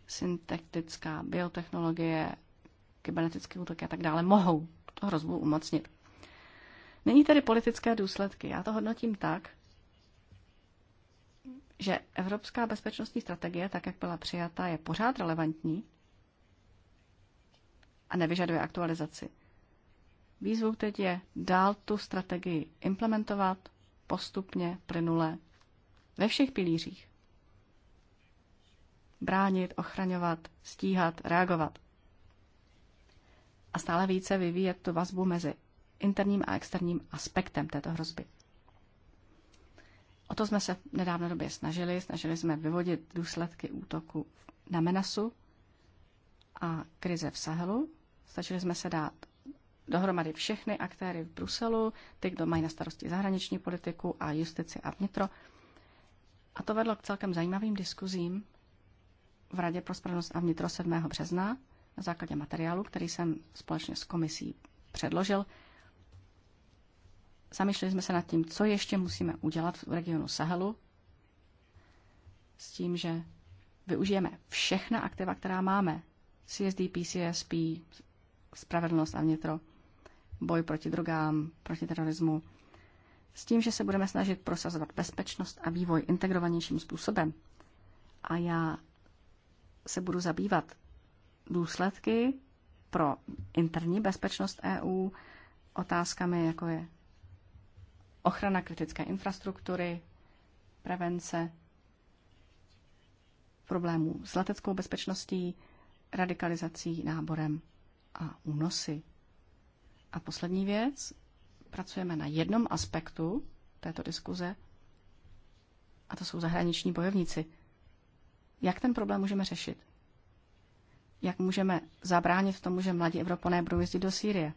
syntetická biotechnologie, kybernetické útoky a tak dále mohou hrozbu umocnit. Není tedy politické důsledky. Já to hodnotím tak, že Evropská bezpečnostní strategie, tak jak byla přijata, je pořád relevantní a nevyžaduje aktualizaci. Výzvou teď je dál tu strategii implementovat postupně, plynule, ve všech pilířích. Bránit, ochraňovat, stíhat, reagovat. A stále více vyvíjet tu vazbu mezi interním a externím aspektem této hrozby. O to jsme se v nedávné době snažili. Snažili jsme vyvodit důsledky útoku na Menasu a krize v Sahelu. Stačili jsme se dát dohromady všechny aktéry v Bruselu, ty, kdo mají na starosti zahraniční politiku a justici a vnitro. A to vedlo k celkem zajímavým diskuzím v Radě pro spravedlnost a vnitro 7. března na základě materiálu, který jsem společně s komisí předložil zamýšleli jsme se nad tím, co ještě musíme udělat v regionu Sahelu, s tím, že využijeme všechna aktiva, která máme. CSDP, CSP, spravedlnost a vnitro, boj proti drogám, proti terorismu, s tím, že se budeme snažit prosazovat bezpečnost a vývoj integrovanějším způsobem. A já se budu zabývat důsledky pro interní bezpečnost EU, otázkami, jako je ochrana kritické infrastruktury, prevence problémů s leteckou bezpečností, radikalizací, náborem a únosy. A poslední věc, pracujeme na jednom aspektu této diskuze, a to jsou zahraniční bojovníci. Jak ten problém můžeme řešit? Jak můžeme zabránit tomu, že mladí Evropané budou jezdit do Sýrie?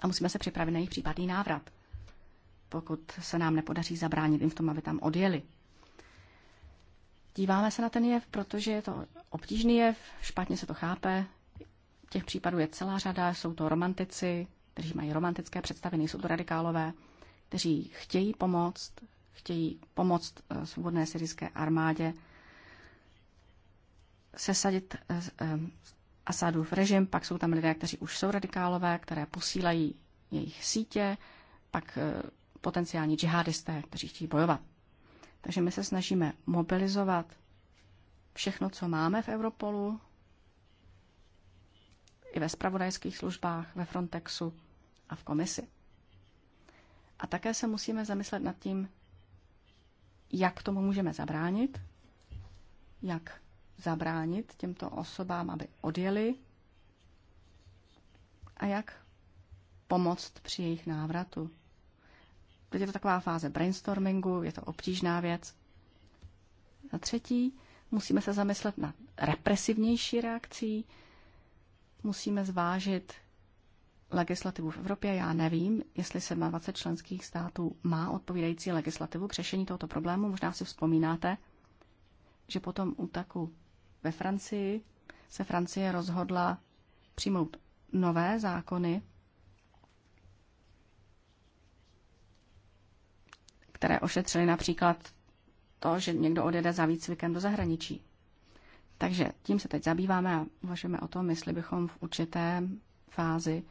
A musíme se připravit na jejich případný návrat pokud se nám nepodaří zabránit jim v tom, aby tam odjeli. Díváme se na ten jev, protože je to obtížný jev, špatně se to chápe. Těch případů je celá řada, jsou to romantici, kteří mají romantické představy, nejsou to radikálové, kteří chtějí pomoct, chtějí pomoct eh, svobodné syrijské armádě sesadit eh, eh, v režim, pak jsou tam lidé, kteří už jsou radikálové, které posílají jejich sítě, pak potenciální džihadisté, kteří chtějí bojovat. Takže my se snažíme mobilizovat všechno, co máme v Europolu, i ve spravodajských službách, ve Frontexu a v komisi. A také se musíme zamyslet nad tím, jak tomu můžeme zabránit, jak zabránit těmto osobám, aby odjeli a jak pomoct při jejich návratu. Teď je to taková fáze brainstormingu, je to obtížná věc. Za třetí, musíme se zamyslet na represivnější reakcí, musíme zvážit legislativu v Evropě. Já nevím, jestli se 20 členských států má odpovídající legislativu k řešení tohoto problému. Možná si vzpomínáte, že potom útaku ve Francii se Francie rozhodla přijmout nové zákony které ošetřily například to, že někdo odjede za výcvikem do zahraničí. Takže tím se teď zabýváme a uvažujeme o tom, jestli bychom v určité fázi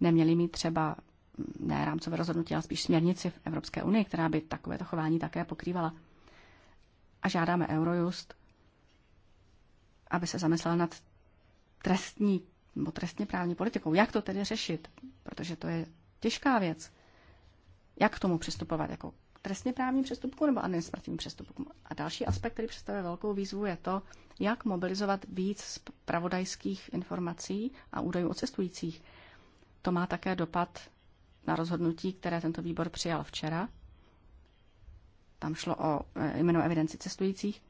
neměli mít třeba mm, ne rámcové rozhodnutí, ale spíš směrnici v Evropské unii, která by takovéto chování také pokrývala. A žádáme Eurojust, aby se zamyslel nad trestní nebo trestně právní politikou. Jak to tedy řešit? Protože to je těžká věc. Jak k tomu přistupovat? Jako trestně právním přestupkům nebo administrativním přestupkům. A další aspekt, který představuje velkou výzvu, je to, jak mobilizovat víc pravodajských informací a údajů o cestujících. To má také dopad na rozhodnutí, které tento výbor přijal včera. Tam šlo o e, jméno evidenci cestujících.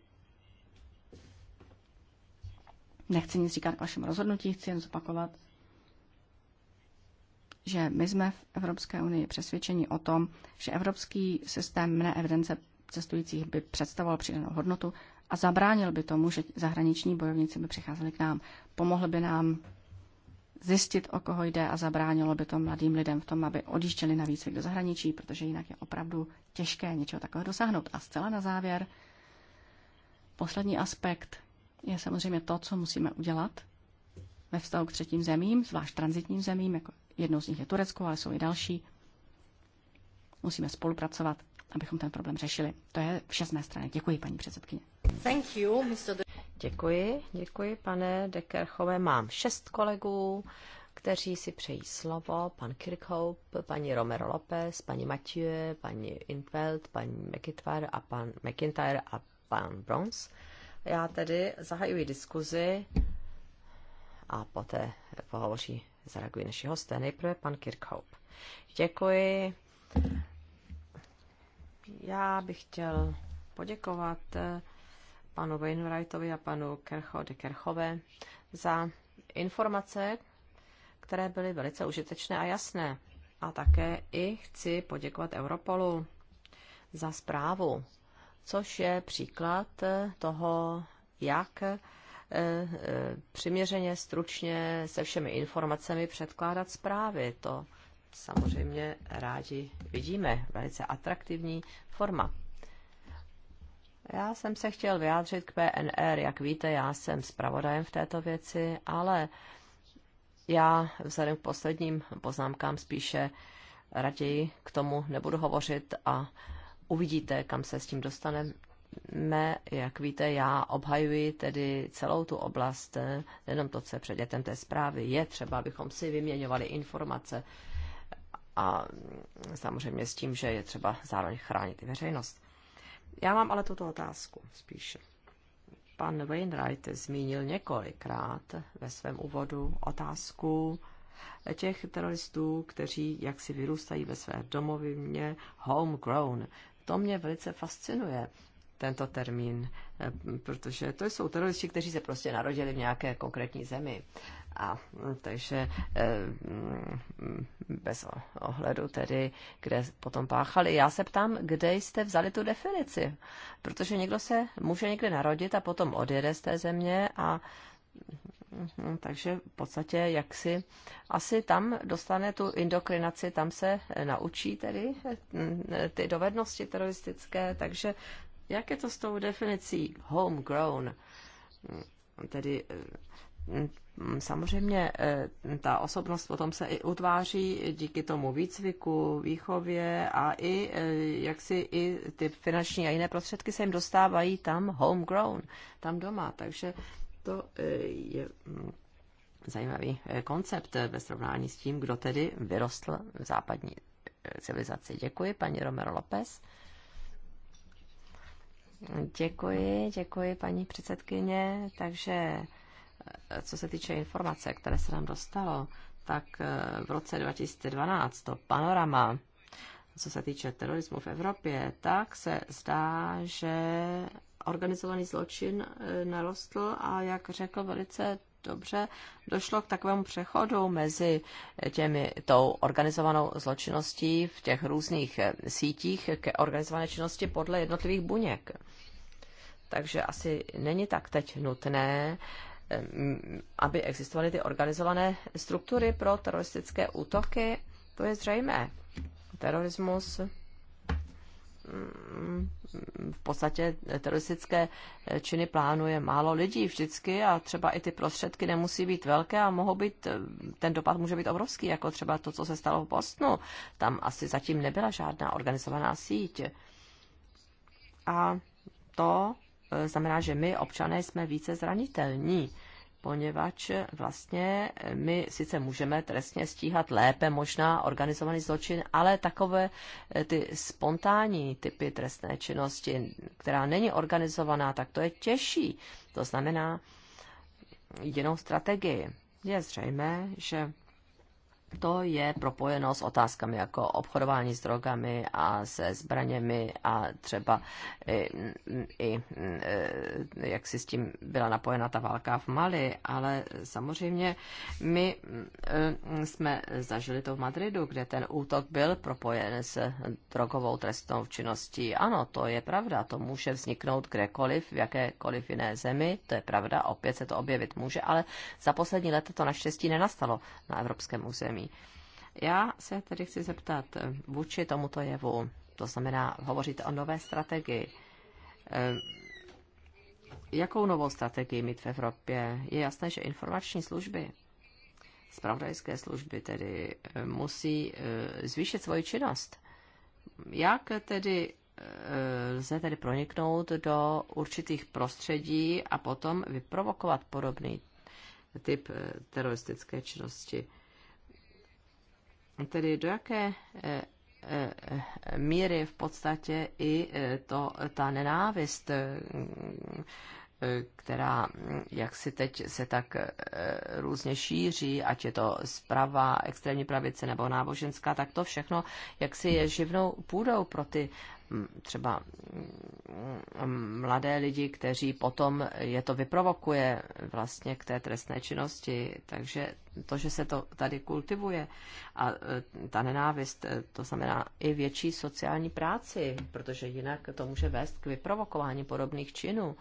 Nechci nic říkat k vašemu rozhodnutí, chci jen zopakovat, že my jsme v Evropské unii přesvědčeni o tom, že evropský systém mne evidence cestujících by představoval přidanou hodnotu a zabránil by tomu, že zahraniční bojovníci by přicházeli k nám. Pomohl by nám zjistit, o koho jde a zabránilo by to mladým lidem v tom, aby odjížděli na výcvik do zahraničí, protože jinak je opravdu těžké něčeho takového dosáhnout. A zcela na závěr, poslední aspekt je samozřejmě to, co musíme udělat ve vztahu k třetím zemím, zvlášť transitním zemím, jako Jednou z nich je Turecko, ale jsou i další. Musíme spolupracovat, abychom ten problém řešili. To je vše z mé strany. Děkuji, paní předsedkyně. Thank you, Mr. De- děkuji, děkuji, pane Dekerchové. Mám šest kolegů, kteří si přejí slovo. Pan Kirkhope, paní Romero Lopez, paní Mathieu, paní Intveld, paní McIntyre a pan, McIntyre a pan Bronze. Já tedy zahajuji diskuzi a poté pohovoří zareagují naši hosté. Nejprve pan Kirkhope. Děkuji. Já bych chtěl poděkovat eh, panu Wainwrightovi a panu Kercho de Kerchove za informace, které byly velice užitečné a jasné. A také i chci poděkovat Europolu za zprávu, což je příklad toho, jak Eh, eh, přiměřeně, stručně, se všemi informacemi předkládat zprávy. To samozřejmě rádi vidíme. Velice atraktivní forma. Já jsem se chtěl vyjádřit k PNR. Jak víte, já jsem zpravodajem v této věci, ale já vzhledem k posledním poznámkám spíše raději k tomu nebudu hovořit a uvidíte, kam se s tím dostaneme, me, jak víte, já obhajuji tedy celou tu oblast, eh, jenom to, co je předmětem té zprávy. Je třeba, abychom si vyměňovali informace a mm, samozřejmě s tím, že je třeba zároveň chránit i veřejnost. Já mám ale tuto otázku spíše. Pan Wainwright zmínil několikrát ve svém úvodu otázku těch teroristů, kteří jaksi vyrůstají ve své domovině homegrown. To mě velice fascinuje tento termín, eh, protože to jsou teroristi, kteří se prostě narodili v nějaké konkrétní zemi. A mm, takže eh, mm, bez ohledu tedy, kde potom páchali. Já se ptám, kde jste vzali tu definici, protože někdo se může někde narodit a potom odjede z té země a mm, takže v podstatě jak si asi tam dostane tu indokrinaci, tam se naučí tedy ty dovednosti teroristické, takže jak je to s tou definicí homegrown? Hmm, tedy hmm, hmm, samozřejmě eh, ta osobnost potom se i utváří díky tomu výcviku, výchově a i eh, jak si i ty finanční a jiné prostředky se jim dostávají tam homegrown, tam doma. Takže to eh, je zajímavý koncept ve srovnání s tím, kdo tedy vyrostl v západní civilizaci. Děkuji, paní Romero López. Děkuji, děkuji paní předsedkyně. Takže eh, co se týče informace, které se nám dostalo, tak eh, v roce 2012 to panorama, co se týče terorismu v Evropě, tak se zdá, že organizovaný zločin eh, narostl a jak řekl velice dobře došlo k takovému přechodu mezi těmi tou organizovanou zločinností v těch různých eh, sítích ke organizované činnosti podle jednotlivých buněk. Takže asi není tak teď nutné, eh, aby existovaly ty organizované struktury pro teroristické útoky. To je zřejmé. Terorismus Mm, v podstatě teroristické činy plánuje málo lidí vždycky a třeba i ty prostředky nemusí být velké a mohou být, ten dopad může být obrovský, jako třeba to, co se stalo v Bostonu. Tam asi zatím nebyla žádná organizovaná síť. A to e, znamená, že my, občané, jsme více zranitelní poněvadž vlastně my sice můžeme trestně stíhat lépe možná organizovaný zločin, ale takové eh, ty spontánní typy trestné činnosti, která není organizovaná, tak to je těžší. To znamená jinou strategii. Je zřejmé, že to je propojeno s otázkami jako obchodování s drogami a se zbraněmi a třeba i, i jak si s tím byla napojena ta válka v Mali, ale samozřejmě my mm, jsme zažili to v Madridu, kde ten útok byl propojen s drogovou trestnou činností. Ano, to je pravda, to může vzniknout kdekoliv, v jakékoliv jiné zemi, to je pravda, opět se to objevit může, ale za poslední leta to naštěstí nenastalo na evropském území zemí. Já se tedy chci zeptat eh, vůči tomuto jevu, to znamená, hovořit o nové strategii. Eh, jakou novou strategii mít v Evropě? Je jasné, že informační služby, spravodajské služby tedy eh, musí zvýšit svoji činnost. Jak tedy lze tedy proniknout do určitých prostředí a potom vyprovokovat podobný typ teroristické činnosti? tedy do jaké eh, eh, míry v podstatě i eh, to, ta nenávist, která jak si teď se tak eh, různě šíří, ať je to zprava, extrémní pravice nebo náboženská, tak to všechno jak si je živnou půdou pro ty mm, třeba mm, mm, mladé lidi, kteří potom je to vyprovokuje vlastně k té trestné činnosti. Takže to, že se to tady kultivuje a eh, ta nenávist, eh, to znamená i větší sociální práci, protože jinak to může vést k vyprovokování podobných činů.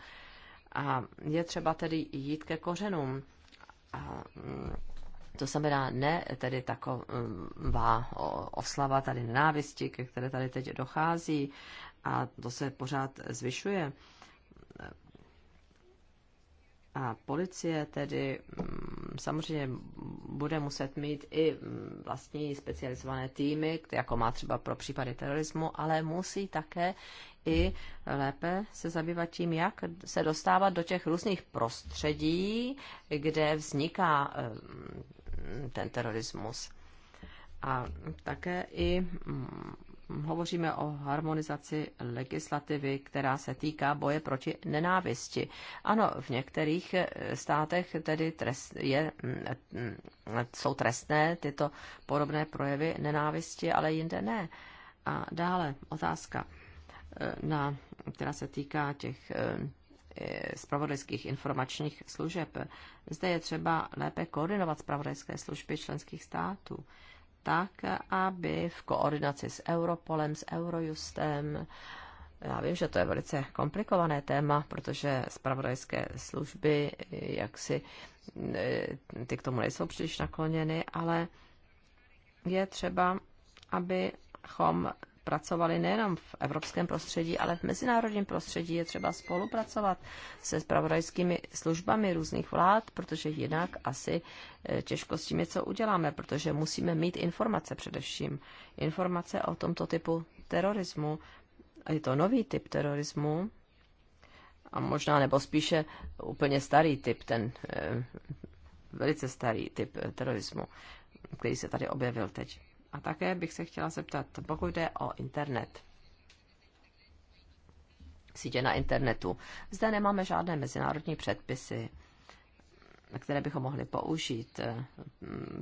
A je třeba tedy jít ke kořenům. A, to znamená ne tedy taková oslava tady nenávisti, ke které tady teď dochází a to se pořád zvyšuje. A policie tedy mm, samozřejmě bude muset mít i mm, vlastní specializované týmy, jako má třeba pro případy terorismu, ale musí také i lépe se zabývat tím, jak se dostávat do těch různých prostředí, kde vzniká mm, ten terorismus. A také i hovoříme o harmonizaci legislativy, která se týká boje proti nenávisti. Ano, v některých eh, státech tedy trest, je, mm, eh, jsou trestné tyto podobné projevy nenávisti, ale jinde ne. A dále otázka, eh, na, která se týká těch spravodajských informačních služeb. Zde je třeba lépe koordinovat spravodajské služby členských států tak, aby v koordinaci s Europolem, s Eurojustem, já vím, že to je velice komplikované téma, protože spravodajské služby, jak si ty k tomu nejsou příliš nakloněny, ale je třeba, abychom pracovali nejenom v evropském prostředí, ale v mezinárodním prostředí. Je třeba spolupracovat se spravodajskými službami různých vlád, protože jinak asi e, těžko s tím něco uděláme, protože musíme mít informace především. Informace o tomto typu terorismu. Je to nový typ terorismu, a možná nebo spíše úplně starý typ, ten e, velice starý typ e, terorismu, který se tady objevil teď. A také bych se chtěla zeptat, pokud jde o internet, sítě na internetu, zde nemáme žádné mezinárodní předpisy, které bychom mohli použít eh,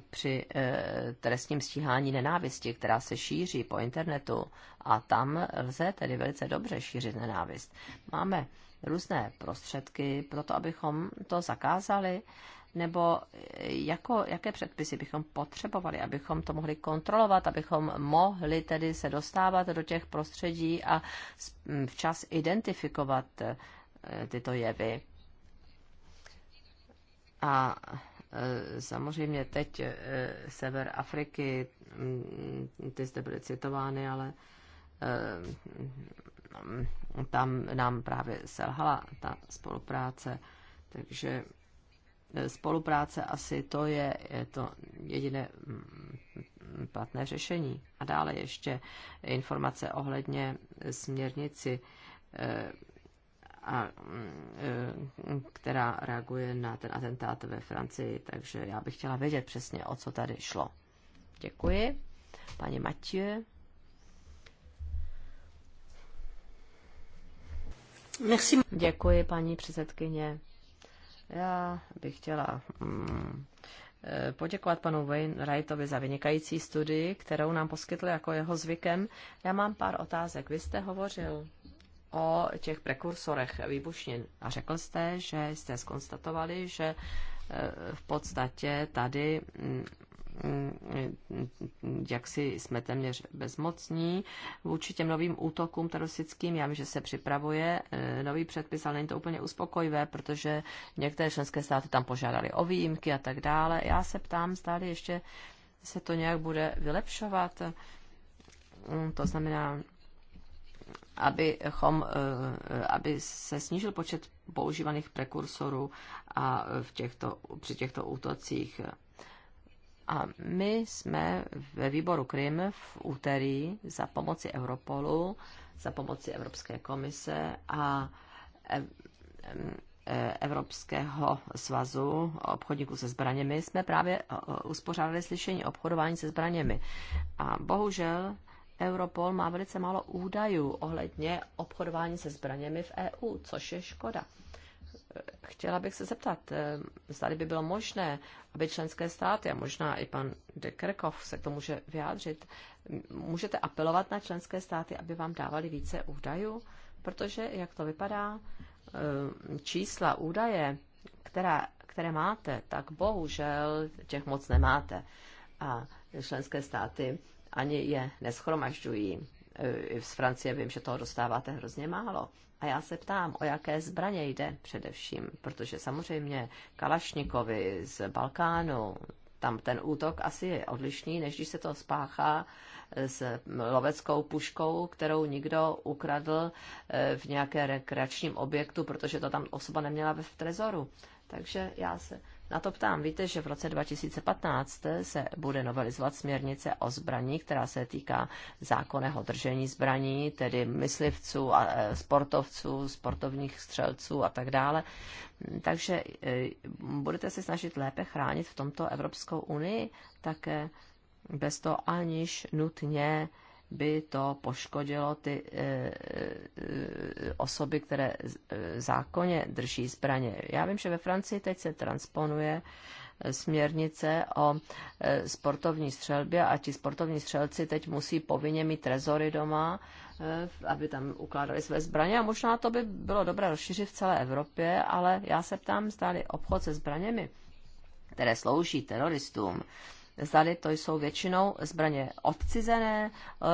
při eh, trestním stíhání nenávisti, která se šíří po internetu a tam lze tedy velice dobře šířit nenávist. Máme různé prostředky pro to, abychom to zakázali nebo eh, jako, jaké předpisy bychom potřebovali, abychom to mohli kontrolovat, abychom mohli tedy se dostávat do těch prostředí a mm, včas identifikovat eh, tyto jevy. A eh, samozřejmě teď sever Afriky, mm, ty zde byly citovány, ale mm, tam nám právě selhala ta spolupráce. Takže spolupráce asi to je, je to jediné mm, platné řešení. A dále ještě informace ohledně směrnici, eh, a, mm, eh, která reaguje na ten atentát ve Francii, takže já bych chtěla vědět přesně, o co tady šlo. Děkuji. Paní Matěje. Děkuji, paní předsedkyně. Já bych chtěla mm, eh, poděkovat panu Wainwrightovi za vynikající studii, kterou nám poskytl jako jeho zvykem. Já mám pár otázek. Vy jste hovořil o těch prekursorech výbušnin a řekl jste, že jste skonstatovali, že eh, v podstatě tady mm, Eh, jak si jsme téměř bezmocní vůči těm novým útokům teroristickým. Já vím, že se připravuje eh, nový předpis, ale není to úplně uspokojivé, protože některé členské státy tam požádali o výjimky a tak dále. Já se ptám, stále ještě se to nějak bude vylepšovat. Mm, to znamená, abychom, eh, aby se snížil počet používaných prekursorů a v těchto, při těchto útocích a my jsme ve výboru Krym v úterý za pomoci Europolu, za pomoci Evropské komise a e, Evropského svazu obchodníků se zbraněmi jsme právě e, e, uspořádali slyšení obchodování se zbraněmi. A bohužel Europol má velice málo údajů ohledně obchodování se zbraněmi v EU, což je škoda chtěla bych se zeptat, eh, zda by bylo možné, aby členské státy, a možná i pan de Krkov se k tomu může vyjádřit, můžete apelovat na členské státy, aby vám dávali více údajů? Protože, jak to vypadá, eh, čísla, údaje, která, které máte, tak bohužel těch moc nemáte. A členské státy ani je neschromažďují. E, z Francie vím, že toho dostáváte hrozně málo. A já se ptám, o jaké zbraně jde především, protože samozřejmě Kalašnikovi z Balkánu, tam ten útok asi je odlišný, než když se to spáchá s loveckou puškou, kterou nikdo ukradl e, v nějaké rekreačním objektu, protože to tam osoba neměla v trezoru. Takže já se na to ptám. Víte, že v roce 2015 se bude novelizovat směrnice o zbraní, která se týká zákonného držení zbraní, tedy myslivců, e, sportovců, sportovních střelců a tak dále. Takže e, budete se snažit lépe chránit v tomto Evropskou unii také e, bez toho aniž nutně by to poškodilo ty eh, eh, osoby, které eh, zákonně drží zbraně. Já vím, že ve Francii teď se transponuje směrnice o sportovní střelbě a ti sportovní střelci teď musí povinně mít trezory doma, aby tam ukládali své zbraně a možná to by bylo dobré rozšířit v celé Evropě, ale já se ptám, zdali obchod se zbraněmi, které slouží teroristům, zdali to jsou většinou zbraně odcizené eh,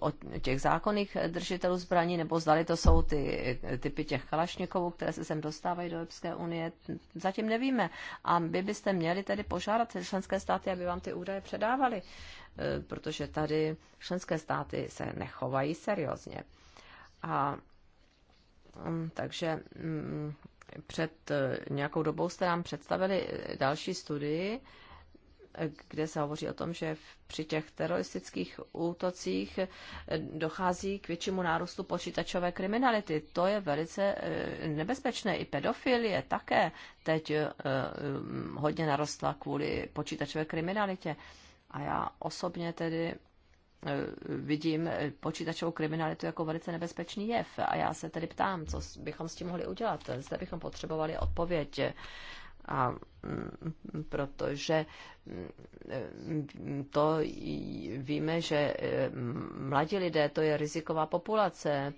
od těch zákonných držitelů zbraní, nebo zdali to jsou ty typy těch kalašnikovů, které se sem dostávají do Evropské unie. Zatím nevíme. A vy byste měli tedy požádat členské státy, aby vám ty údaje předávali, eh, protože tady členské státy se nechovají seriózně. A mm, takže mm, před eh, nějakou dobou jste nám představili další studii, kde se hovoří o tom, že při těch teroristických útocích eh, dochází k většímu nárůstu počítačové kriminality. To je velice eh, nebezpečné. I pedofilie také teď eh, mm, hodně narostla kvůli počítačové kriminalitě. A já osobně tedy vidím počítačovou kriminalitu jako velice nebezpečný jev. A já se tedy ptám, co bychom s tím mohli udělat. Zde bychom potřebovali odpověď a mm, protože mm, mm, to víme, že mladí lidé to je riziková populace,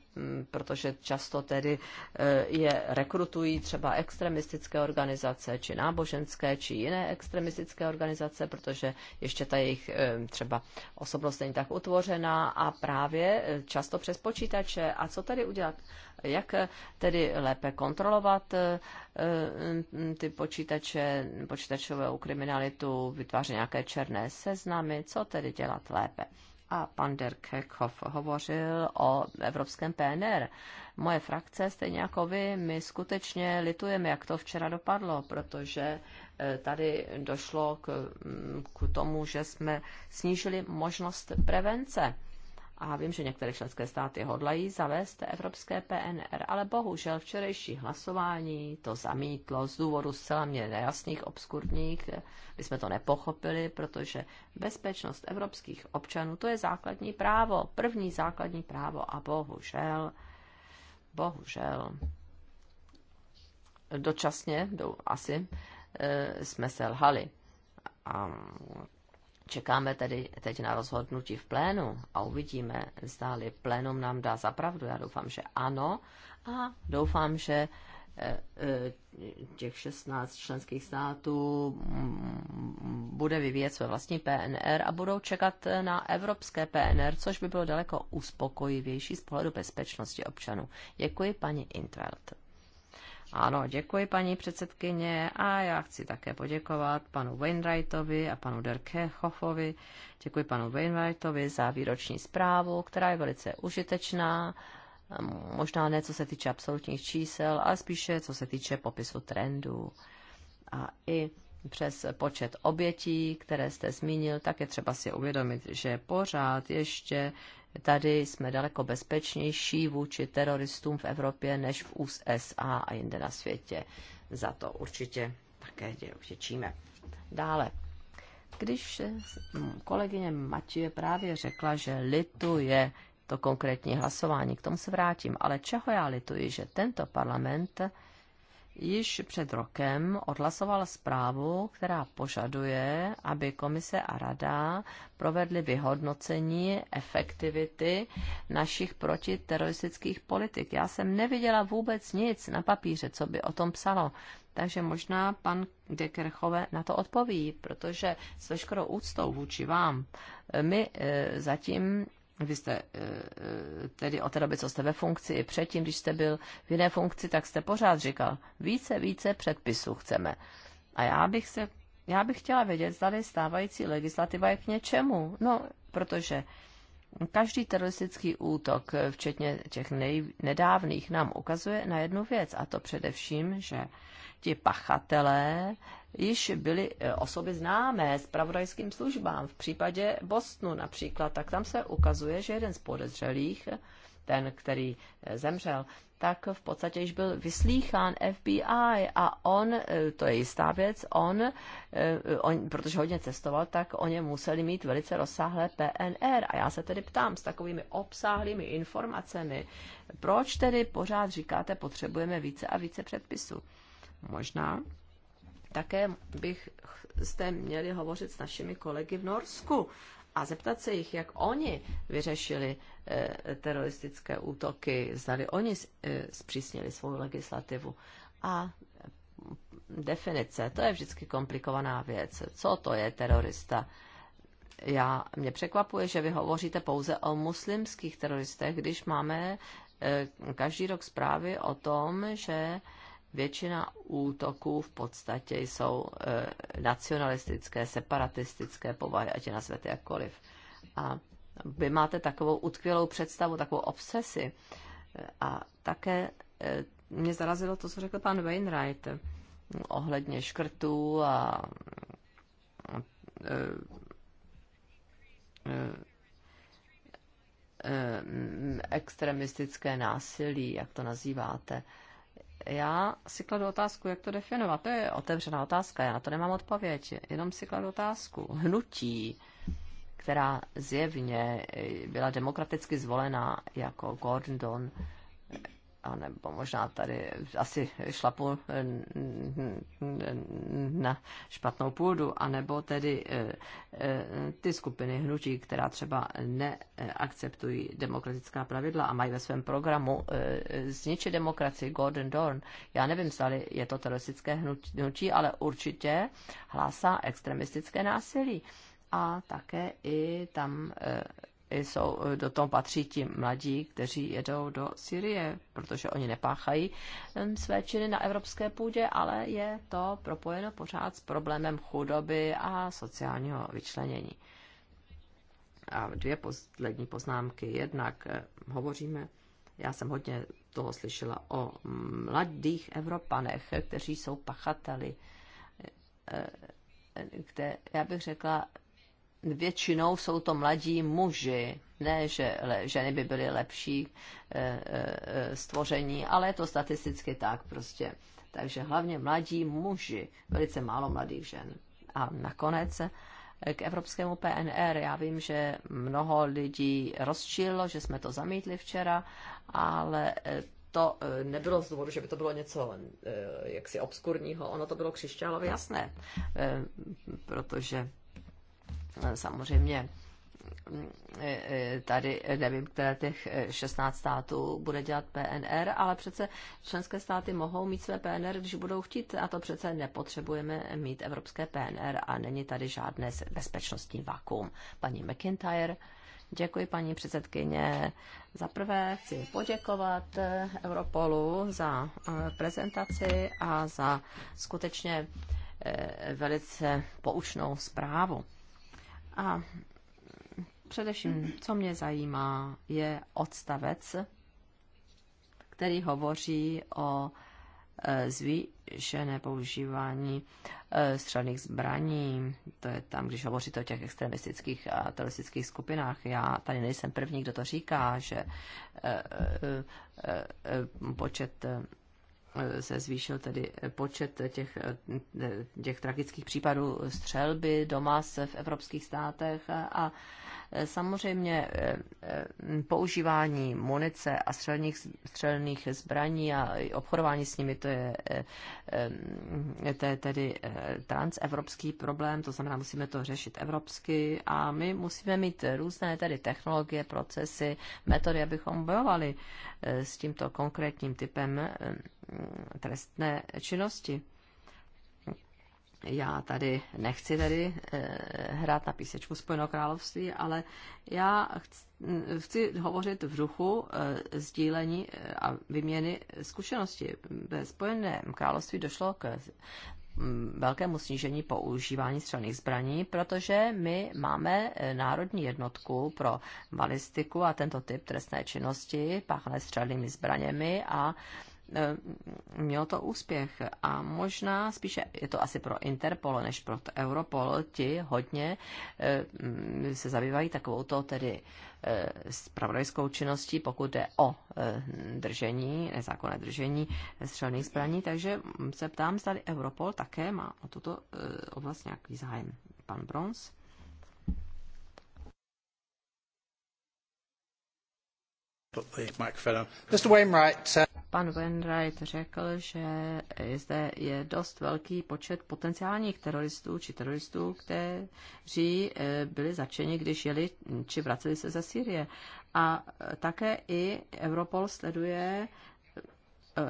protože často tedy eh, je rekrutují třeba extremistické organizace, či náboženské, či jiné extremistické organizace, protože ještě ta jejich eh, třeba osobnost není tak utvořená a právě eh, často přes počítače. A co tady udělat? Jak eh, tedy lépe kontrolovat eh, eh, ty počítače, počítačovou kriminalitu, vytvářet nějaké černé seznamy, co tedy dělat lépe? a pan der Kekhoff hovořil o evropském PNR. Moje frakce, stejně jako vy, my skutečně litujeme, jak to včera dopadlo, protože tady došlo k, mm, k tomu, že jsme snížili možnost prevence a vím, že některé členské státy hodlají zavést evropské PNR, ale bohužel včerejší hlasování to zamítlo z důvodu zcela mě nejasných, obskurních. My jsme to nepochopili, protože bezpečnost evropských občanů to je základní právo, první základní právo a bohužel, bohužel, dočasně, do, asi, e, jsme selhali. A Čekáme tedy teď na rozhodnutí v plénu a uvidíme, zdáli plénum nám dá zapravdu. Já doufám, že ano a doufám, že eh, eh, těch 16 členských států mm, bude vyvíjet své vlastní PNR a budou čekat na evropské PNR, což by bylo daleko uspokojivější z pohledu bezpečnosti občanů. Děkuji, paní Intveld. Ano, děkuji paní předsedkyně a já chci také poděkovat panu Wainwrightovi a panu Hoffovi. Děkuji panu Wainwrightovi za výroční zprávu, která je velice užitečná, možná ne co se týče absolutních čísel, ale spíše co se týče popisu trendů. A i přes počet obětí, které jste zmínil, tak je třeba si uvědomit, že pořád ještě Tady jsme daleko bezpečnější vůči teroristům v Evropě než v USA a jinde na světě. Za to určitě také děčíme. Dále, když kolegyně Matěje právě řekla, že lituje to konkrétní hlasování, k tomu se vrátím, ale čeho já lituji, že tento parlament již před rokem odhlasoval zprávu, která požaduje, aby komise a rada provedly vyhodnocení efektivity našich protiteroristických politik. Já jsem neviděla vůbec nic na papíře, co by o tom psalo. Takže možná pan Dekerchove na to odpoví, protože s veškerou úctou vůči vám, my eh, zatím vy jste eh, eh, tedy od té doby, co jste ve funkci, i předtím, když jste byl v jiné funkci, tak jste pořád říkal, více, více předpisů chceme. A já bych se, já bych chtěla vědět, zda stávající legislativa je k něčemu. No, protože každý teroristický útok, včetně těch nej, nedávných, nám ukazuje na jednu věc, a to především, že ti pachatelé již byly e, osoby známé s pravodajským službám. V případě Bostonu například, tak tam se ukazuje, že jeden z podezřelých, ten, který e, zemřel, tak v podstatě již byl vyslýchán FBI a on, e, to je jistá věc, on, on protože hodně cestoval, tak o něm museli mít velice rozsáhlé PNR. A já se tedy ptám s takovými obsáhlými informacemi, proč tedy pořád říkáte, potřebujeme více a více předpisů? Možná také bych jste měli hovořit s našimi kolegy v Norsku a zeptat se jich, jak oni vyřešili e, teroristické útoky, zdali oni e, zpřísnili svou legislativu. A definice, to je vždycky komplikovaná věc. Co to je terorista? Já, mě překvapuje, že vy hovoříte pouze o muslimských teroristech, když máme e, každý rok zprávy o tom, že e, Většina útoků v podstatě jsou e, nacionalistické, separatistické povahy, ať je nazvete jakkoliv. A vy máte takovou utkvělou představu, takovou obsesi. E, a také e, mě zarazilo to, co řekl pan Wainwright ohledně škrtů a e, e, e extremistické násilí, jak to nazýváte. E, já si kladu otázku, jak to definovat. To je otevřená otázka, já to nemám odpověď. Jenom si kladu otázku. Hnutí, která zjevně byla demokraticky zvolena jako Gordon, a nebo možná tady asi šlapu eh, na špatnou půdu, a nebo tedy eh, eh, ty skupiny hnutí, která třeba neakceptují demokratická pravidla a mají ve svém programu zničit demokracii Gordon Dorn. Já nevím, zdali je to teroristické hnutí, ale určitě hlásá extremistické násilí. A také i tam jsou, do tom patří ti mladí, kteří jedou do Syrie, protože oni nepáchají své činy na evropské půdě, ale je to propojeno pořád s problémem chudoby a sociálního vyčlenění. A dvě poslední poznámky. Jednak eh, hovoříme, já jsem hodně toho slyšela o mladých Evropanech, kteří jsou pachateli, eh, eh, kde, já bych řekla, většinou jsou to mladí muži. Ne, že ženy by byly lepší eh, eh, eh, stvoření, ale je to statisticky tak prostě. Takže hlavně mladí muži, velice málo mladých žen. A nakonec k evropskému PNR. Já vím, že mnoho lidí rozčilo, že jsme to zamítli včera, ale to nebylo z důvodu, že by to bylo něco jaksi obskurního, ono to bylo křišťálově jasné, protože Eh, samozřejmě mm, eh, eh, tady nevím, které těch 16 států bude dělat PNR, ale přece členské státy mohou mít své PNR, když budou chtít a to přece nepotřebujeme mít evropské PNR a není tady žádné bezpečnostní vakuum. Paní McIntyre, děkuji paní předsedkyně. Za prvé chci poděkovat Europolu za prezentaci a za skutečně velice poučnou zprávu. A především, hmm. co mě zajímá, je odstavec, který hovoří o e, zvýšené používání e, střelných zbraní. To je tam, když hovoříte o těch extremistických a teroristických skupinách. Já tady nejsem první, kdo to říká, že e, počet se zvýšil tedy počet těch, těch tragických případů střelby doma se v evropských státech a Samozřejmě eh, eh, používání munice a střelných, střelných zbraní a obchodování s nimi, to je, eh, to je tedy transevropský problém, to znamená, musíme to řešit evropsky a my musíme mít různé tedy technologie, procesy, metody, abychom bojovali s tímto konkrétním typem trestné činnosti já tady nechci tady eh, hrát na písečku Spojeného království, ale já chci, hm, chci hovořit v duchu eh, sdílení eh, a vyměny zkušenosti. Ve Spojeném království došlo k hm, velkému snížení používání střelných zbraní, protože my máme národní jednotku pro balistiku a tento typ trestné činnosti páchané střelnými zbraněmi a E, mělo to úspěch a možná spíše je to asi pro Interpol než pro Europol. Ti hodně e, se zabývají takovouto tedy e, spravodajskou činností, pokud jde o držení, nezákonné držení střelných zbraní, takže se ptám, zda Europol také má o tuto oblast nějaký zájem. Pan Brons? Mr. Wainwright, uh... Pan Wainwright řekl, že zde je dost velký počet potenciálních teroristů či teroristů, kteří eh, byli začeni, když jeli či vraceli se ze Sýrie. A také i Europol sleduje eh,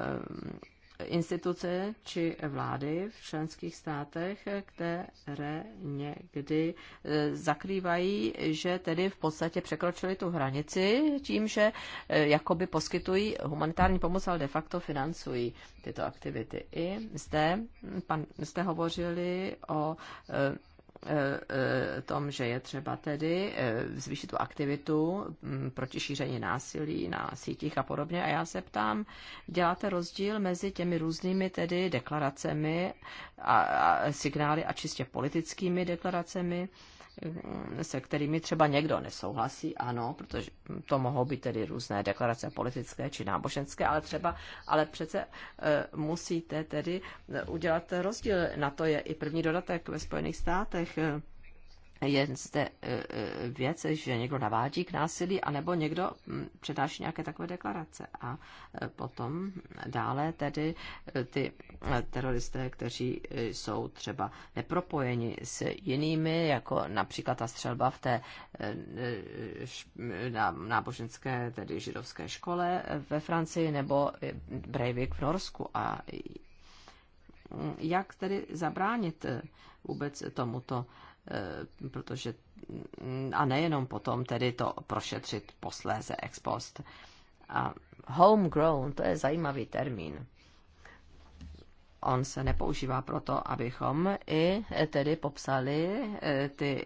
instituce či vlády v členských státech, které někdy e, zakrývají, že tedy v podstatě překročili tu hranici tím, že e, jakoby poskytují humanitární pomoc, ale de facto financují tyto aktivity. I zde, pan, jste hovořili o e, Eh, eh, tom, že je třeba tedy eh, zvýšit tu aktivitu mm, proti šíření násilí na sítích a podobně. A já se ptám, děláte rozdíl mezi těmi různými tedy deklaracemi a, a signály a čistě politickými deklaracemi? se kterými třeba někdo nesouhlasí, ano, protože to mohou být tedy různé deklarace politické či náboženské, ale třeba, ale přece eh, musíte tedy udělat rozdíl. Na to je i první dodatek ve Spojených státech je zde e, e, věc, že někdo navádí k násilí, anebo někdo přednáší nějaké takové deklarace. A e, potom dále tedy ty teroristé, kteří jsou třeba nepropojeni s jinými, jako například ta střelba v té náboženské, tedy židovské škole ve Francii, nebo Breivik v Norsku. A jak tedy zabránit vůbec tomuto? Eh, protože mm, a nejenom potom tedy to prošetřit posléze ex post. A homegrown, to je zajímavý termín. On se nepoužívá proto, abychom i tedy popsali eh, ty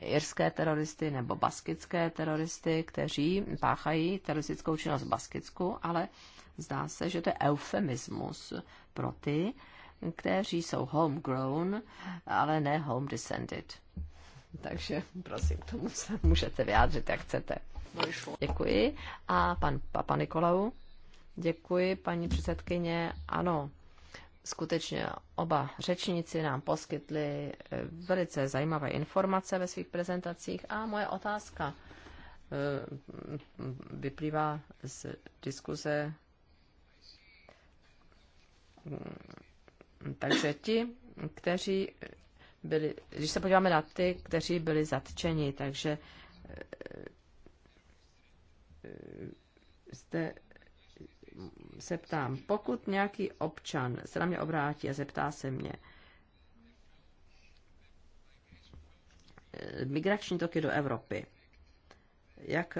irské teroristy nebo baskické teroristy, kteří páchají teroristickou činnost v Baskicku, ale zdá se, že to je eufemismus pro ty, kteří jsou homegrown, ale ne home descended. Takže prosím, k tomu se můžete vyjádřit, jak chcete. Děkuji. A pan Papa Nikolau? Děkuji, paní předsedkyně. Ano, skutečně oba řečníci nám poskytli eh, velice zajímavé informace ve svých prezentacích a moje otázka eh, vyplývá z diskuze takže ti, kteří byli, když se podíváme na ty, kteří byli zatčeni, takže eh, eh, zde se ptám, pokud nějaký občan se na mě obrátí a zeptá se mě, eh, migrační toky do Evropy, jak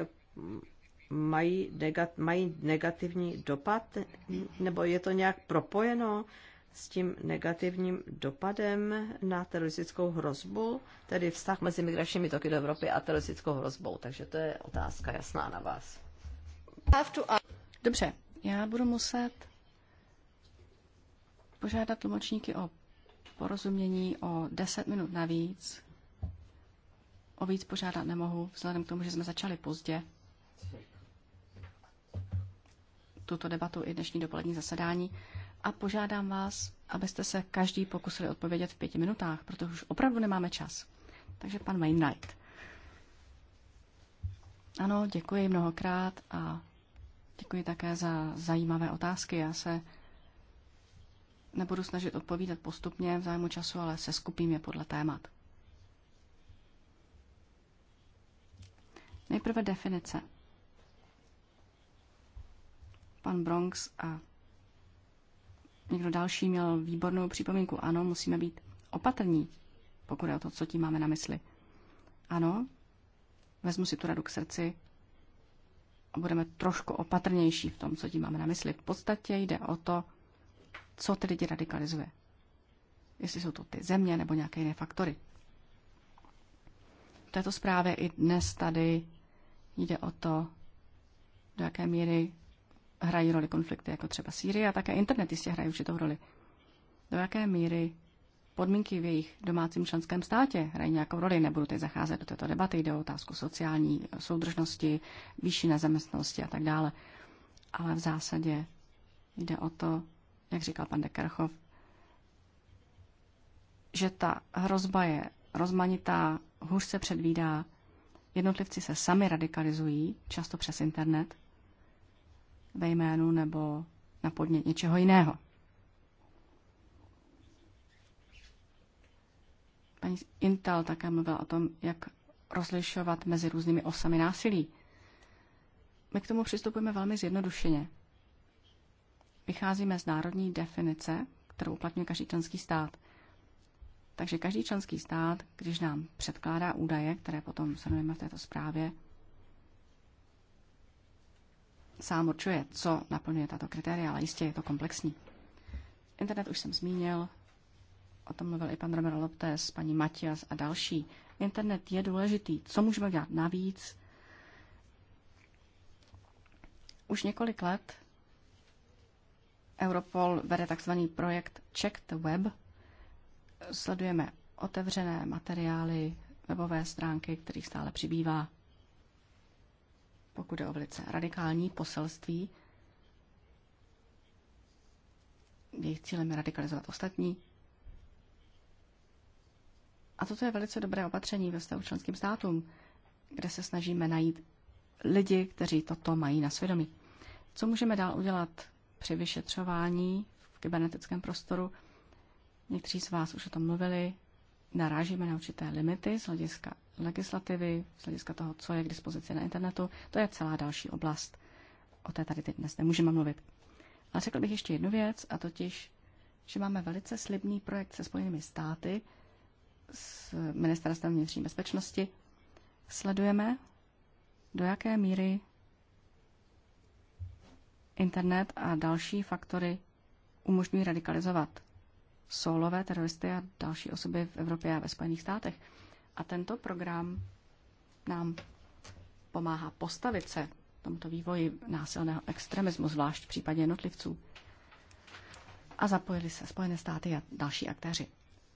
mají, negat, mají negativní dopad, nebo je to nějak propojeno s tím negativním dopadem na teroristickou hrozbu, tedy vztah mezi migračními toky do Evropy a teroristickou hrozbou. Takže to je otázka jasná na vás. Dobře, já budu muset požádat tlumočníky o porozumění o 10 minut navíc. O víc požádat nemohu, vzhledem k tomu, že jsme začali pozdě tuto debatu i dnešní dopolední zasedání a požádám vás, abyste se každý pokusili odpovědět v pěti minutách, protože už opravdu nemáme čas. Takže pan Wainwright. Ano, děkuji mnohokrát a děkuji také za zajímavé otázky. Já se nebudu snažit odpovídat postupně v zájmu času, ale se skupím je podle témat. Nejprve definice. Pan Bronx a Někdo další měl výbornou připomínku. Ano, musíme být opatrní, pokud je o to, co tím máme na mysli. Ano, vezmu si tu radu k srdci a budeme trošku opatrnější v tom, co tím máme na mysli. V podstatě jde o to, co ty lidi radikalizuje. Jestli jsou to ty země nebo nějaké jiné faktory. V této zprávě i dnes tady jde o to, do jaké míry hrají roli konflikty, jako třeba Sýrie, a také internet jistě hraje určitou roli. Do jaké míry podmínky v jejich domácím členském státě hrají nějakou roli. Nebudu teď zacházet do této debaty, jde o otázku sociální soudržnosti, výši nezaměstnanosti a tak dále. Ale v zásadě jde o to, jak říkal pan Dekerchov, že ta hrozba je rozmanitá, hůř se předvídá, jednotlivci se sami radikalizují, často přes internet, ve jménu nebo na podnět něčeho jiného. Paní Intel také mluvila o tom, jak rozlišovat mezi různými osami násilí. My k tomu přistupujeme velmi zjednodušeně. Vycházíme z národní definice, kterou uplatňuje každý členský stát. Takže každý členský stát, když nám předkládá údaje, které potom shrnujeme v této zprávě, sám určuje, co naplňuje tato kritéria, ale jistě je to komplexní. Internet už jsem zmínil, o tom mluvil i pan Romero Loptes, paní Matias a další. Internet je důležitý. Co můžeme dělat navíc? Už několik let Europol vede takzvaný projekt Check the Web. Sledujeme otevřené materiály, webové stránky, kterých stále přibývá pokud je o velice radikální poselství. Jejich cílem je radikalizovat ostatní. A toto je velice dobré opatření ve vztahu členským státům, kde se snažíme najít lidi, kteří toto mají na svědomí. Co můžeme dál udělat při vyšetřování v kybernetickém prostoru? Někteří z vás už o tom mluvili, narážíme na určité limity z hlediska legislativy, z hlediska toho, co je k dispozici na internetu. To je celá další oblast. O té tady teď dnes nemůžeme mluvit. A řekl bych ještě jednu věc, a totiž, že máme velice slibný projekt se Spojenými státy, s Ministerstvem vnitřní bezpečnosti, sledujeme, do jaké míry internet a další faktory umožňují radikalizovat solové teroristy a další osoby v Evropě a ve Spojených státech. A tento program nám pomáhá postavit se tomto vývoji násilného extremismu, zvlášť v případě jednotlivců. A zapojili se Spojené státy a další aktéři.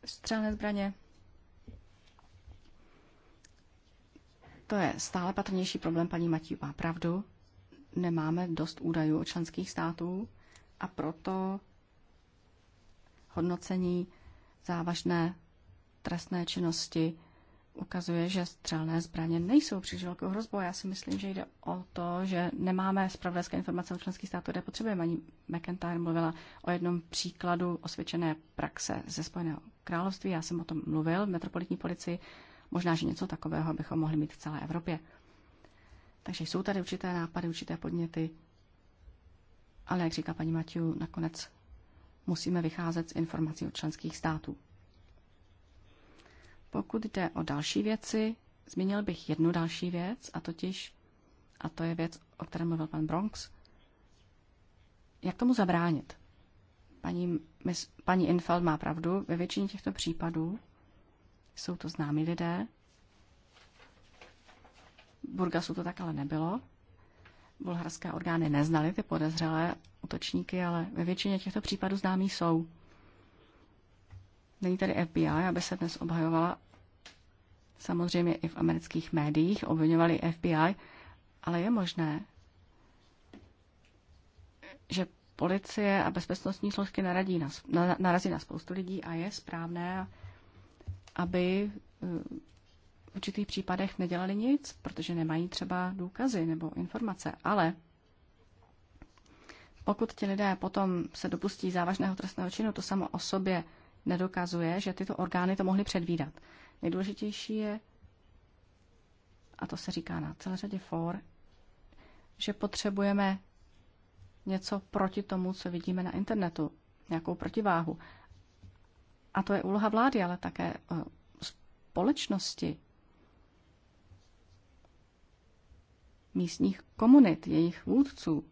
Střelné zbraně. To je stále patrnější problém, paní Matív má pravdu. Nemáme dost údajů o členských států a proto hodnocení závažné trestné činnosti ukazuje, že střelné zbraně nejsou příliš velkou hrozbou. Já si myslím, že jde o to, že nemáme spravodajské informace o členských států, kde potřebujeme. Ani McIntyre mluvila o jednom příkladu osvědčené praxe ze Spojeného království. Já jsem o tom mluvil v metropolitní policii. Možná, že něco takového bychom mohli mít v celé Evropě. Takže jsou tady určité nápady, určité podněty, ale jak říká paní Matiu, nakonec musíme vycházet z informací od členských států. Pokud jde o další věci, zmínil bych jednu další věc, a totiž, a to je věc, o které mluvil pan Bronx, jak tomu zabránit. Paní, mis, paní Infeld má pravdu, ve většině těchto případů jsou to známí lidé. Burgasu to tak ale nebylo. Bulharské orgány neznaly ty podezřelé útočníky, ale ve většině těchto případů známí jsou. Není tady FBI, aby se dnes obhajovala. Samozřejmě i v amerických médiích obvinovali FBI, ale je možné, že policie a bezpečnostní složky naradí na, na, narazí na spoustu lidí a je správné, aby eh, v určitých případech nedělali nic, protože nemají třeba důkazy nebo informace, ale pokud ti lidé potom se dopustí závažného trestného činu, to samo o sobě nedokazuje, že tyto orgány to mohly předvídat. Nejdůležitější je, a to se říká na celé řadě for, že potřebujeme něco proti tomu, co vidíme na internetu, nějakou protiváhu. A to je úloha vlády, ale také e, společnosti, místních komunit, jejich vůdců,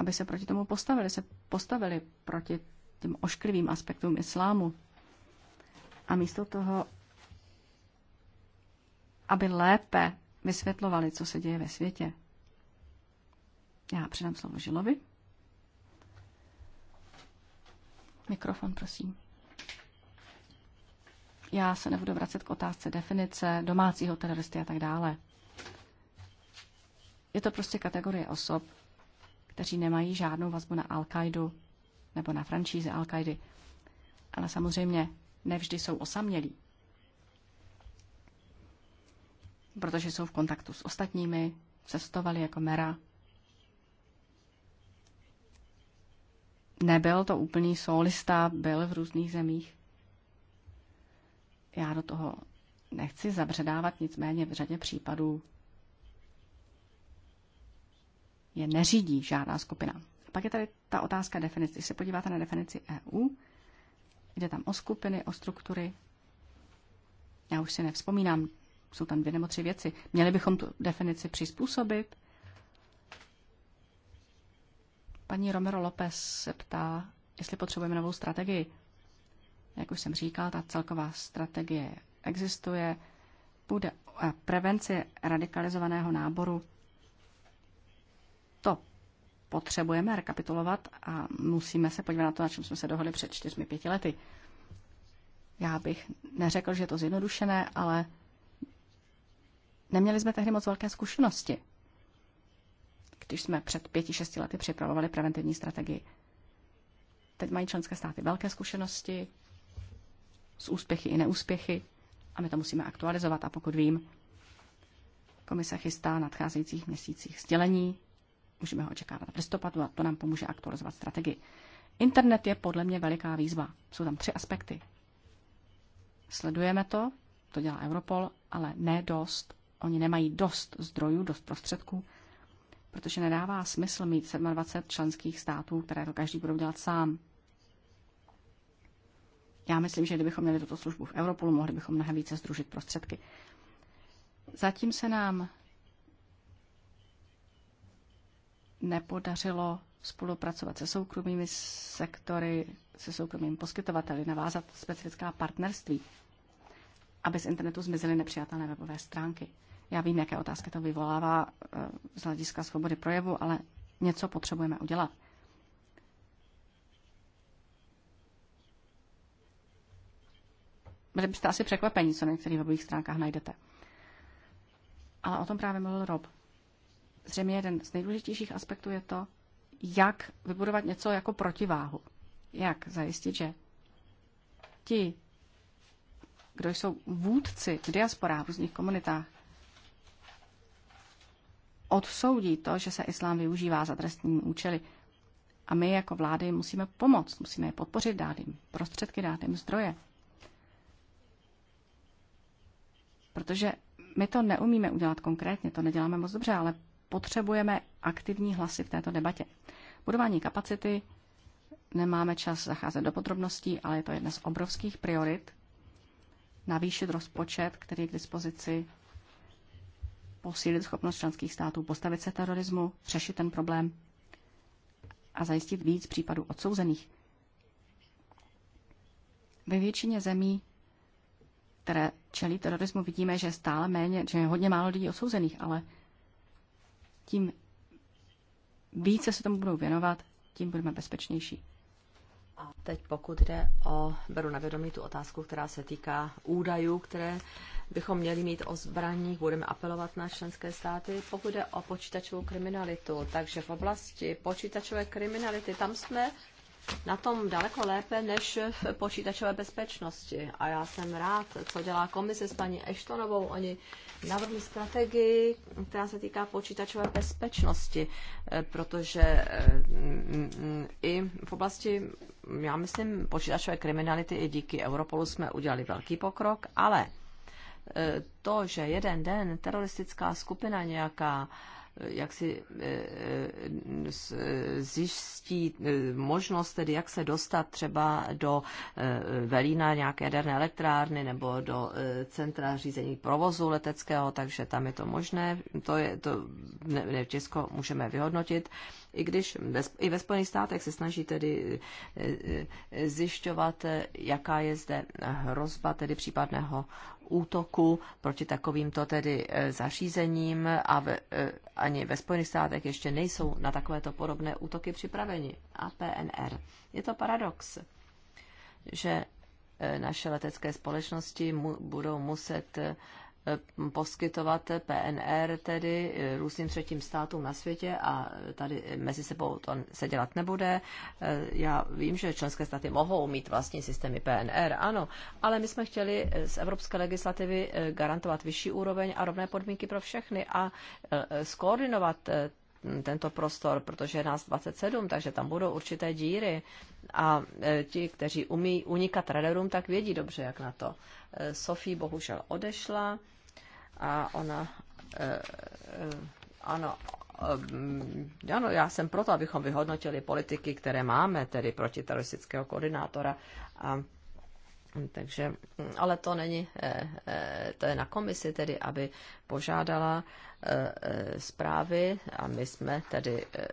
aby se proti tomu postavili, se postavili proti těm ošklivým aspektům islámu. A místo toho, aby lépe vysvětlovali, co se děje ve světě. Já předám slovo Žilovi. Mikrofon, prosím. Já se nebudu vracet k otázce definice domácího teroristy a tak dále. Je to prostě kategorie osob, kteří nemají žádnou vazbu na al nebo na franšízy al qaidy Ale samozřejmě nevždy jsou osamělí, protože jsou v kontaktu s ostatními, cestovali jako mera. Nebyl to úplný solista, byl v různých zemích. Já do toho nechci zabředávat, nicméně v řadě případů je neřídí žádná skupina. pak je tady ta otázka definice. Když se podíváte na definici EU, jde tam o skupiny, o struktury. Já už si nevzpomínám, jsou tam dvě nebo tři věci. Měli bychom tu definici přizpůsobit. Paní Romero López se ptá, jestli potřebujeme novou strategii. Jak už jsem říkal, ta celková strategie existuje. Bude prevence radikalizovaného náboru potřebujeme rekapitulovat a musíme se podívat na to, na čem jsme se dohodli před čtyřmi, pěti lety. Já bych neřekl, že je to zjednodušené, ale neměli jsme tehdy moc velké zkušenosti, když jsme před pěti, šesti lety připravovali preventivní strategii. Teď mají členské státy velké zkušenosti s úspěchy i neúspěchy a my to musíme aktualizovat. A pokud vím, komise chystá v nadcházejících měsících sdělení, Můžeme ho očekávat v listopadu a to nám pomůže aktualizovat strategii. Internet je podle mě veliká výzva. Jsou tam tři aspekty. Sledujeme to, to dělá Europol, ale ne dost. Oni nemají dost zdrojů, dost prostředků, protože nedává smysl mít 27 členských států, které to každý budou dělat sám. Já myslím, že kdybychom měli tuto službu v Europolu, mohli bychom mnohem více združit prostředky. Zatím se nám nepodařilo spolupracovat se soukromými sektory, se soukromými poskytovateli, navázat specifická partnerství, aby z internetu zmizely nepřijatelné webové stránky. Já vím, jaké otázky to vyvolává eh, z hlediska svobody projevu, ale něco potřebujeme udělat. Byli byste asi překvapení, co na některých webových stránkách najdete. Ale o tom právě mluvil Rob zřejmě jeden z nejdůležitějších aspektů je to, jak vybudovat něco jako protiváhu. Jak zajistit, že ti, kdo jsou vůdci v diasporách, v různých komunitách, odsoudí to, že se islám využívá za trestní účely. A my jako vlády musíme pomoct, musíme je podpořit, dát jim prostředky, dát jim zdroje. Protože my to neumíme udělat konkrétně, to neděláme moc dobře, ale potřebujeme aktivní hlasy v této debatě. Budování kapacity, nemáme čas zacházet do podrobností, ale je to jedna z obrovských priorit. Navýšit rozpočet, který je k dispozici, posílit schopnost členských států postavit se terorismu, řešit ten problém a zajistit víc případů odsouzených. Ve většině zemí, které čelí terorismu, vidíme, že stále méně, že je hodně málo lidí odsouzených, ale tím více se tomu budou věnovat, tím budeme bezpečnější. A teď pokud jde o, beru na vědomí tu otázku, která se týká údajů, které bychom měli mít o zbraních, budeme apelovat na členské státy, pokud jde o počítačovou kriminalitu. Takže v oblasti počítačové kriminality, tam jsme na tom daleko lépe než v počítačové bezpečnosti. A já jsem rád, co dělá komise s paní Eštonovou. Oni navrhli strategii, která se týká počítačové bezpečnosti, eh, protože eh, i v oblasti, já myslím, počítačové kriminality i díky Europolu jsme udělali velký pokrok, ale eh, to, že jeden den teroristická skupina nějaká jak si eh, eh, eh, zjistí možnost, tedy jak se dostat třeba do velína nějaké jaderné elektrárny nebo do centra řízení provozu leteckého, takže tam je to možné. To je to ne, ne, Česko můžeme vyhodnotit. I když bez, i ve Spojených státech se snaží tedy zjišťovat, jaká je zde hrozba tedy případného útoku proti takovýmto tedy e, zařízením a v, e, ani ve Spojených státech ještě nejsou na takovéto podobné útoky připraveni. A PNR. Je to paradox, že e, naše letecké společnosti mu, budou muset poskytovat PNR tedy eh, různým třetím státům na světě a tady mezi sebou to se dělat nebude. Eh, já vím, že členské státy mohou mít vlastní systémy PNR, ano, ale my jsme chtěli z evropské legislativy eh, garantovat vyšší úroveň a rovné podmínky pro všechny a skoordinovat tento prostor, protože je nás 27, takže tam budou určité díry a e, ti, kteří umí unikat radarům, tak vědí dobře, jak na to. E, Sofie bohužel odešla a ona, e, ano, ano, já jsem proto, abychom vyhodnotili politiky, které máme, tedy protiteroristického koordinátora a takže, ale to není, to je na komisi tedy, aby požádala Eh, eh, zprávy a my jsme tedy eh,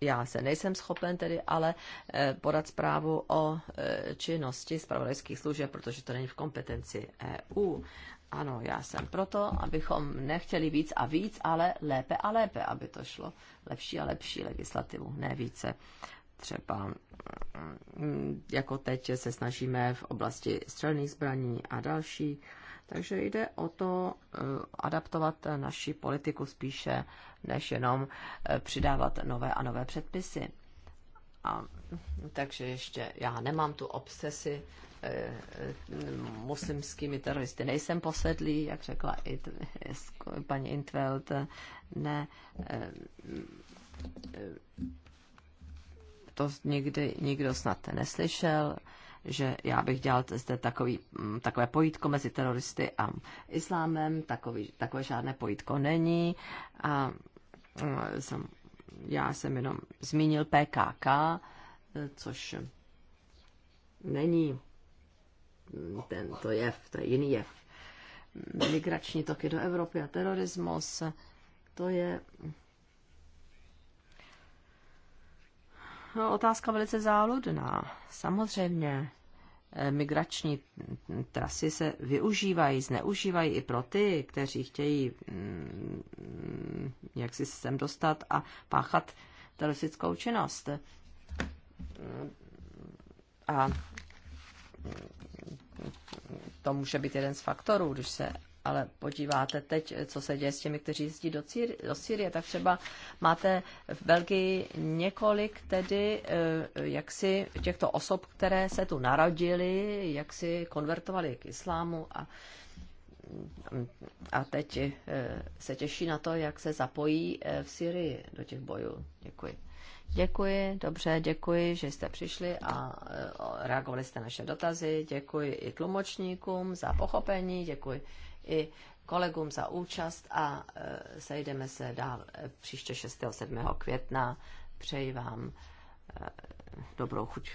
já se nejsem schopen tedy ale podat zprávu o činnosti zpravodajských služeb, protože to není v kompetenci EU. Ano, já jsem proto, abychom nechtěli víc a víc, ale lépe a lépe, aby to šlo lepší a lepší legislativu, ne více. Třeba mm, jako teď se snažíme v oblasti střelných zbraní a další takže jde o to eh, adaptovat naši politiku spíše, než jenom eh, přidávat nové a nové předpisy. A, takže ještě já nemám tu obsesi eh, muslimskými teroristy. Nejsem posedlý, jak řekla i paní Intveld. Ne, to nikdy nikdo snad neslyšel že já bych dělal zde takový, mm, takové pojítko mezi teroristy a islámem, takový, takové žádné pojítko není. A mm, jsem, já jsem jenom zmínil PKK, což není tento jev, to je jiný jev. Migrační toky do Evropy a terorismus, to je otázka velice záludná, samozřejmě. Eh, migrační trasy se využívají, zneužívají i pro ty, kteří chtějí mm, jak si sem dostat a páchat teroristickou činnost. A to může být jeden z faktorů, když se ale podíváte teď, co se děje s těmi, kteří jezdí do, Cír- do Sýrie, tak třeba máte v Belgii několik tedy eh, jaksi těchto osob, které se tu narodili, jaksi konvertovali k islámu a a teď eh, se těší na to, jak se zapojí eh, v Syrii do těch bojů. Děkuji. Děkuji, dobře, děkuji, že jste přišli a reagovali jste naše dotazy. Děkuji i tlumočníkům za pochopení, děkuji i kolegům za účast a e, sejdeme se dál e, příště 6. 7. května. Přeji vám e, dobrou chuť.